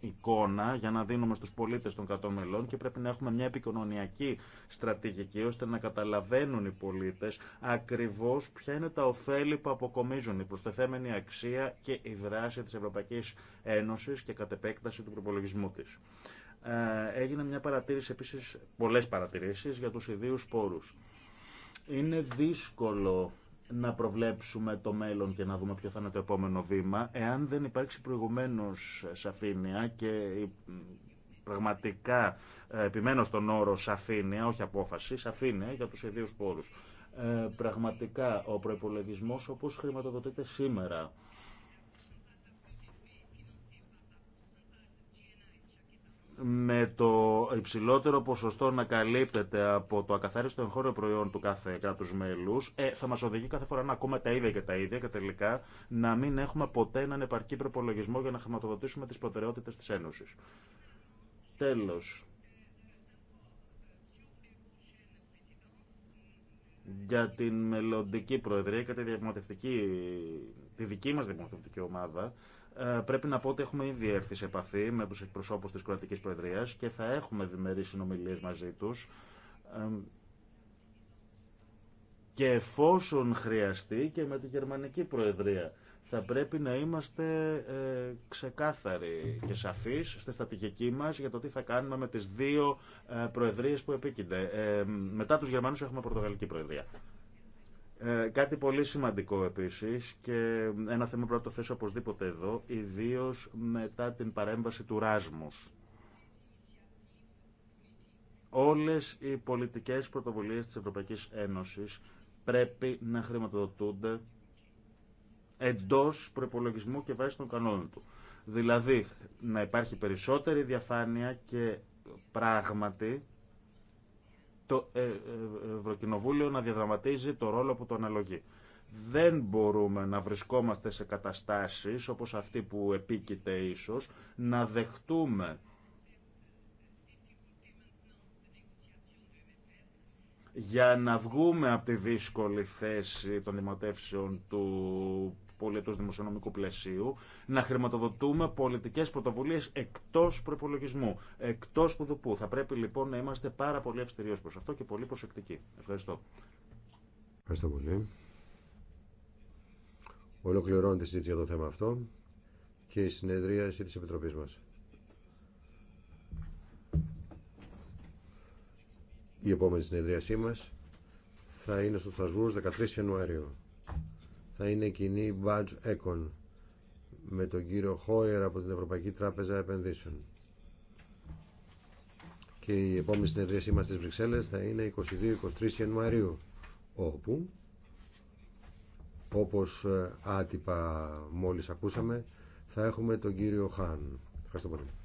εικόνα για να δίνουμε στους πολίτες των κρατών και πρέπει να έχουμε μια επικοινωνιακή στρατηγική ώστε να καταλαβαίνουν οι πολίτες ακριβώς ποια είναι τα ωφέλη που αποκομίζουν η προσθεθέμενη αξία και η δράση της Ευρωπαϊκής Ένωσης και κατ' επέκταση του προπολογισμού της. Ε, έγινε μια παρατήρηση επίσης, πολλές παρατηρήσεις για τους ιδίους πόρους. Είναι δύσκολο να προβλέψουμε το μέλλον και να δούμε ποιο θα είναι το επόμενο βήμα, εάν δεν υπάρξει προηγουμένως σαφήνεια και πραγματικά ε, επιμένω στον όρο σαφήνεια, όχι απόφαση, σαφήνεια για τους ιδίους πόρους. Ε, πραγματικά ο προπολογισμό όπως χρηματοδοτείται σήμερα με το υψηλότερο ποσοστό να καλύπτεται από το ακαθάριστο εγχώριο προϊόν του κάθε κράτου μέλου, ε, θα μα οδηγεί κάθε φορά να ακούμε τα ίδια και τα ίδια και τελικά να μην έχουμε ποτέ έναν επαρκή προπολογισμό για να χρηματοδοτήσουμε τι προτεραιότητε τη Ένωση. Τέλο. για την μελλοντική προεδρία και τη, τη δική μας διαπραγματευτική ομάδα ε, πρέπει να πω ότι έχουμε ήδη έρθει σε επαφή με του εκπροσώπους της κρατικής Προεδρίας και θα έχουμε διμερεί συνομιλίε μαζί τους. Ε, και εφόσον χρειαστεί και με τη Γερμανική Προεδρία θα πρέπει να είμαστε ε, ξεκάθαροι και σαφείς στη στατικική μας για το τι θα κάνουμε με τις δύο προεδρίες που επίκυνται. μετά τους Γερμανούς έχουμε Πορτογαλική Προεδρία. Ε, κάτι πολύ σημαντικό επίσης και ένα θέμα που να το θέσω οπωσδήποτε εδώ, ιδίω μετά την παρέμβαση του Ράσμους. Όλες οι πολιτικές πρωτοβουλίες της Ευρωπαϊκής Ένωσης πρέπει να χρηματοδοτούνται εντός προπολογισμού και βάσει των κανόνων του. Δηλαδή να υπάρχει περισσότερη διαφάνεια και πράγματι το ε, ε, Ευρωκοινοβούλιο να διαδραματίζει το ρόλο που το αναλογεί. Δεν μπορούμε να βρισκόμαστε σε καταστάσεις όπως αυτή που επίκειται ίσως να δεχτούμε για να βγούμε από τη δύσκολη θέση των δημοτεύσεων του πολίτου δημοσιονομικού πλαισίου να χρηματοδοτούμε πολιτικέ πρωτοβουλίε εκτό προπολογισμού, εκτό κουδουπού. Θα πρέπει λοιπόν να είμαστε πάρα πολύ αυστηροί προ αυτό και πολύ προσεκτικοί. Ευχαριστώ. Ευχαριστώ πολύ. Ολοκληρώνω τη συζήτηση για το θέμα αυτό και η συνεδρίαση τη επιτροπή μα. Η επόμενη συνεδρίασή μας θα είναι στο Στρασβούργο 13 Ιανουαρίου θα είναι κοινή Badge Econ με τον κύριο Χόιερ από την Ευρωπαϊκή Τράπεζα Επενδύσεων. Και η επόμενη συνεδρίασή μας στις Βρυξέλλες θα είναι 22-23 Ιανουαρίου, όπου, όπως ε, άτυπα μόλις ακούσαμε, θα έχουμε τον κύριο Χάν. Ευχαριστώ πολύ.